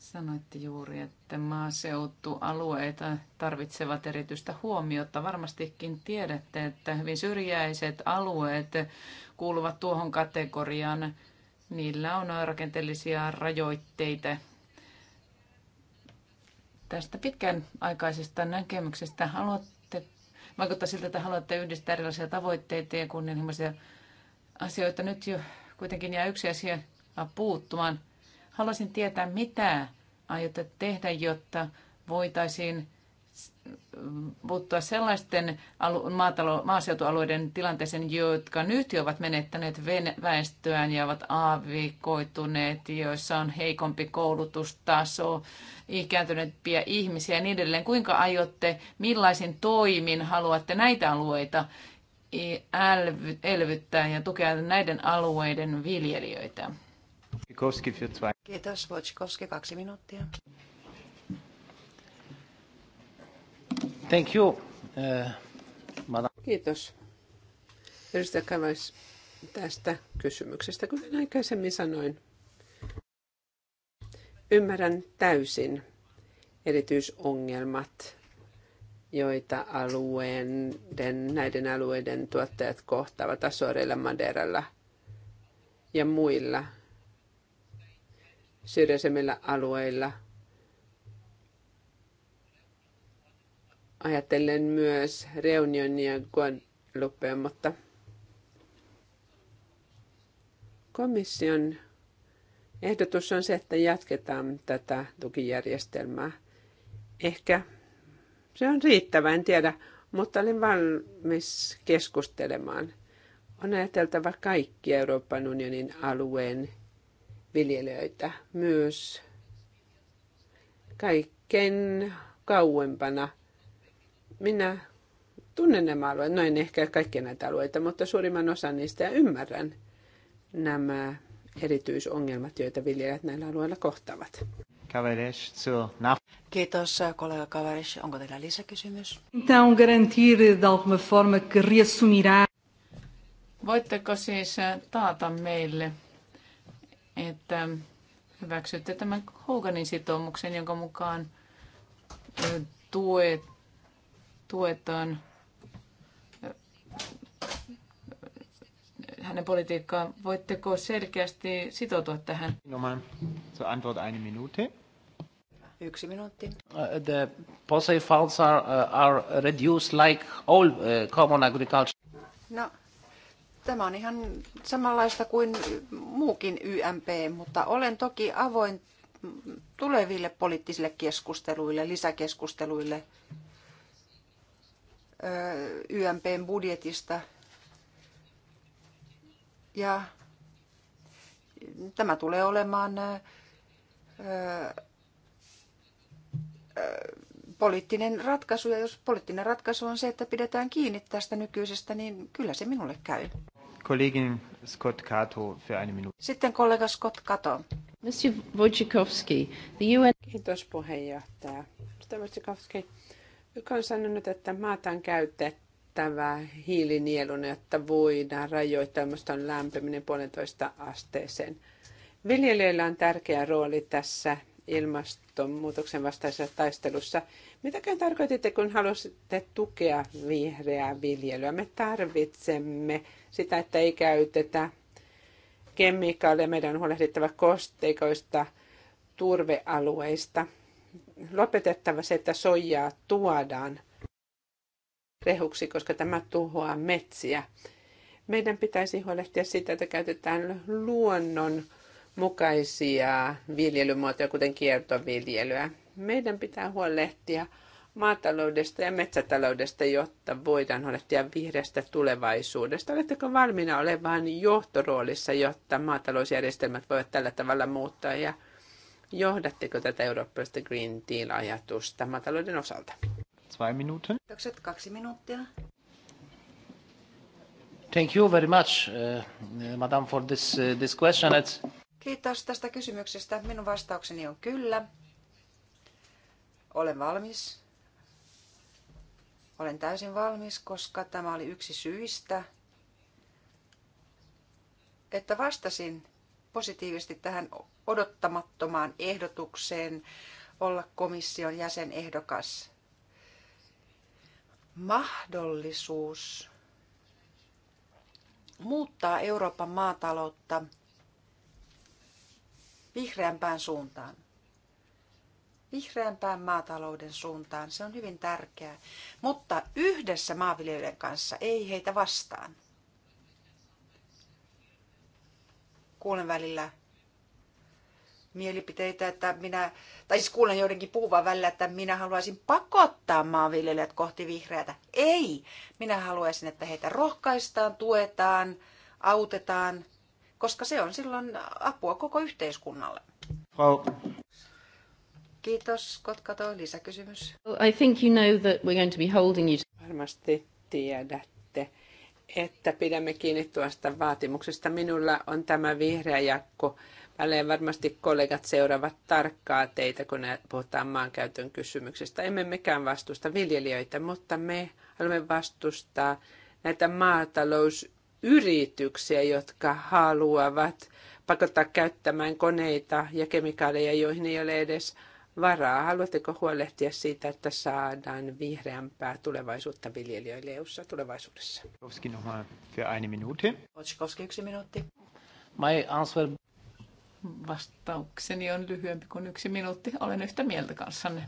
Sanoitte juuri, että maaseutualueita tarvitsevat erityistä huomiota. Varmastikin tiedätte, että hyvin syrjäiset alueet kuuluvat tuohon kategoriaan. Niillä on rakenteellisia rajoitteita. Tästä pitkän aikaisesta näkemyksestä haluatte, vaikuttaa siltä, että haluatte yhdistää erilaisia tavoitteita ja kunnianhimoisia asioita. Nyt jo kuitenkin jää yksi asia puuttumaan – Haluaisin tietää, mitä aiotte tehdä, jotta voitaisiin puuttua sellaisten maatalo- maaseutualueiden tilanteeseen, jotka nyt jo ovat menettäneet väestöään ja ovat aavikoituneet, joissa on heikompi koulutustaso, ikääntyneempiä ihmisiä ja niin edelleen. Kuinka aiotte, millaisin toimin haluatte näitä alueita elvyttää ja tukea näiden alueiden viljelijöitä? Wojcikowski für zwei. Kiitos, Wojcikowski, kaksi minuuttia. Thank you, uh, madam. Kiitos. Edustaja Kalois tästä kysymyksestä. Kuten aikaisemmin sanoin, ymmärrän täysin erityisongelmat, joita alueiden, näiden alueiden tuottajat kohtaavat Asoreilla, Maderalla ja muilla – syrjäisemmillä alueilla. Ajattelen myös Reunionia Guadalupea, mutta komission ehdotus on se, että jatketaan tätä tukijärjestelmää. Ehkä se on riittävä, en tiedä, mutta olen valmis keskustelemaan. On ajateltava kaikki Euroopan unionin alueen viljelijöitä myös kaikkein kauempana. Minä tunnen nämä alueet, no en ehkä kaikkia näitä alueita, mutta suurimman osan niistä ja ymmärrän nämä erityisongelmat, joita viljelijät näillä alueilla kohtavat. Kiitos kollega Kaveris. Onko teillä lisäkysymys? Então garantir de alguma forma que Voitteko siis taata meille että hyväksytte tämän Hoganin sitoumuksen, jonka mukaan tuet, tuetaan hänen politiikkaan. Voitteko selkeästi sitoutua tähän? Nochmal zur Antwort eine Minute. Yksi minuutti. Uh, the fossil fuels are, uh, are reduced like all uh, common agriculture. No, Tämä on ihan samanlaista kuin muukin YMP, mutta olen toki avoin tuleville poliittisille keskusteluille, lisäkeskusteluille YMPn budjetista. Ja tämä tulee olemaan poliittinen ratkaisu, ja jos poliittinen ratkaisu on se, että pidetään kiinni tästä nykyisestä, niin kyllä se minulle käy. Kollegin Scott Kato för eine Minute. Sitten kollega Scott Kato. Monsieur Wojciechowski, the UN... Kiitos puheenjohtaja. Mr. Wojciechowski, YK on sanonut, että maata on käytettävä hiilinieluna, jotta voidaan rajoittaa ilmaston lämpeminen puolentoista asteeseen. Viljelijöillä on tärkeä rooli tässä ilmastonmuutoksen vastaisessa taistelussa. Mitäkään tarkoititte, kun halusitte tukea vihreää viljelyä? Me tarvitsemme sitä, että ei käytetä kemikaaleja. Meidän on huolehdittava kosteikoista, turvealueista. Lopetettava se, että soijaa tuodaan rehuksi, koska tämä tuhoaa metsiä. Meidän pitäisi huolehtia siitä, että käytetään luonnon mukaisia viljelymuotoja, kuten kiertoviljelyä. Meidän pitää huolehtia maataloudesta ja metsätaloudesta, jotta voidaan huolehtia vihreästä tulevaisuudesta. Oletteko valmiina olemaan johtoroolissa, jotta maatalousjärjestelmät voivat tällä tavalla muuttaa ja johdatteko tätä eurooppalaista Green Deal-ajatusta maatalouden osalta? Zwei Minuten. kaksi minuuttia. Thank you very much, uh, Madam, for this, uh, this question. It's... Kiitos tästä kysymyksestä. Minun vastaukseni on kyllä. Olen valmis. Olen täysin valmis, koska tämä oli yksi syistä, että vastasin positiivisesti tähän odottamattomaan ehdotukseen olla komission jäsenehdokas. Mahdollisuus muuttaa Euroopan maataloutta – vihreämpään suuntaan. Vihreämpään maatalouden suuntaan. Se on hyvin tärkeää. Mutta yhdessä maanviljelijöiden kanssa, ei heitä vastaan. Kuulen välillä mielipiteitä, että minä, tai siis kuulen joidenkin puhuvan välillä, että minä haluaisin pakottaa maanviljelijät kohti vihreätä. Ei! Minä haluaisin, että heitä rohkaistaan, tuetaan, autetaan koska se on silloin apua koko yhteiskunnalle. Well. Kiitos, toi Lisäkysymys. Well, I think you know that we're going to be holding you. Varmasti tiedätte, että pidämme kiinni tuosta vaatimuksesta. Minulla on tämä vihreä jakko. Välein varmasti kollegat seuraavat tarkkaa teitä, kun puhutaan maankäytön kysymyksistä. Emme mekään vastusta viljelijöitä, mutta me haluamme vastustaa näitä maatalous yrityksiä, jotka haluavat pakottaa käyttämään koneita ja kemikaaleja, joihin ei ole edes varaa. Haluatteko huolehtia siitä, että saadaan vihreämpää tulevaisuutta viljelijöille eu tulevaisuudessa? Otsikoski nochmal für eine Minute. Otsikoski yksi minuutti. My answer... Vastaukseni on lyhyempi kuin yksi minuutti. Olen yhtä mieltä kanssanne.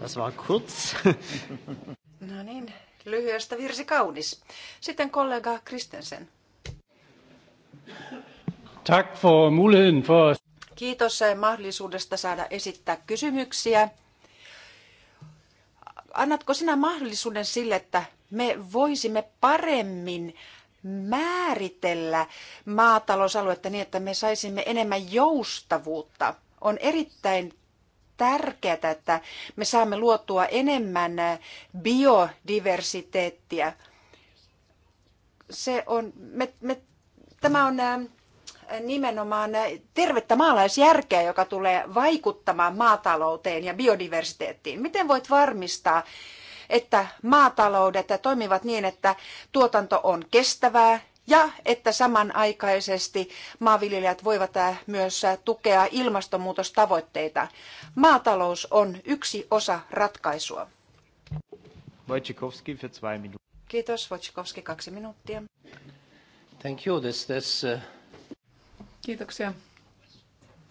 Das war kurz. no niin, Lyhyestä virsi kaunis. Sitten kollega Kristensen. Tack för för... Kiitos mahdollisuudesta saada esittää kysymyksiä. Annatko sinä mahdollisuuden sille, että me voisimme paremmin määritellä maatalousaluetta niin, että me saisimme enemmän joustavuutta? On erittäin tärkeää, että me saamme luotua enemmän biodiversiteettiä. Se on, me, me, tämä on nimenomaan tervettä maalaisjärkeä, joka tulee vaikuttamaan maatalouteen ja biodiversiteettiin. Miten voit varmistaa, että maataloudet toimivat niin, että tuotanto on kestävää ja että samanaikaisesti maanviljelijät voivat äh, myös äh, tukea ilmastonmuutostavoitteita. Maatalous on yksi osa ratkaisua. Wojciechowski für zwei Minuten. Kiitos, Wojciechowski, kaksi minuuttia. Thank you. This, this, uh... Kiitoksia.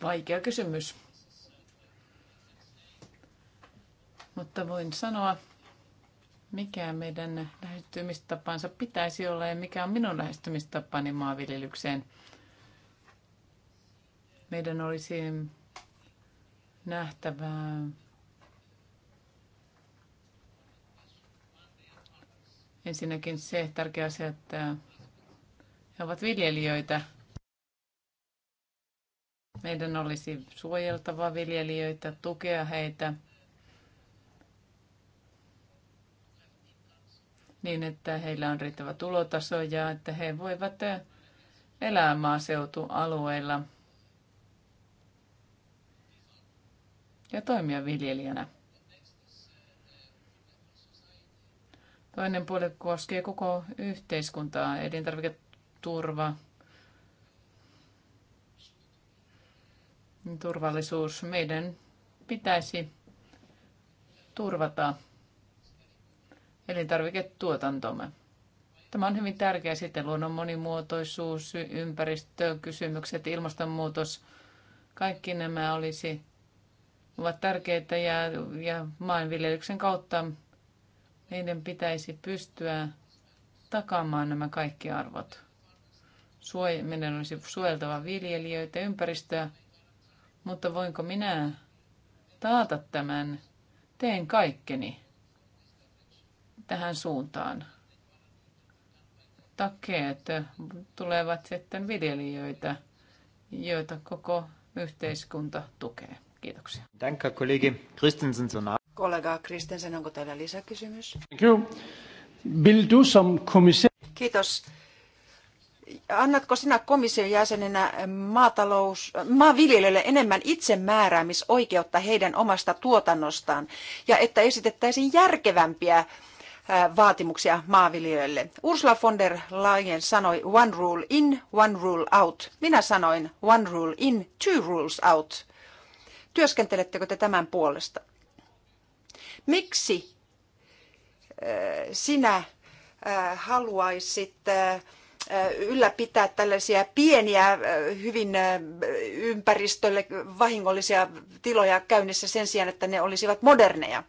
Vaikea kysymys. Mutta voin sanoa, mikä meidän lähestymistapansa pitäisi olla ja mikä on minun lähestymistapani maanviljelykseen. Meidän olisi nähtävää ensinnäkin se tärkeä asia, että he ovat viljelijöitä. Meidän olisi suojeltava viljelijöitä, tukea heitä – niin, että heillä on riittävä tulotaso ja että he voivat eh, elää maaseutualueilla ja toimia viljelijänä. Toinen puoli koskee koko yhteiskuntaa, elintarviketurva, turvallisuus. Meidän pitäisi turvata elintarviketuotantomme. Tämä on hyvin tärkeä sitten luonnon monimuotoisuus, ympäristökysymykset, ilmastonmuutos. Kaikki nämä olisi, ovat tärkeitä ja, ja maanviljelyksen kautta meidän pitäisi pystyä takaamaan nämä kaikki arvot. Suoj- meidän olisi suojeltava viljelijöitä, ympäristöä, mutta voinko minä taata tämän? Teen kaikkeni tähän suuntaan. Takeet tulevat sitten viljelijöitä, joita koko yhteiskunta tukee. Kiitoksia. Danke, kollegi Kristensen. Kollega Kristensen, onko teillä lisäkysymys? Thank you. Will do komissio? Kiitos. Annatko sinä komission jäsenenä maatalous, maanviljelijöille enemmän itsemääräämisoikeutta heidän omasta tuotannostaan ja että esitettäisiin järkevämpiä vaatimuksia maanviljelijöille. Ursula von der Leyen sanoi one rule in, one rule out. Minä sanoin one rule in, two rules out. Työskentelettekö te tämän puolesta? Miksi sinä haluaisit ylläpitää tällaisia pieniä, hyvin ympäristölle vahingollisia tiloja käynnissä sen sijaan, että ne olisivat moderneja?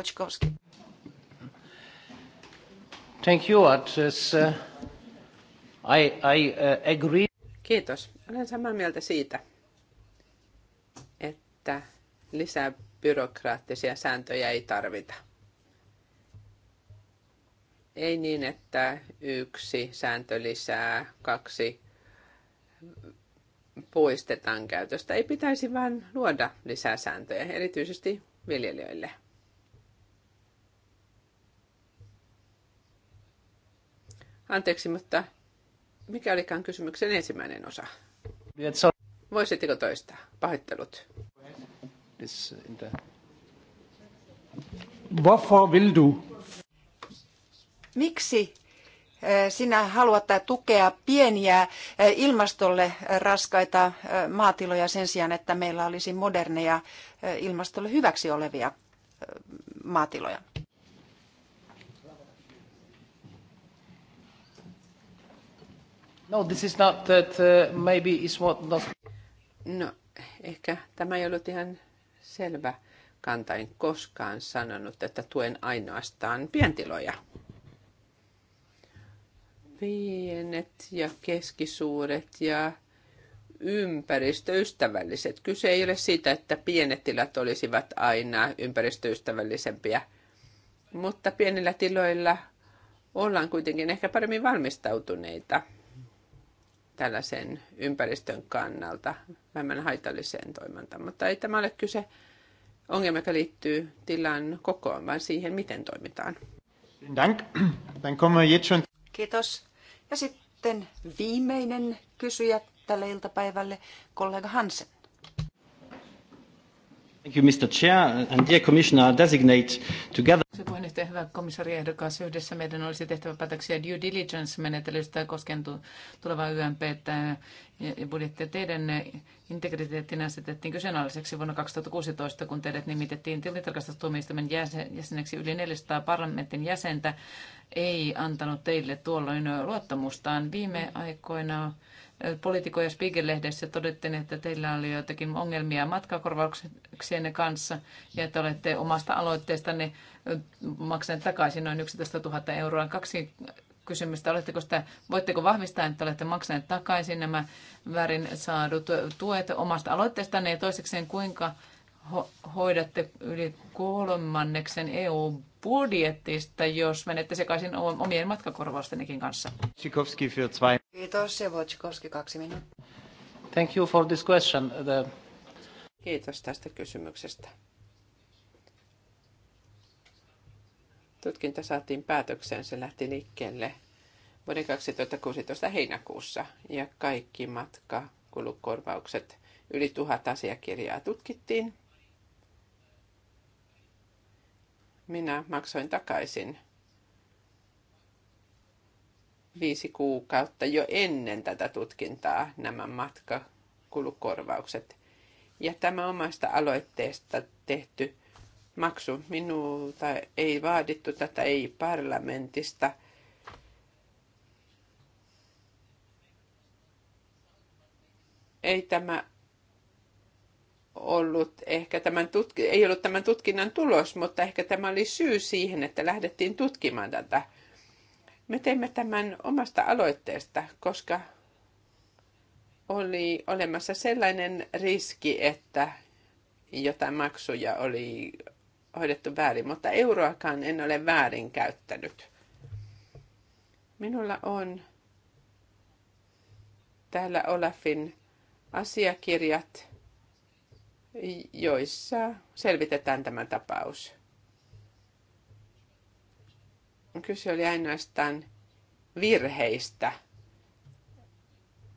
Wojciechowski. Thank you, uh, I, I uh, agree. Kiitos. Olen samaa mieltä siitä, että lisää byrokraattisia sääntöjä ei tarvita. Ei niin, että yksi sääntö lisää, kaksi poistetaan käytöstä. Ei pitäisi vain luoda lisää sääntöjä, erityisesti viljelijöille. Anteeksi, mutta mikä olikaan kysymyksen ensimmäinen osa? Voisitteko toistaa? Pahoittelut. Uh, Miksi eh, sinä haluat tukea pieniä eh, ilmastolle eh, raskaita maatiloja sen sijaan, että meillä olisi moderneja ilmastolle hyväksi olevia maatiloja? No, this is not that, uh, maybe it's what not... No, ehkä tämä ei ollut ihan selvä kanta. En koskaan sanonut, että tuen ainoastaan pientiloja. Pienet ja keskisuuret ja ympäristöystävälliset. Kyse ei ole siitä, että pienet tilat olisivat aina ympäristöystävällisempiä, mutta pienillä tiloilla ollaan kuitenkin ehkä paremmin valmistautuneita tällaisen ympäristön kannalta vähemmän haitalliseen toimintaan. Mutta ei tämä ole kyse ongelma, joka liittyy tilan kokoon, vaan siihen, miten toimitaan. Kiitos. Ja sitten viimeinen kysyjä tälle iltapäivälle, kollega Hansen. Thank you, Mr. Chair and dear Commissioner designate together. Puheenjohtaja, hyvä komissaari ehdokas, yhdessä meidän olisi tehtävä päätöksiä due diligence-menettelystä koskien tulevaa YMP että budjettia. Teidän integriteettinä asetettiin kyseenalaiseksi vuonna 2016, kun teidät nimitettiin tilintarkastustuomioistuimen jäseneksi yli 400 parlamentin jäsentä ei antanut teille tuolloin luottamustaan. Viime aikoina ja Spiegel-lehdessä todettiin, että teillä oli joitakin ongelmia matkakorvauksienne kanssa ja että olette omasta aloitteestanne maksaneet takaisin noin 11 000 euroa. Kaksi kysymystä. Oletteko sitä, voitteko vahvistaa, että olette maksaneet takaisin nämä väärin saadut tuet omasta aloitteestanne ja toisekseen kuinka ho- hoidatte yli kolmanneksen EU budjetista, jos menette sekaisin omien matkakorvaustenikin kanssa. Sikovski für zwei. Kiitos ja Wojcikowski kaksi minuuttia. Thank you for this question. The... Kiitos tästä kysymyksestä. Tutkinta saatiin päätökseen, se lähti liikkeelle vuoden 2016 heinäkuussa ja kaikki matkakulukorvaukset yli tuhat asiakirjaa tutkittiin minä maksoin takaisin viisi kuukautta jo ennen tätä tutkintaa nämä matkakulukorvaukset. Ja tämä omasta aloitteesta tehty maksu minulta ei vaadittu tätä, ei parlamentista. Ei tämä ollut ehkä tämän tutki- ei ollut tämän tutkinnan tulos, mutta ehkä tämä oli syy siihen, että lähdettiin tutkimaan tätä. Me teimme tämän omasta aloitteesta, koska oli olemassa sellainen riski, että jotain maksuja oli hoidettu väärin, mutta euroakaan en ole väärin käyttänyt. Minulla on täällä Olafin asiakirjat joissa selvitetään tämä tapaus. Kyse oli ainoastaan virheistä.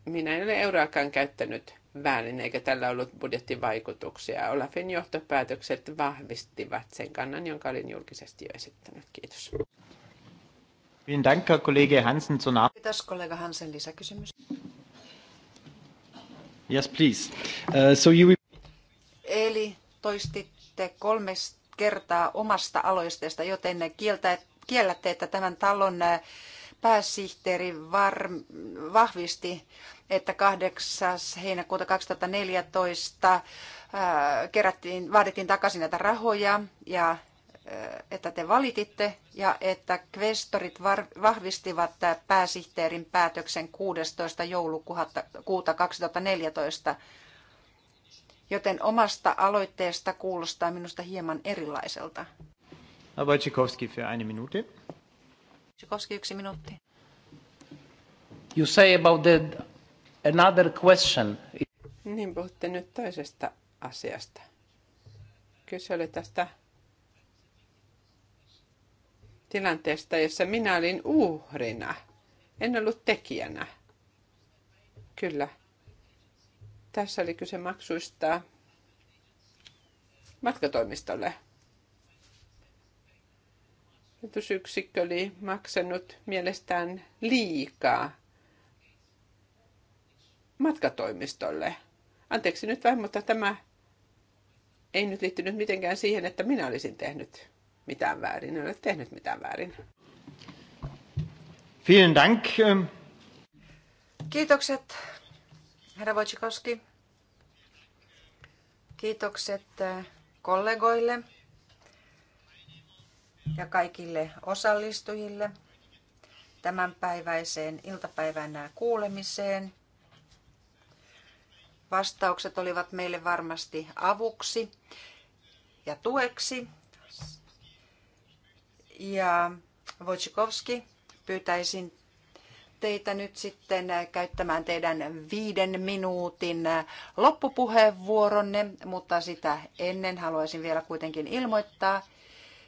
Minä en ole euroakaan käyttänyt väärin, eikä tällä ollut budjettivaikutuksia. Olafin johtopäätökset vahvistivat sen kannan, jonka olin julkisesti jo esittänyt. Kiitos. Kiitos kollega Hansen lisäkysymys. Yes, please. Uh, so you... Eli toistitte kolme kertaa omasta aloisteesta, joten kieltä, kiellätte, että tämän talon äh, pääsihteeri var, vahvisti, että 8. heinäkuuta 2014 äh, kerättiin, vaadittiin takaisin näitä rahoja ja äh, että te valititte ja että kvestorit vahvistivat pääsihteerin päätöksen 16. joulukuuta 2014 joten omasta aloitteesta kuulostaa minusta hieman erilaiselta. Wojciechowski für eine Minute. Wojciechowski yksi minuutti. You say about the another question. Niin puhutte nyt toisesta asiasta. Kyse oli tästä tilanteesta, jossa minä olin uhrina. En ollut tekijänä. Kyllä, tässä oli kyse maksuista matkatoimistolle. Yritysyksikkö oli maksanut mielestään liikaa matkatoimistolle. Anteeksi nyt vähän, mutta tämä ei nyt liittynyt mitenkään siihen, että minä olisin tehnyt mitään väärin. En ole tehnyt mitään väärin. Vielen Dank. Kiitokset Herra Wojcikowski, kiitokset eh, kollegoille ja kaikille osallistujille tämänpäiväiseen iltapäivän kuulemiseen. Vastaukset olivat meille varmasti avuksi ja tueksi. Ja Wojcikowski, pyytäisin teitä nyt sitten käyttämään teidän viiden minuutin loppupuheenvuoronne, mutta sitä ennen haluaisin vielä kuitenkin ilmoittaa,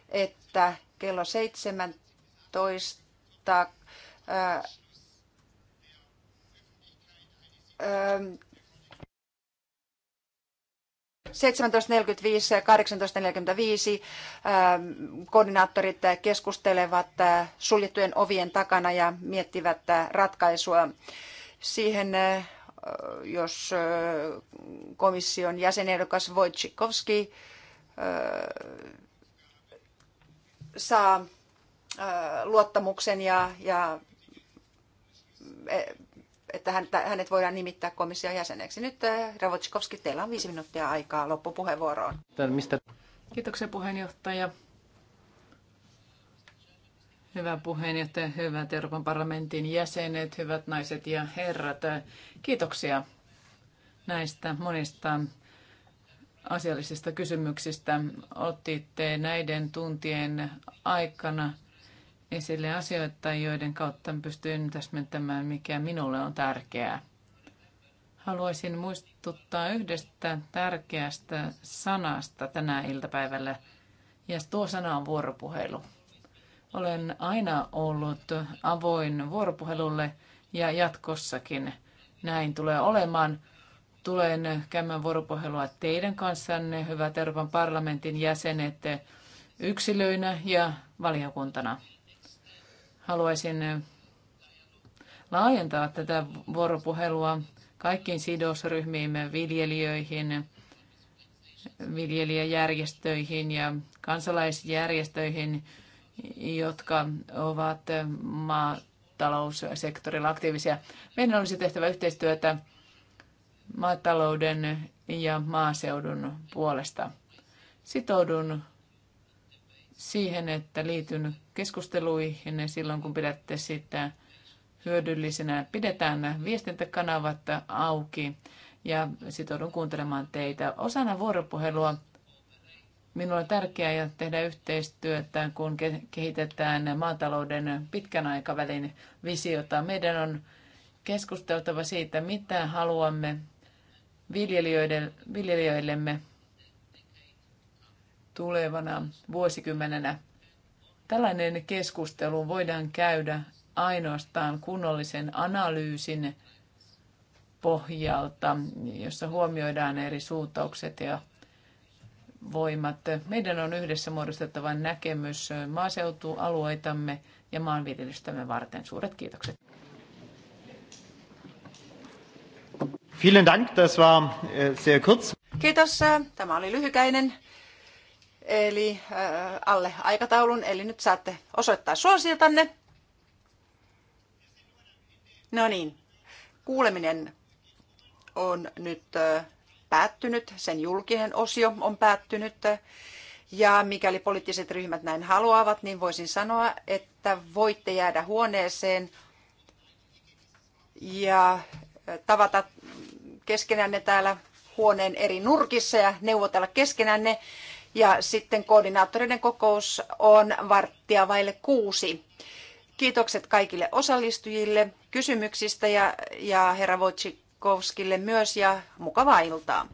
että kello 17 ää, ää, 17.45 ja 18.45 ähm, koordinaattorit keskustelevat äh, suljettujen ovien takana ja miettivät äh, ratkaisua siihen, äh, jos komission jäsenehdokas Wojciechowski saa luottamuksen ja, ja e, että hänet voidaan nimittää komission jäseneksi. Nyt äh, Ravotsikovski, teillä on viisi minuuttia aikaa loppupuheenvuoroon. Mistä? Kiitoksia puheenjohtaja. Hyvä puheenjohtaja, hyvät Euroopan parlamentin jäsenet, hyvät naiset ja herrat. Kiitoksia näistä monista asiallisista kysymyksistä. Otitte näiden tuntien aikana – esille asioita, joiden kautta pystyn täsmentämään, mikä minulle on tärkeää. Haluaisin muistuttaa yhdestä tärkeästä sanasta tänä iltapäivällä, ja tuo sana on vuoropuhelu. Olen aina ollut avoin vuoropuhelulle ja jatkossakin näin tulee olemaan. Tulen käymään vuoropuhelua teidän kanssanne, hyvät Euroopan parlamentin jäsenet, yksilöinä ja valiokuntana. Haluaisin eh, laajentaa tätä vuoropuhelua kaikkiin sidosryhmiimme, viljelijöihin, viljelijäjärjestöihin ja kansalaisjärjestöihin, jotka ovat eh, maataloussektorilla aktiivisia. Meidän olisi tehtävä yhteistyötä maatalouden ja maaseudun puolesta. Sitoudun siihen, että liityn keskusteluihin silloin, kun pidätte sitä hyödyllisenä. Pidetään viestintäkanavat auki ja sitoudun kuuntelemaan teitä. Osana vuoropuhelua minulla on tärkeää tehdä yhteistyötä, kun kehitetään maatalouden pitkän aikavälin visiota. Meidän on keskusteltava siitä, mitä haluamme viljelijöillemme tulevana vuosikymmenenä. Tällainen keskustelu voidaan käydä ainoastaan kunnollisen analyysin pohjalta, jossa huomioidaan eri suuntaukset ja voimat. Meidän on yhdessä muodostettava näkemys maaseutualueitamme ja maanviljelystämme varten. Suuret kiitokset. Vielen Dank, das war äh, sehr kurz. Kiitos, äh, tämä oli lyhykäinen eli alle aikataulun, eli nyt saatte osoittaa suosiotanne. No niin, kuuleminen on nyt päättynyt, sen julkinen osio on päättynyt. Ja mikäli poliittiset ryhmät näin haluavat, niin voisin sanoa, että voitte jäädä huoneeseen ja tavata keskenänne täällä huoneen eri nurkissa ja neuvotella keskenänne ja sitten koordinaattoreiden kokous on varttia vaille kuusi. Kiitokset kaikille osallistujille kysymyksistä ja, ja herra Wojcikowskille myös ja mukavaa iltaa.